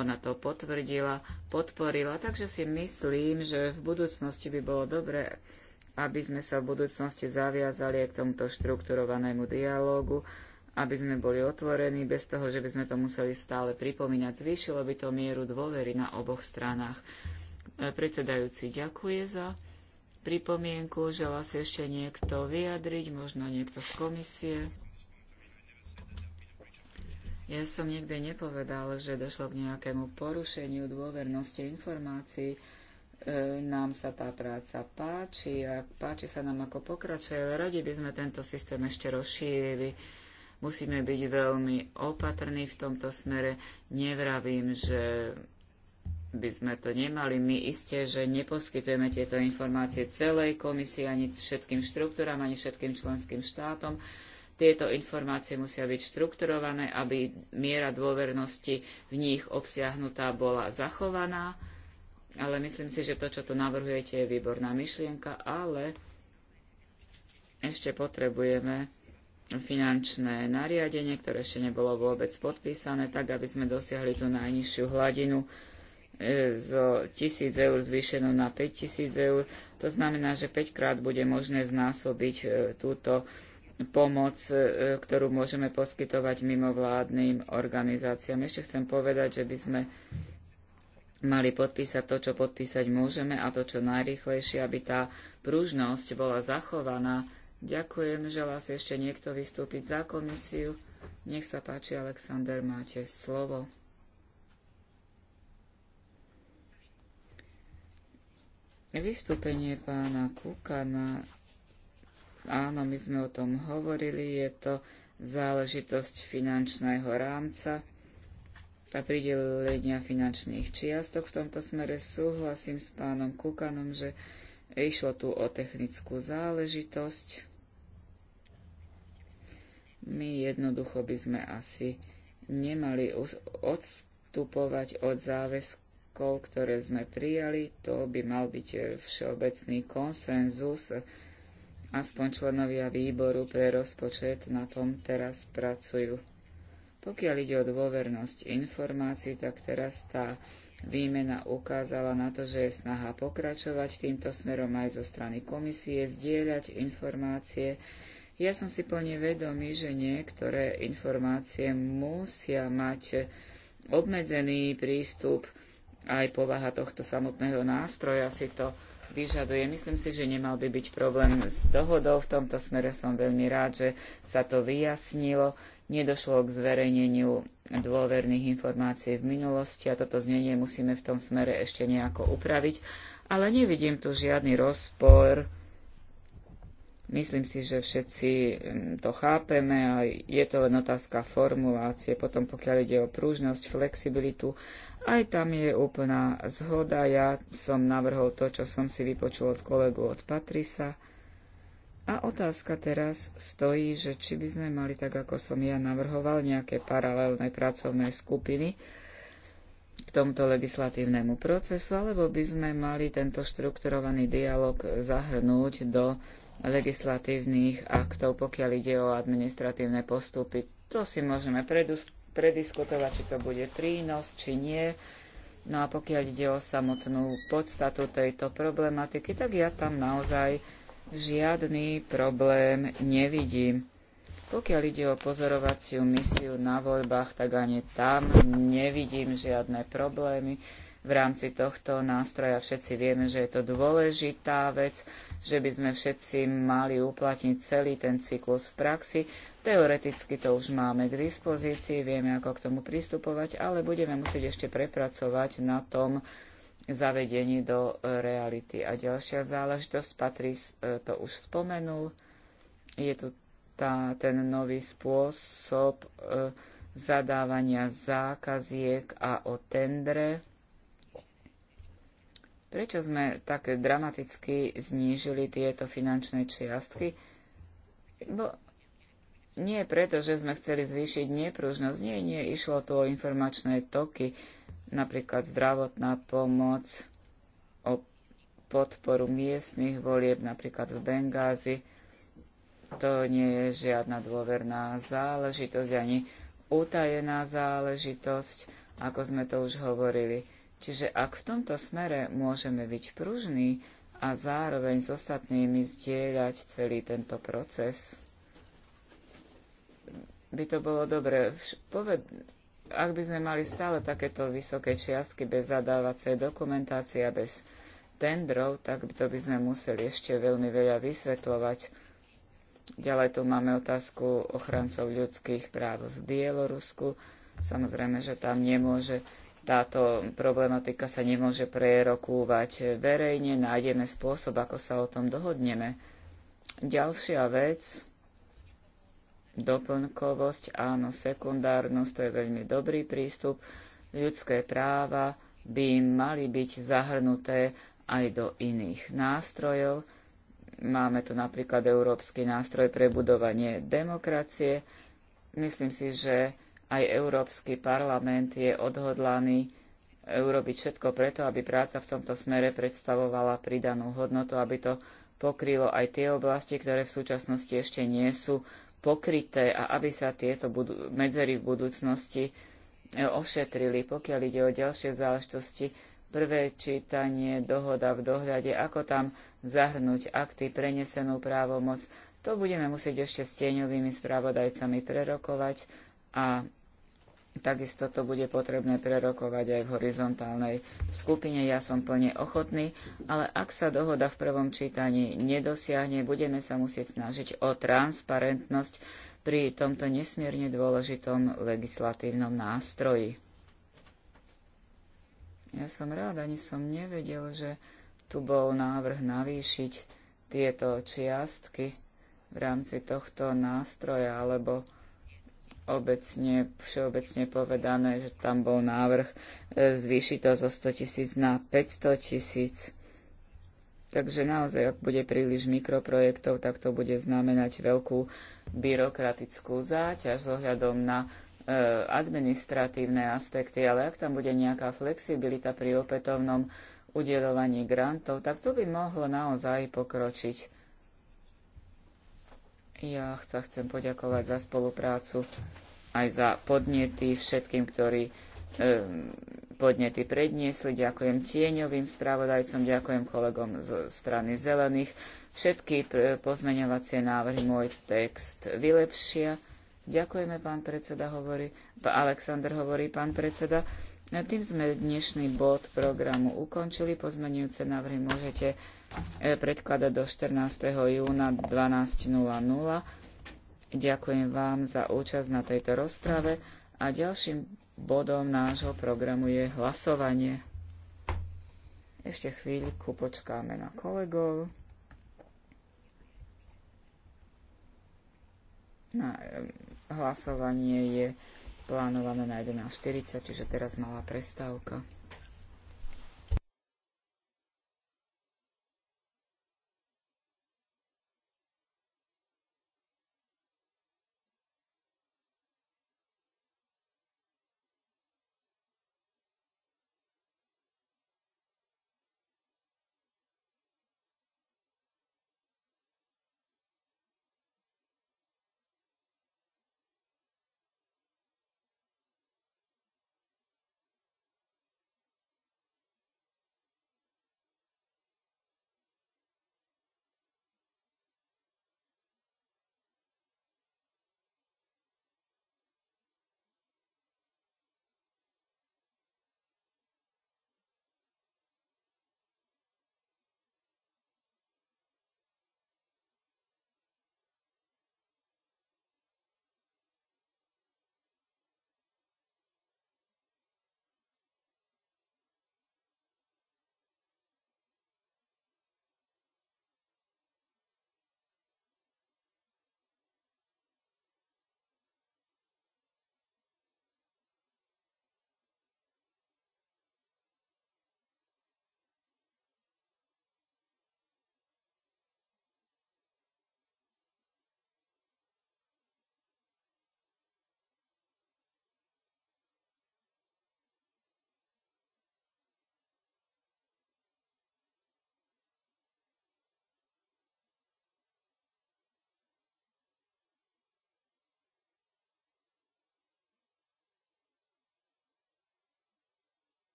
Ona to potvrdila, podporila, takže si myslím, že v budúcnosti by bolo dobré, aby sme sa v budúcnosti zaviazali aj k tomuto štrukturovanému dialógu, aby sme boli otvorení, bez toho, že by sme to museli stále pripomínať. Zvýšilo by to mieru dôvery na oboch stranách. E, predsedajúci ďakuje za pripomienku. Želá si ešte niekto vyjadriť, možno niekto z komisie. Ja som nikdy nepovedal, že došlo k nejakému porušeniu dôvernosti informácií. E, nám sa tá práca páči a páči sa nám ako pokračuje, radi by sme tento systém ešte rozšírili. Musíme byť veľmi opatrní v tomto smere. Nevravím, že by sme to nemali. My isté, že neposkytujeme tieto informácie celej komisii, ani všetkým štruktúram, ani všetkým členským štátom tieto informácie musia byť štrukturované, aby miera dôvernosti v nich obsiahnutá bola zachovaná. Ale myslím si, že to, čo tu navrhujete, je výborná myšlienka, ale ešte potrebujeme finančné nariadenie, ktoré ešte nebolo vôbec podpísané, tak aby sme dosiahli tú najnižšiu hladinu e, z 1000 eur zvýšenú na 5000 eur. To znamená, že 5 krát bude možné znásobiť e, túto pomoc, e, ktorú môžeme poskytovať mimovládnym organizáciám. Ešte chcem povedať, že by sme mali podpísať to, čo podpísať môžeme a to, čo najrýchlejšie, aby tá pružnosť bola zachovaná. Ďakujem, želá si ešte niekto vystúpiť za komisiu. Nech sa páči, Alexander, máte slovo. Vystúpenie pána Kukana Áno, my sme o tom hovorili, je to záležitosť finančného rámca a pridelenia finančných čiastok. V tomto smere súhlasím s pánom Kukanom, že išlo tu o technickú záležitosť. My jednoducho by sme asi nemali odstupovať od záväzkov, ktoré sme prijali. To by mal byť eh, všeobecný konsenzus Aspoň členovia výboru pre rozpočet na tom teraz pracujú. Pokiaľ ide o dôvernosť informácií, tak teraz tá výmena ukázala na to, že je snaha pokračovať týmto smerom aj zo strany komisie, zdieľať informácie. Ja som si plne vedomý, že niektoré informácie musia mať obmedzený prístup, aj povaha tohto samotného nástroja si to vyžaduje. Myslím si, že nemal by byť problém s dohodou. V tomto smere som veľmi rád, že sa to vyjasnilo. Nedošlo k zverejneniu dôverných informácií v minulosti a toto znenie musíme v tom smere ešte nejako upraviť. Ale nevidím tu žiadny rozpor Myslím si, že všetci mm, to chápeme a je to len otázka formulácie. Potom pokiaľ ide o prúžnosť, flexibilitu, aj tam je úplná zhoda. Ja som navrhol to, čo som si vypočul od kolegu od Patrisa. A otázka teraz stojí, že či by sme mali, tak ako som ja navrhoval, nejaké paralelné pracovné skupiny k tomuto legislatívnemu procesu, alebo by sme mali tento štrukturovaný dialog zahrnúť do legislatívnych aktov, pokiaľ ide o administratívne postupy. To si môžeme prediskutovať, či to bude prínos, či nie. No a pokiaľ ide o samotnú podstatu tejto problematiky, tak ja tam naozaj žiadny problém nevidím. Pokiaľ ide o pozorovaciu misiu na voľbách, tak ani tam nevidím žiadne problémy v rámci tohto nástroja. Všetci vieme, že je to dôležitá vec, že by sme všetci mali uplatniť celý ten cyklus v praxi. Teoreticky to už máme k dispozícii, vieme, ako k tomu pristupovať, ale budeme musieť ešte prepracovať na tom zavedení do reality. A ďalšia záležitosť, Patrís e, to už spomenul, je tu tá, ten nový spôsob e, zadávania zákaziek a o tendre Prečo sme tak dramaticky znížili tieto finančné čiastky? Bo nie preto, že sme chceli zvýšiť nepružnosť, nie, nie, išlo tu o informačné toky, napríklad zdravotná pomoc, o podporu miestnych volieb, napríklad v Bengázi. To nie je žiadna dôverná záležitosť, ani utajená záležitosť, ako sme to už hovorili Čiže ak v tomto smere môžeme byť pružní a zároveň s ostatnými zdieľať celý tento proces, by to bolo dobre. Poved, ak by sme mali stále takéto vysoké čiastky bez zadávacej dokumentácie a bez tendrov, tak to by sme museli ešte veľmi veľa vysvetľovať. Ďalej tu máme otázku ochrancov ľudských práv v Bielorusku. Samozrejme, že tam nemôže táto problematika sa nemôže prerokúvať verejne, nájdeme spôsob, ako sa o tom dohodneme. Ďalšia vec, doplnkovosť, áno, sekundárnosť, to je veľmi dobrý prístup. Ľudské práva by mali byť zahrnuté aj do iných nástrojov. Máme tu napríklad Európsky nástroj pre budovanie demokracie. Myslím si, že aj Európsky parlament je odhodlaný e, urobiť všetko preto, aby práca v tomto smere predstavovala pridanú hodnotu, aby to pokrylo aj tie oblasti, ktoré v súčasnosti ešte nie sú pokryté a aby sa tieto budu- medzery v budúcnosti e, ošetrili. Pokiaľ ide o ďalšie záležitosti, prvé čítanie, dohoda v dohľade, ako tam zahrnúť akty, prenesenú právomoc, to budeme musieť ešte s tieňovými spravodajcami prerokovať a Takisto to bude potrebné prerokovať aj v horizontálnej skupine. Ja som plne ochotný, ale ak sa dohoda v prvom čítaní nedosiahne, budeme sa musieť snažiť o transparentnosť pri tomto nesmierne dôležitom legislatívnom nástroji. Ja som rád, ani som nevedel, že tu bol návrh navýšiť tieto čiastky v rámci tohto nástroja alebo obecne, všeobecne povedané, že tam bol návrh e, zvýšiť to zo 100 tisíc na 500 tisíc. Takže naozaj, ak bude príliš mikroprojektov, tak to bude znamenať veľkú byrokratickú záťaž s ohľadom na e, administratívne aspekty, ale ak tam bude nejaká flexibilita pri opätovnom udelovaní grantov, tak to by mohlo naozaj pokročiť. Ja sa chcem poďakovať za spoluprácu aj za podnety všetkým, ktorí podnety predniesli. Ďakujem tieňovým spravodajcom, ďakujem kolegom zo strany zelených. Všetky pozmeňovacie návrhy môj text vylepšia. Ďakujeme, pán predseda hovorí, Alexander hovorí, pán predseda. Tým sme dnešný bod programu ukončili. Pozmenujúce návrhy môžete E, predkladať do 14. júna 12.00. Ďakujem vám za účasť na tejto rozprave a ďalším bodom nášho programu je hlasovanie. Ešte chvíľku počkáme na kolegov. Na, e, hlasovanie je plánované na 11.40, čiže teraz malá prestávka.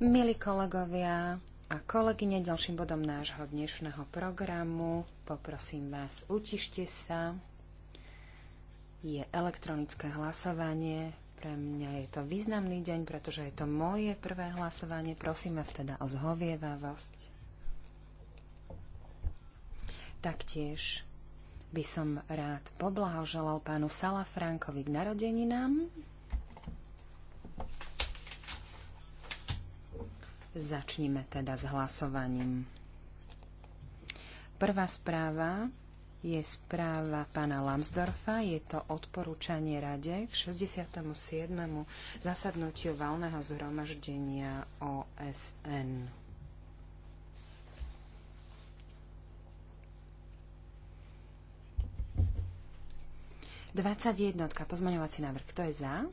Milí kolegovia a kolegyne, ďalším bodom nášho dnešného programu, poprosím vás, utište sa. Je elektronické hlasovanie. Pre mňa je to významný deň, pretože je to moje prvé hlasovanie. Prosím vás teda o zhovievavosť. Taktiež by som rád poblahoželal pánu Salafrankovi k narodeninám. Začnime teda s hlasovaním. Prvá správa je správa pána Lambsdorfa. Je to odporúčanie rade k 67. zasadnutiu valného zhromaždenia OSN. Dvadsať jednotka. Pozmaňovací návrh. Kto je za?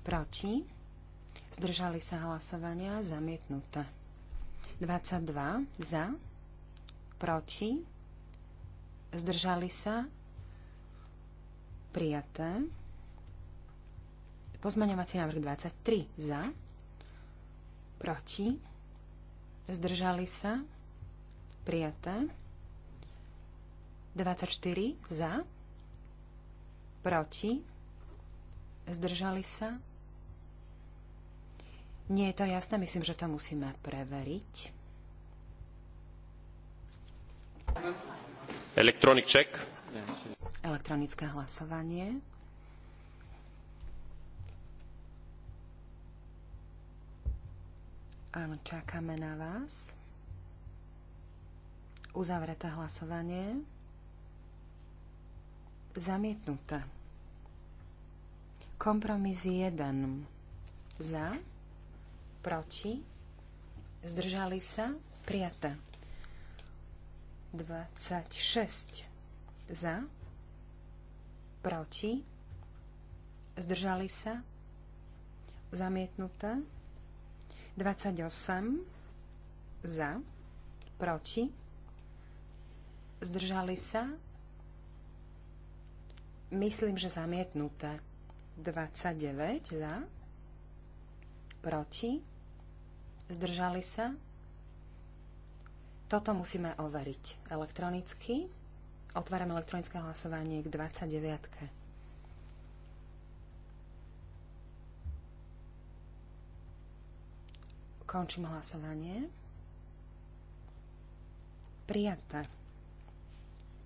Proti? Zdržali sa hlasovania zamietnuté. 22 za. Proti? Zdržali sa prijaté. Pozmaňovací návrh 23 za. Proti? Zdržali sa prijaté. 24 za. Proti? Zdržali sa? Nie je to jasné, myslím, že to musíme preveriť. Electronic check. Elektronické hlasovanie. Áno, čakáme na vás. Uzavreté hlasovanie. Zamietnuté. Kompromis 1. Za proti, zdržali sa, prijaté. 26 za, proti, zdržali sa, zamietnuté. 28 za, proti, zdržali sa, myslím, že zamietnuté. 29 za, proti, Zdržali sa? Toto musíme overiť elektronicky. Otváram elektronické hlasovanie k 29. Končím hlasovanie. Prijaté.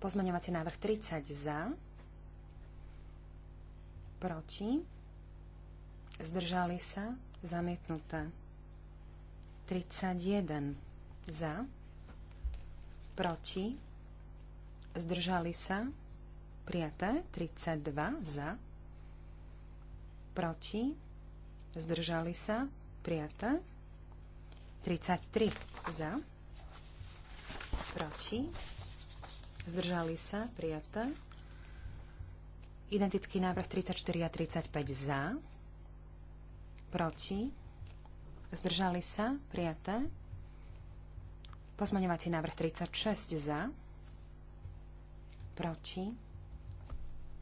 Pozmeňovací návrh 30 za. Proti. Zdržali sa. Zamietnuté. 31 za, proti, zdržali sa, prijaté, 32 za, proti, zdržali sa, prijaté, 33 za, proti, zdržali sa, prijaté, identický návrh 34 a 35 za, proti, Zdržali sa? Prijaté. Pozmaňovací návrh 36 za. Proti.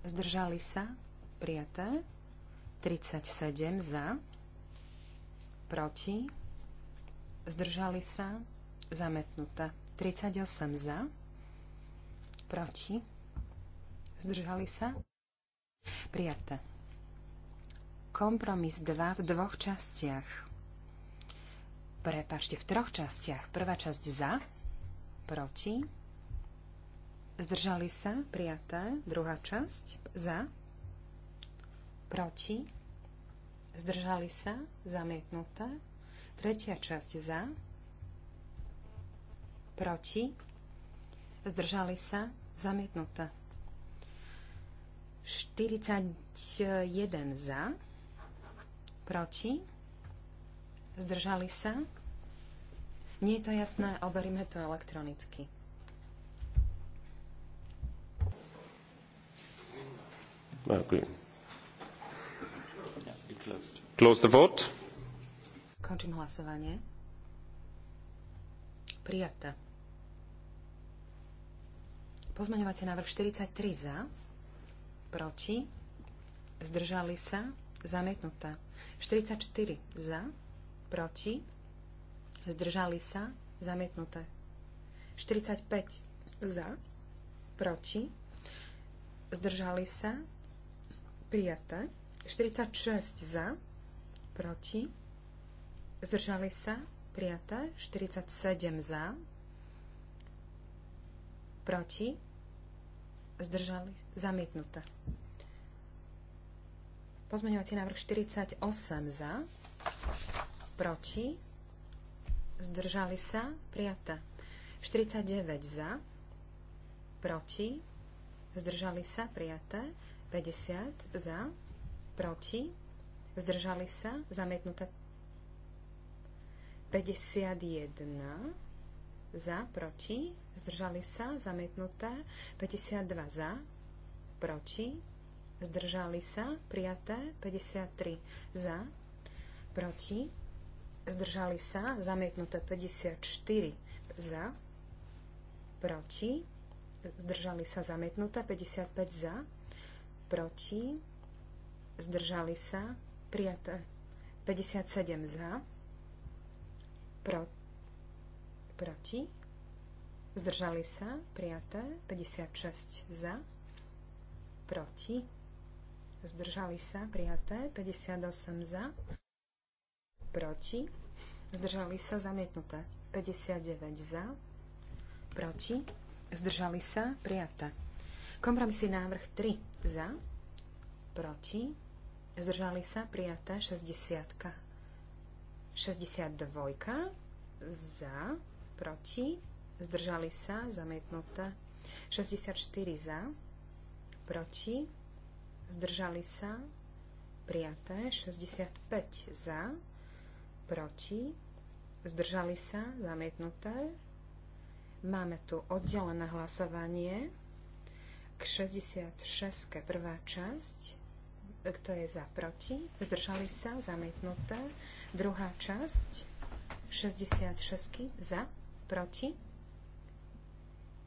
Zdržali sa? Prijaté. 37 za. Proti. Zdržali sa? Zametnuté. 38 za. Proti. Zdržali sa? Prijaté. Kompromis 2 v dvoch častiach prepačte, v troch častiach. Prvá časť za, proti, zdržali sa, prijaté. Druhá časť za, proti, zdržali sa, zamietnuté. Tretia časť za, proti, zdržali sa, zamietnuté. 41 za, proti, Zdržali sa? Nie je to jasné, overíme to elektronicky. Close the vote. Končím hlasovanie. Prijaté. Pozmeňovacie návrh 43 za, proti, zdržali sa, zamietnuté. 44 za, proti, zdržali sa, zamietnuté. 45 za, proti, zdržali sa, prijaté. 46 za, proti, zdržali sa, prijaté. 47 za, proti, zdržali, zamietnuté. Pozmeňovací návrh 48 za, proti, zdržali sa, prijatá. 49 za, proti, zdržali sa, prijaté. 50 za, proti, zdržali sa, zamietnuté. 51 za, proti, zdržali sa, zamietnuté. 52 za, proti, zdržali sa, prijaté. 53 za, proti, zdržali sa, zamietnuté 54 za, proti, zdržali sa, zamietnuté 55 za, proti, zdržali sa, prijaté 57 za, pro, proti, zdržali sa, prijaté 56 za, proti, zdržali sa, prijaté 58 za, proti, zdržali sa zamietnuté. 59 za, proti, zdržali sa prijaté. Kompromisný návrh 3 za, proti, zdržali sa prijaté 60. 62 za, proti, zdržali sa zamietnuté 64 za, proti, zdržali sa prijaté 65 za, proti, zdržali sa, zamietnuté. Máme tu oddelené hlasovanie k 66. prvá časť, kto je za, proti, zdržali sa, zamietnuté. Druhá časť, 66. za, proti,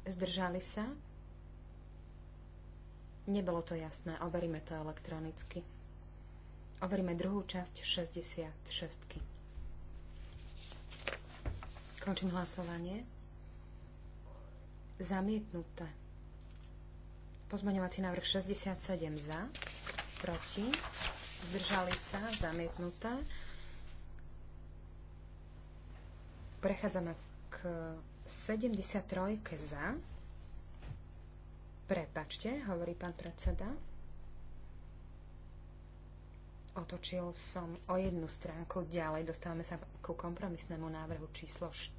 zdržali sa. Nebolo to jasné, overíme to elektronicky. Overíme druhú časť 66. Končím hlasovanie. Zamietnuté. Pozmaňovací návrh 67 za, proti, zdržali sa, zamietnuté. Prechádzame k 73 za. Prepačte, hovorí pán predseda. Otočil som o jednu stránku ďalej. Dostávame sa ku kompromisnému návrhu číslo 4.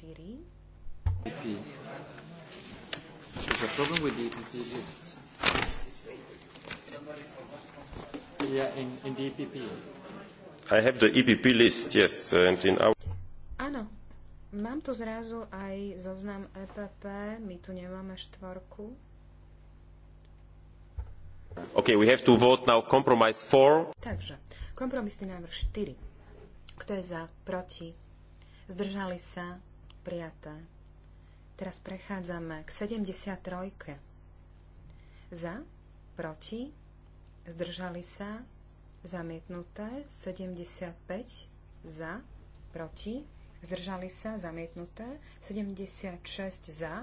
4. There's a problem with the EPP list. Yeah, in, in the EPP. I have the EPP list, yes, and in our... Áno, mám tu zrazu aj zoznam EPP, my tu nemáme štvorku. we have to vote now compromise 4. Takže, kompromisný návrh 4. Kto je za? Proti? Zdržali sa? prijaté. Teraz prechádzame k 73. Za, proti, zdržali sa, zamietnuté, 75 za, proti, zdržali sa, zamietnuté, 76 za,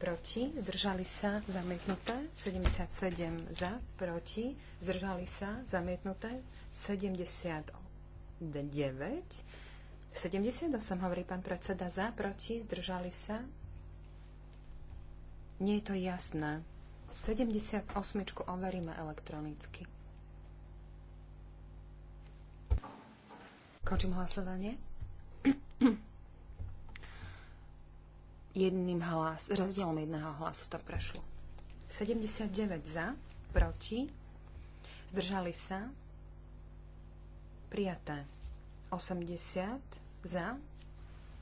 proti, zdržali sa, zamietnuté, 77 za, proti, zdržali sa, zamietnuté, 79 78 hovorí pán predseda za, proti, zdržali sa. Nie je to jasné. 78 overíme elektronicky. Končím hlasovanie. [clears throat] Jedným hlas, rozdielom jedného hlasu to prešlo. 79 za, proti, zdržali sa, prijaté. 80 za,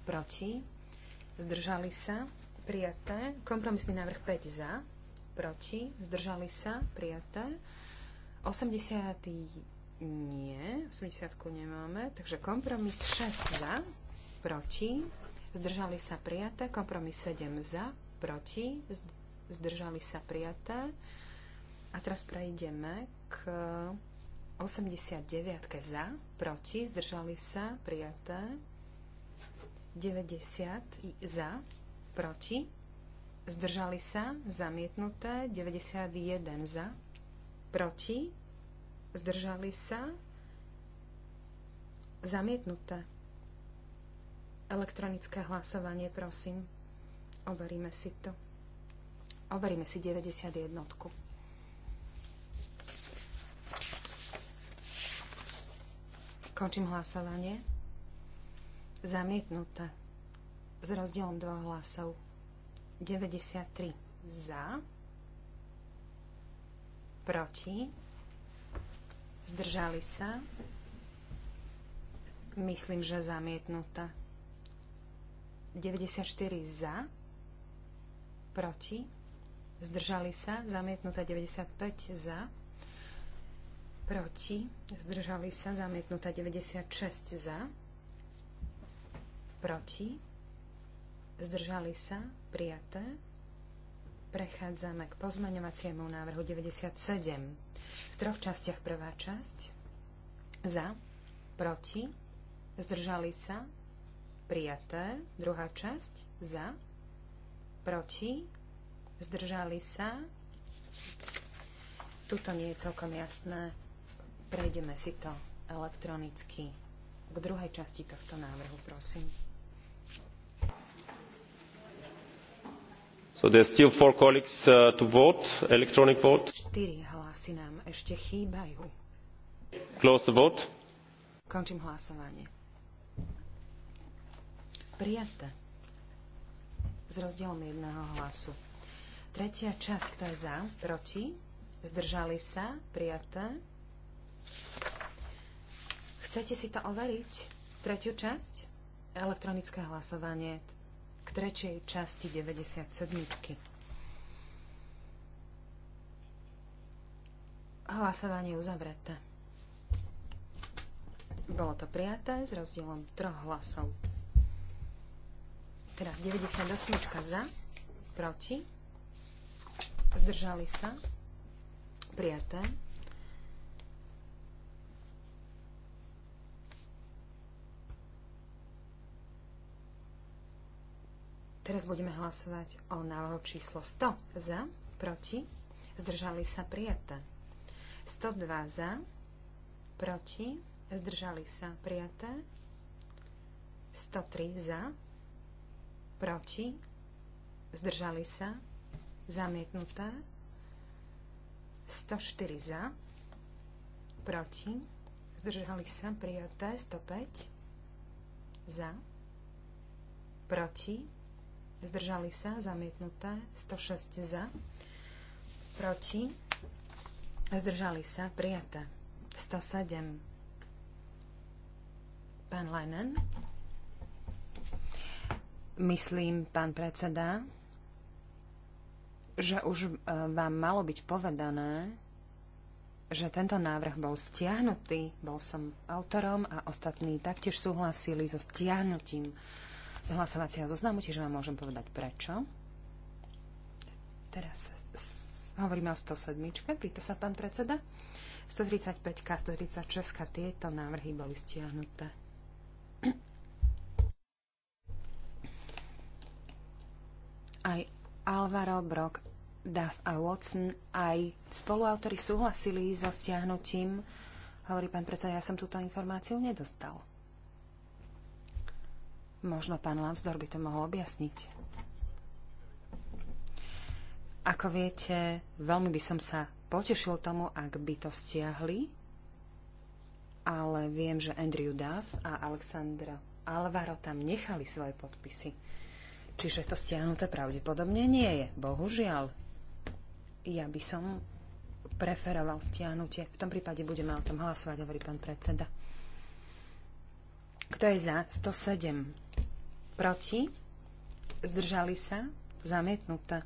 proti, zdržali sa, prijaté. Kompromisný návrh 5 za, proti, zdržali sa, prijaté. 80 nie, 80 nemáme, takže kompromis 6 za, proti, zdržali sa prijaté, kompromis 7 za, proti, zdržali sa prijaté. A teraz prejdeme k 89 za, proti, zdržali sa, prijaté. 90 za, proti, zdržali sa, zamietnuté. 91 za, proti, zdržali sa, zamietnuté. Elektronické hlasovanie, prosím. Overíme si to. Overíme si 91. Končím hlasovanie. Zamietnuté. S rozdielom dvoch hlasov. 93 za. Proti. Zdržali sa. Myslím, že zamietnuté. 94 za. Proti. Zdržali sa. Zamietnuté 95 za proti, zdržali sa, zamietnutá 96 za, proti, zdržali sa, prijaté. Prechádzame k pozmaňovaciemu návrhu 97. V troch častiach prvá časť, za, proti, zdržali sa, prijaté. Druhá časť, za, proti, zdržali sa. Tuto nie je celkom jasné Prejdeme si to elektronicky k druhej časti tohto návrhu, prosím. So there's still four colleagues uh, to vote, electronic vote. Štyri hlasy nám ešte chýbajú. Close the vote. Končím hlasovanie. Prijaté. S rozdielom jedného hlasu. Tretia časť, kto je za, proti, zdržali sa, prijaté. Chcete si to overiť? Tretiu časť? Elektronické hlasovanie k tretej časti 97. Hlasovanie uzavreté. Bolo to prijaté s rozdielom troch hlasov. Teraz 98 za, proti, zdržali sa, prijaté. Teraz budeme hlasovať o návrhu číslo 100 za, proti, zdržali sa prijaté. 102 za, proti, zdržali sa prijaté. 103 za, proti, zdržali sa, zamietnuté. 104 za, proti, zdržali sa, prijaté. 105 za, proti, zdržali sa, zamietnuté, 106 za, proti, zdržali sa, prijaté, 107. Pán Lenen. Myslím, pán predseda, že už e, vám malo byť povedané, že tento návrh bol stiahnutý, bol som autorom a ostatní taktiež súhlasili so stiahnutím z hlasovacieho zoznamu, čiže vám môžem povedať prečo. Teraz hovoríme o 107. Pýta sa pán predseda. 135 a 136 tieto návrhy boli stiahnuté. Aj Alvaro Brock, Duff a Watson, aj spoluautori súhlasili so stiahnutím. Hovorí pán predseda, ja som túto informáciu nedostal. Možno pán Lambsdor by to mohol objasniť. Ako viete, veľmi by som sa potešil tomu, ak by to stiahli, ale viem, že Andrew Duff a Alexandra Alvaro tam nechali svoje podpisy. Čiže to stiahnuté pravdepodobne nie je. Bohužiaľ. Ja by som preferoval stiahnutie. V tom prípade budeme o tom hlasovať, hovorí pán predseda. Kto je za? 107. Proti? Zdržali sa? Zamietnuté.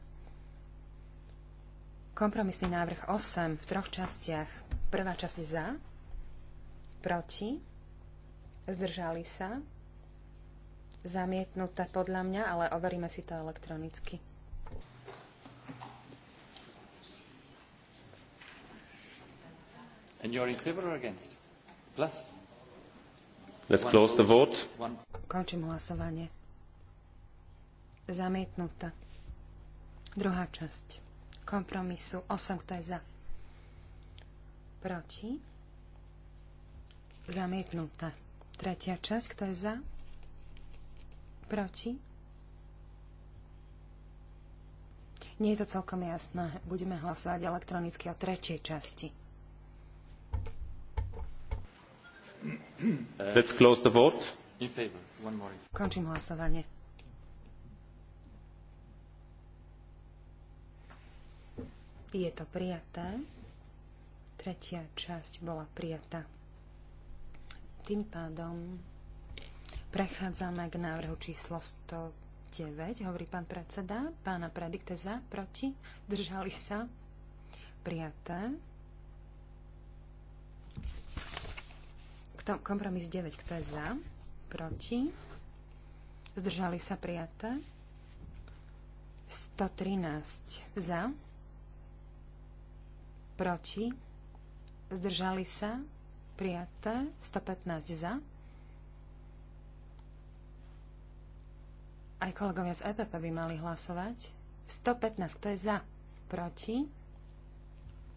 Kompromisný návrh 8 v troch častiach. Prvá časť za, proti, zdržali sa, zamietnuté podľa mňa, ale overíme si to elektronicky. And you're in favor or against? Plus? Let's Končím hlasovanie. Zamietnutá. Druhá časť kompromisu 8, kto je za. Proti. Zamietnutá. Tretia časť, kto je za? Proti. Nie je to celkom jasné. Budeme hlasovať elektronicky o tretej časti. Končím hlasovanie. Je to prijaté. Tretia časť bola prijatá. Tým pádom prechádzame k návrhu číslo 109, hovorí pán predseda. Pána Predikteza proti. Držali sa. Prijaté. kompromis 9. Kto je za? Proti? Zdržali sa prijaté. 113 za. Proti? Zdržali sa prijaté. 115 za. Aj kolegovia z EPP by mali hlasovať. 115. Kto je za? Proti?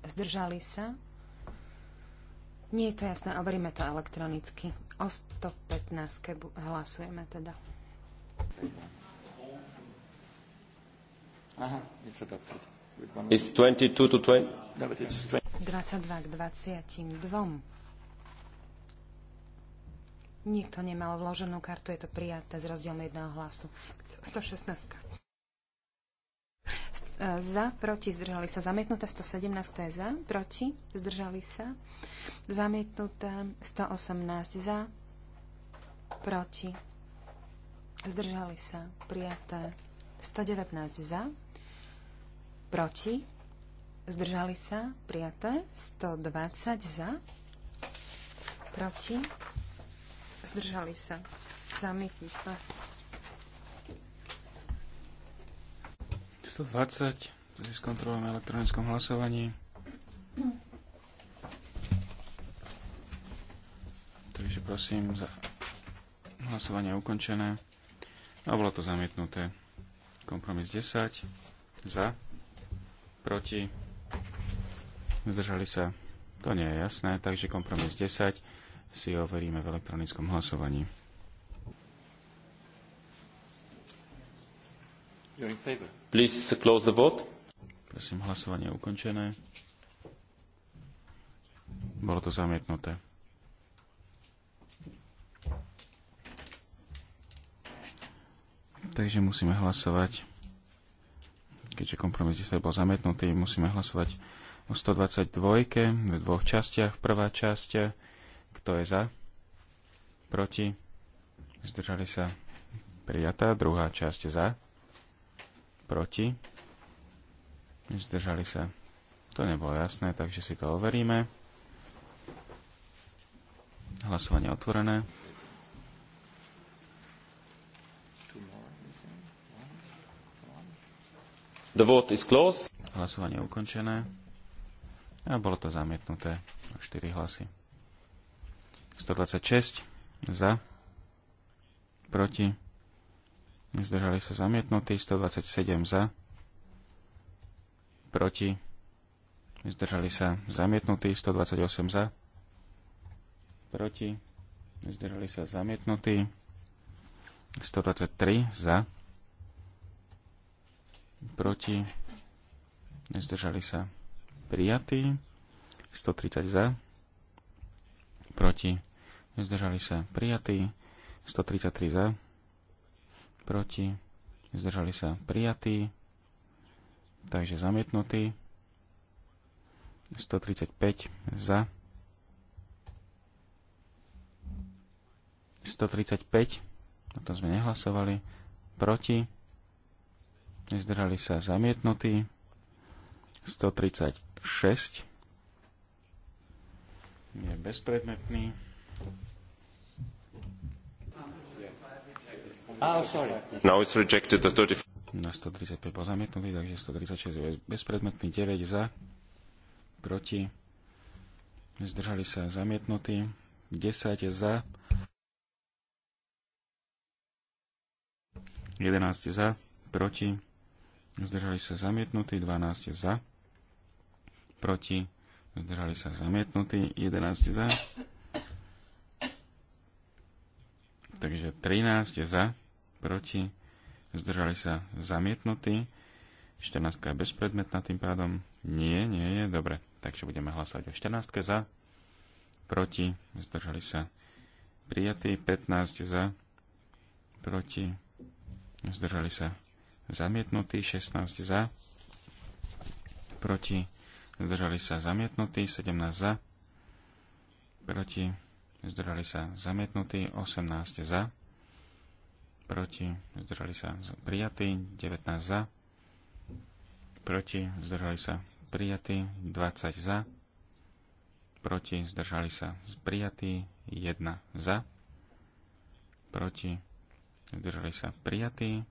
Zdržali sa? Nie je to jasné, overíme to elektronicky. O 115 hlasujeme teda. Aha, it's adopted. No, it's 22 to 20. 22 k 22. Nikto nemal vloženú kartu, je to prijaté z rozdielom jedného hlasu. 116. E, za, proti, zdržali sa zamietnuté, 117, to je za, proti, zdržali sa zamietnuté, 118 za, proti, zdržali sa prijaté, 119 za, proti, zdržali sa prijaté, 120 za, proti, zdržali sa zamietnuté. 120. skontrolujeme elektronickom hlasovaní. Takže prosím, za hlasovanie ukončené. A bolo to zamietnuté. Kompromis 10. Za. Proti. Zdržali sa. To nie je jasné, takže kompromis 10 si overíme v elektronickom hlasovaní. You're in favor. Please close the vote. Prosím, hlasovanie je ukončené. Bolo to zamietnuté. Takže musíme hlasovať, keďže kompromis sa bol zamietnutý, musíme hlasovať o 122 v dvoch častiach. Prvá časť, kto je za, proti, zdržali sa, prijatá. Druhá časť za, proti, zdržali sa. To nebolo jasné, takže si to overíme. Hlasovanie otvorené. The vote is closed. Hlasovanie ukončené. A bolo to zamietnuté na 4 hlasy. 126 za, proti, Zdržali sa zamietnutí 127 za. Proti. Zdržali sa zamietnutí 128 za. Proti. Zdržali sa zamietnutí 123 za. Proti. Zdržali sa prijatí 130 za. Proti. Zdržali sa prijatí 133 za proti, zdržali sa prijatí, takže zamietnutí, 135 za, 135, o tom sme nehlasovali, proti, zdržali sa zamietnutí, 136 je bezpredmetný. Ah, Na 135 bol zamietnutý, takže 136 je bezpredmetný, 9 za, proti, zdržali sa zamietnutí, 10 je za, 11 za, proti, zdržali sa zamietnutí, 12 za, proti, zdržali sa zamietnutí, 11 za, takže 13 za, proti, zdržali sa zamietnutí, 14 je bezpredmetná tým pádom, nie, nie je, dobre, takže budeme hlasovať o 14 za, proti, zdržali sa prijatí, 15 za, proti, zdržali sa zamietnutí, 16 za, proti, zdržali sa zamietnutí, 17 za, proti, zdržali sa zamietnutí, 18 za, proti, zdržali sa prijatí, 19 za, proti, zdržali sa prijatí, 20 za, proti, zdržali sa prijatí, 1 za, proti, zdržali sa prijatí,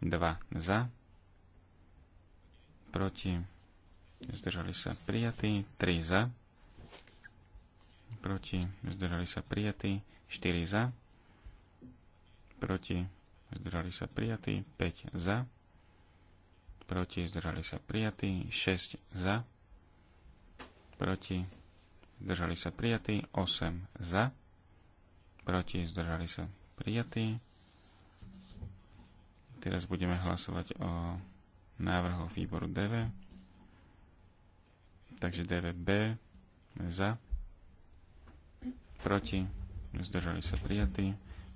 2 za, proti, zdržali sa prijatí, 3 za, proti, zdržali sa prijatí, 4 za, proti, zdržali sa prijatí, 5 za, proti, zdržali sa prijatí, 6 za, proti, zdržali sa prijatí, 8 za, proti, zdržali sa prijatí. Teraz budeme hlasovať o návrhu výboru DV. Takže DVB za, proti, zdržali sa prijatí.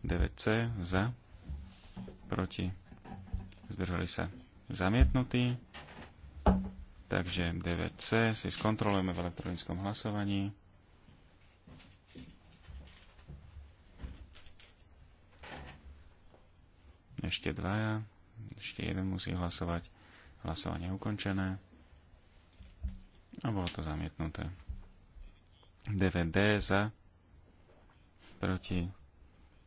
9C za, proti, zdržali sa zamietnutí. Takže 9C si skontrolujeme v elektronickom hlasovaní. Ešte dvaja, ešte jeden musí hlasovať. Hlasovanie ukončené. A bolo to zamietnuté. DVD za, proti,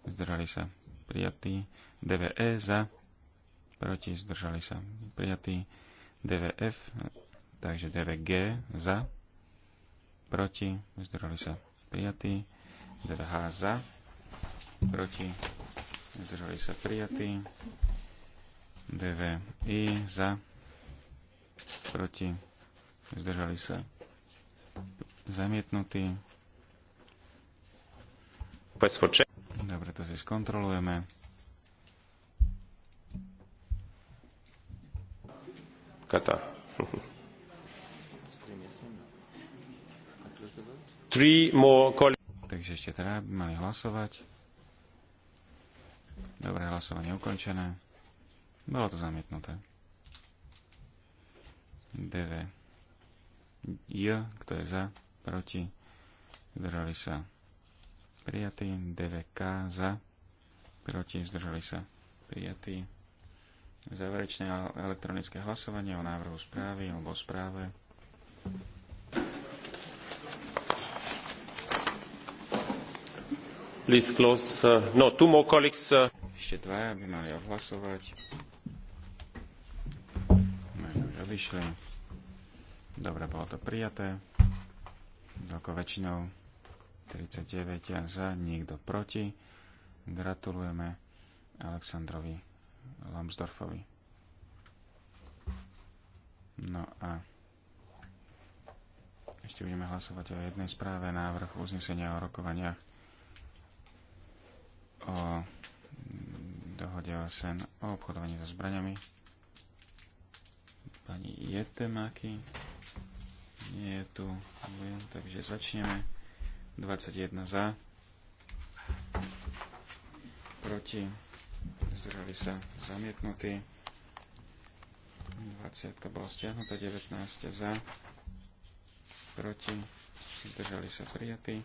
zdržali sa prijatí, DVE za, proti, zdržali sa prijatí, DVF, takže DVG za, proti, zdržali sa prijatí, DVH za, proti, zdržali sa prijatí, DVI za, proti, zdržali sa for check. Dobre, to si skontrolujeme. Kata. more Takže ešte teda by mali hlasovať. Dobre, hlasovanie ukončené. Bolo to zamietnuté. DV. J, kto je za, proti, zdržali sa prijatý, DVK za, proti, zdržali sa, prijatý. Záverečné elektronické hlasovanie o návrhu správy alebo správe. Please close. Uh, no, two more colleagues. Uh. Ešte dva by mali odhlasovať. Majú už odišli. Dobre, bolo to prijaté. Veľkou väčšinou. 39 za, nikto proti. Gratulujeme Aleksandrovi Lambsdorfovi. No a ešte budeme hlasovať o jednej správe, návrh uznesenia o rokovaniach o dohode o SN o obchodovaní so zbraňami. Pani Jetemaki nie je tu, takže začneme. 21 za, proti, zdržali sa zamietnutí, 20 bola stiahnutá, 19 za, proti, zdržali sa prijatí,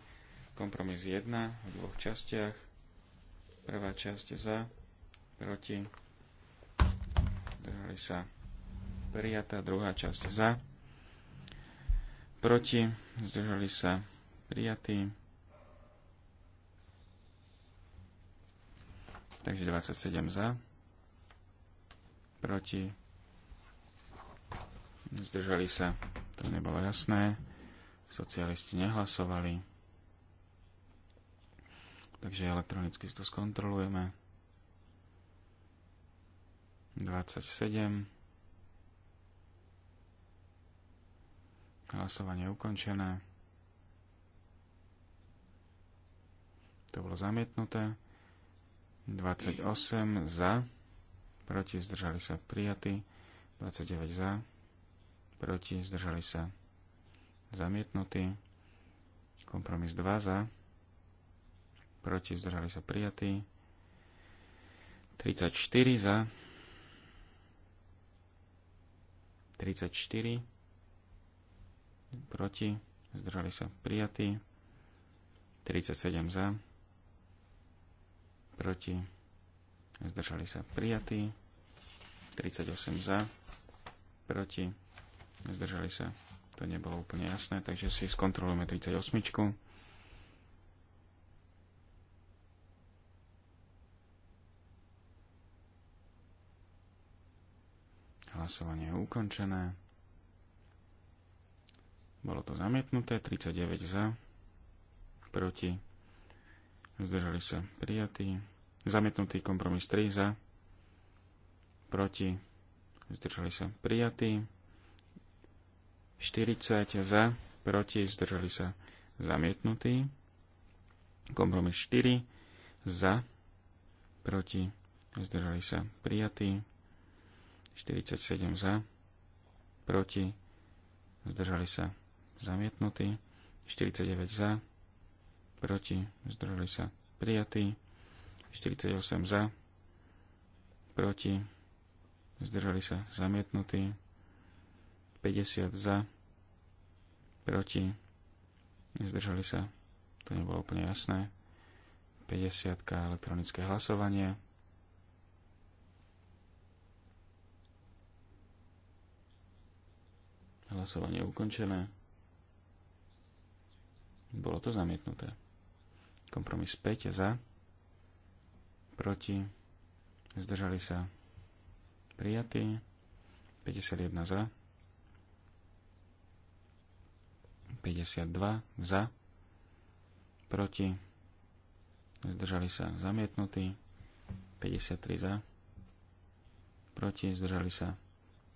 kompromis 1 v dvoch častiach, prvá časť za, proti, zdržali sa prijatá, druhá časť za, proti, zdržali sa prijatý. Takže 27 za. Proti. Zdržali sa. To nebolo jasné. Socialisti nehlasovali. Takže elektronicky to skontrolujeme. 27. Hlasovanie ukončené. To bolo zamietnuté. 28 za. Proti zdržali sa prijatí. 29 za. Proti zdržali sa zamietnutí. Kompromis 2 za. Proti zdržali sa prijatí. 34 za. 34 proti zdržali sa prijatí. 37 za proti, zdržali sa prijatí, 38 za, proti, zdržali sa, to nebolo úplne jasné, takže si skontrolujeme 38. Hlasovanie je ukončené. Bolo to zamietnuté, 39 za, proti, zdržali sa prijatí, zamietnutý kompromis 3 za, proti, zdržali sa prijatí, 40 za, proti, zdržali sa zamietnutí, kompromis 4 za, proti, zdržali sa prijatí, 47 za, proti, zdržali sa zamietnutí, 49 za, proti, zdržali sa prijatí, 48 za, proti, zdržali sa zamietnutí, 50 za, proti, zdržali sa, to nebolo úplne jasné, 50 elektronické hlasovanie, hlasovanie ukončené, bolo to zamietnuté. Kompromis 5 za, proti, zdržali sa prijatí, 51 za, 52 za, proti, zdržali sa zamietnutí, 53 za, proti, zdržali sa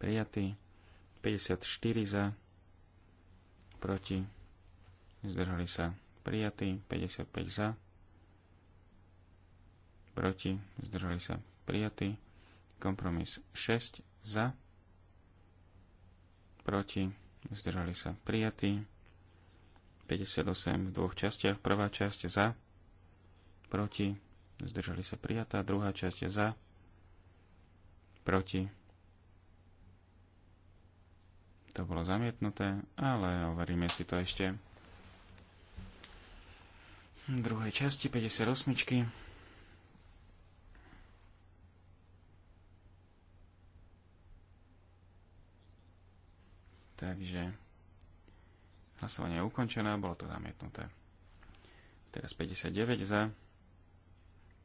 prijatí, 54 za, proti, zdržali sa prijatý, 55 za, proti, zdržali sa prijatý, kompromis 6 za, proti, zdržali sa prijatý, 58 v dvoch častiach, prvá časť za, proti, zdržali sa prijatá, druhá časť za, proti, to bolo zamietnuté, ale overíme si to ešte druhej časti 58. Takže hlasovanie je ukončené, bolo to zamietnuté. Teraz 59 za,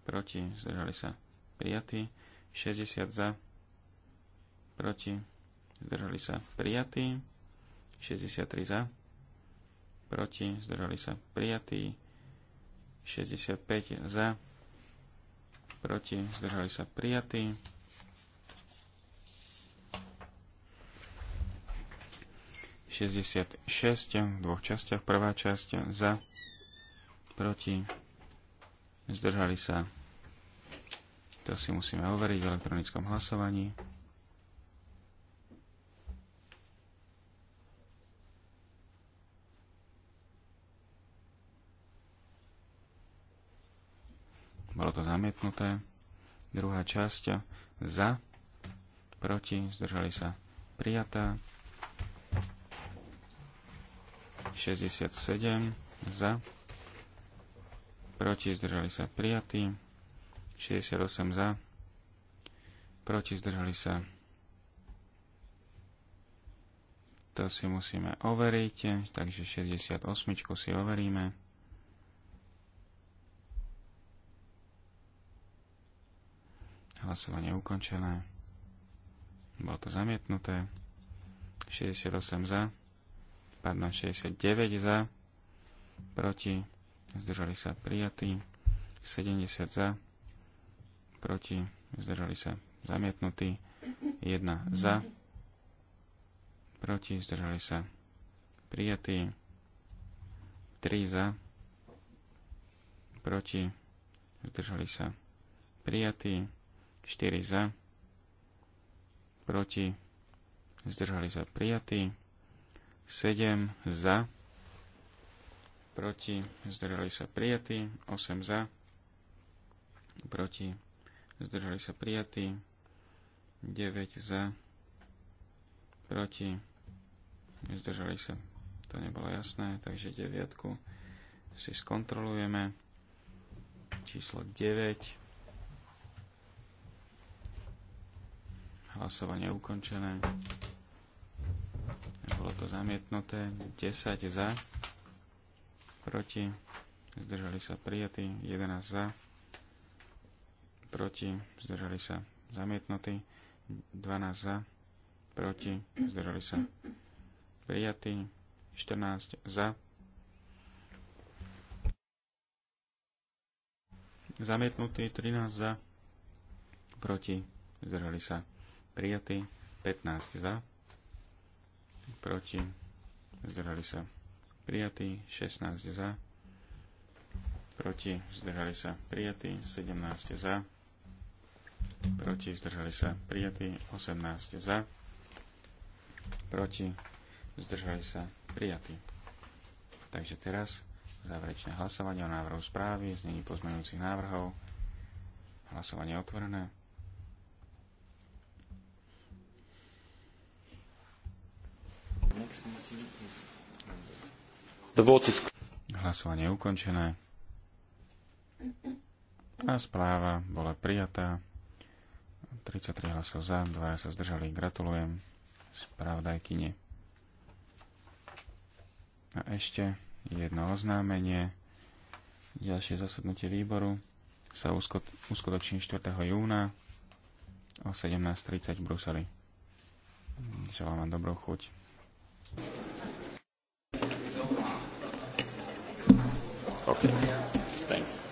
proti, zdržali sa prijatí, 60 za, proti, zdržali sa prijatí, 63 za, proti, zdržali sa prijatí, 65 za, proti, zdržali sa prijatí. v 66 v dvoch častiach. Prvá časť za, proti, zdržali sa. To si musíme overiť v elektronickom hlasovaní. Bolo to zamietnuté. Druhá časť za, proti, zdržali sa prijatá. 67 za, proti, zdržali sa prijatí. 68 za, proti, zdržali sa to si musíme overiť, takže 68 si overíme. hlasovanie ukončené, bolo to zamietnuté, 68 za, pardon, 69 za, proti, zdržali sa prijatí, 70 za, proti, zdržali sa zamietnutí, 1 za, proti, zdržali sa prijatí, 3 za, proti, zdržali sa prijatí, 4 za, proti, zdržali sa prijatí, 7 za, proti, zdržali sa prijatí, 8 za, proti, zdržali sa prijatí, 9 za, proti, zdržali sa, to nebolo jasné, takže 9 si skontrolujeme, číslo 9, Hlasovanie ukončené. Bolo to zamietnuté. 10 za. Proti. Zdržali sa prijatí. 11 za. Proti. Zdržali sa zamietnutí. 12 za. Proti. Zdržali sa prijatí. 14 za. Zamietnutí. 13 za. Proti. Zdržali sa prijatý, 15 za, proti, zdržali sa prijatý, 16 za, proti, zdržali sa prijatý, 17 za, proti, zdržali sa prijatý, 18 za, proti, zdržali sa prijatý. Takže teraz záverečné hlasovanie o návrhu správy, znení pozmenujúcich návrhov, hlasovanie otvorené. Hlasovanie je ukončené. A správa bola prijatá. 33 hlasov za, 2 sa zdržali. Gratulujem spravodajkyne. A ešte jedno oznámenie. Ďalšie zasadnutie výboru sa uskutoční 4. júna o 17.30 v Bruseli. Želám vám dobrú chuť. Okay. Thanks.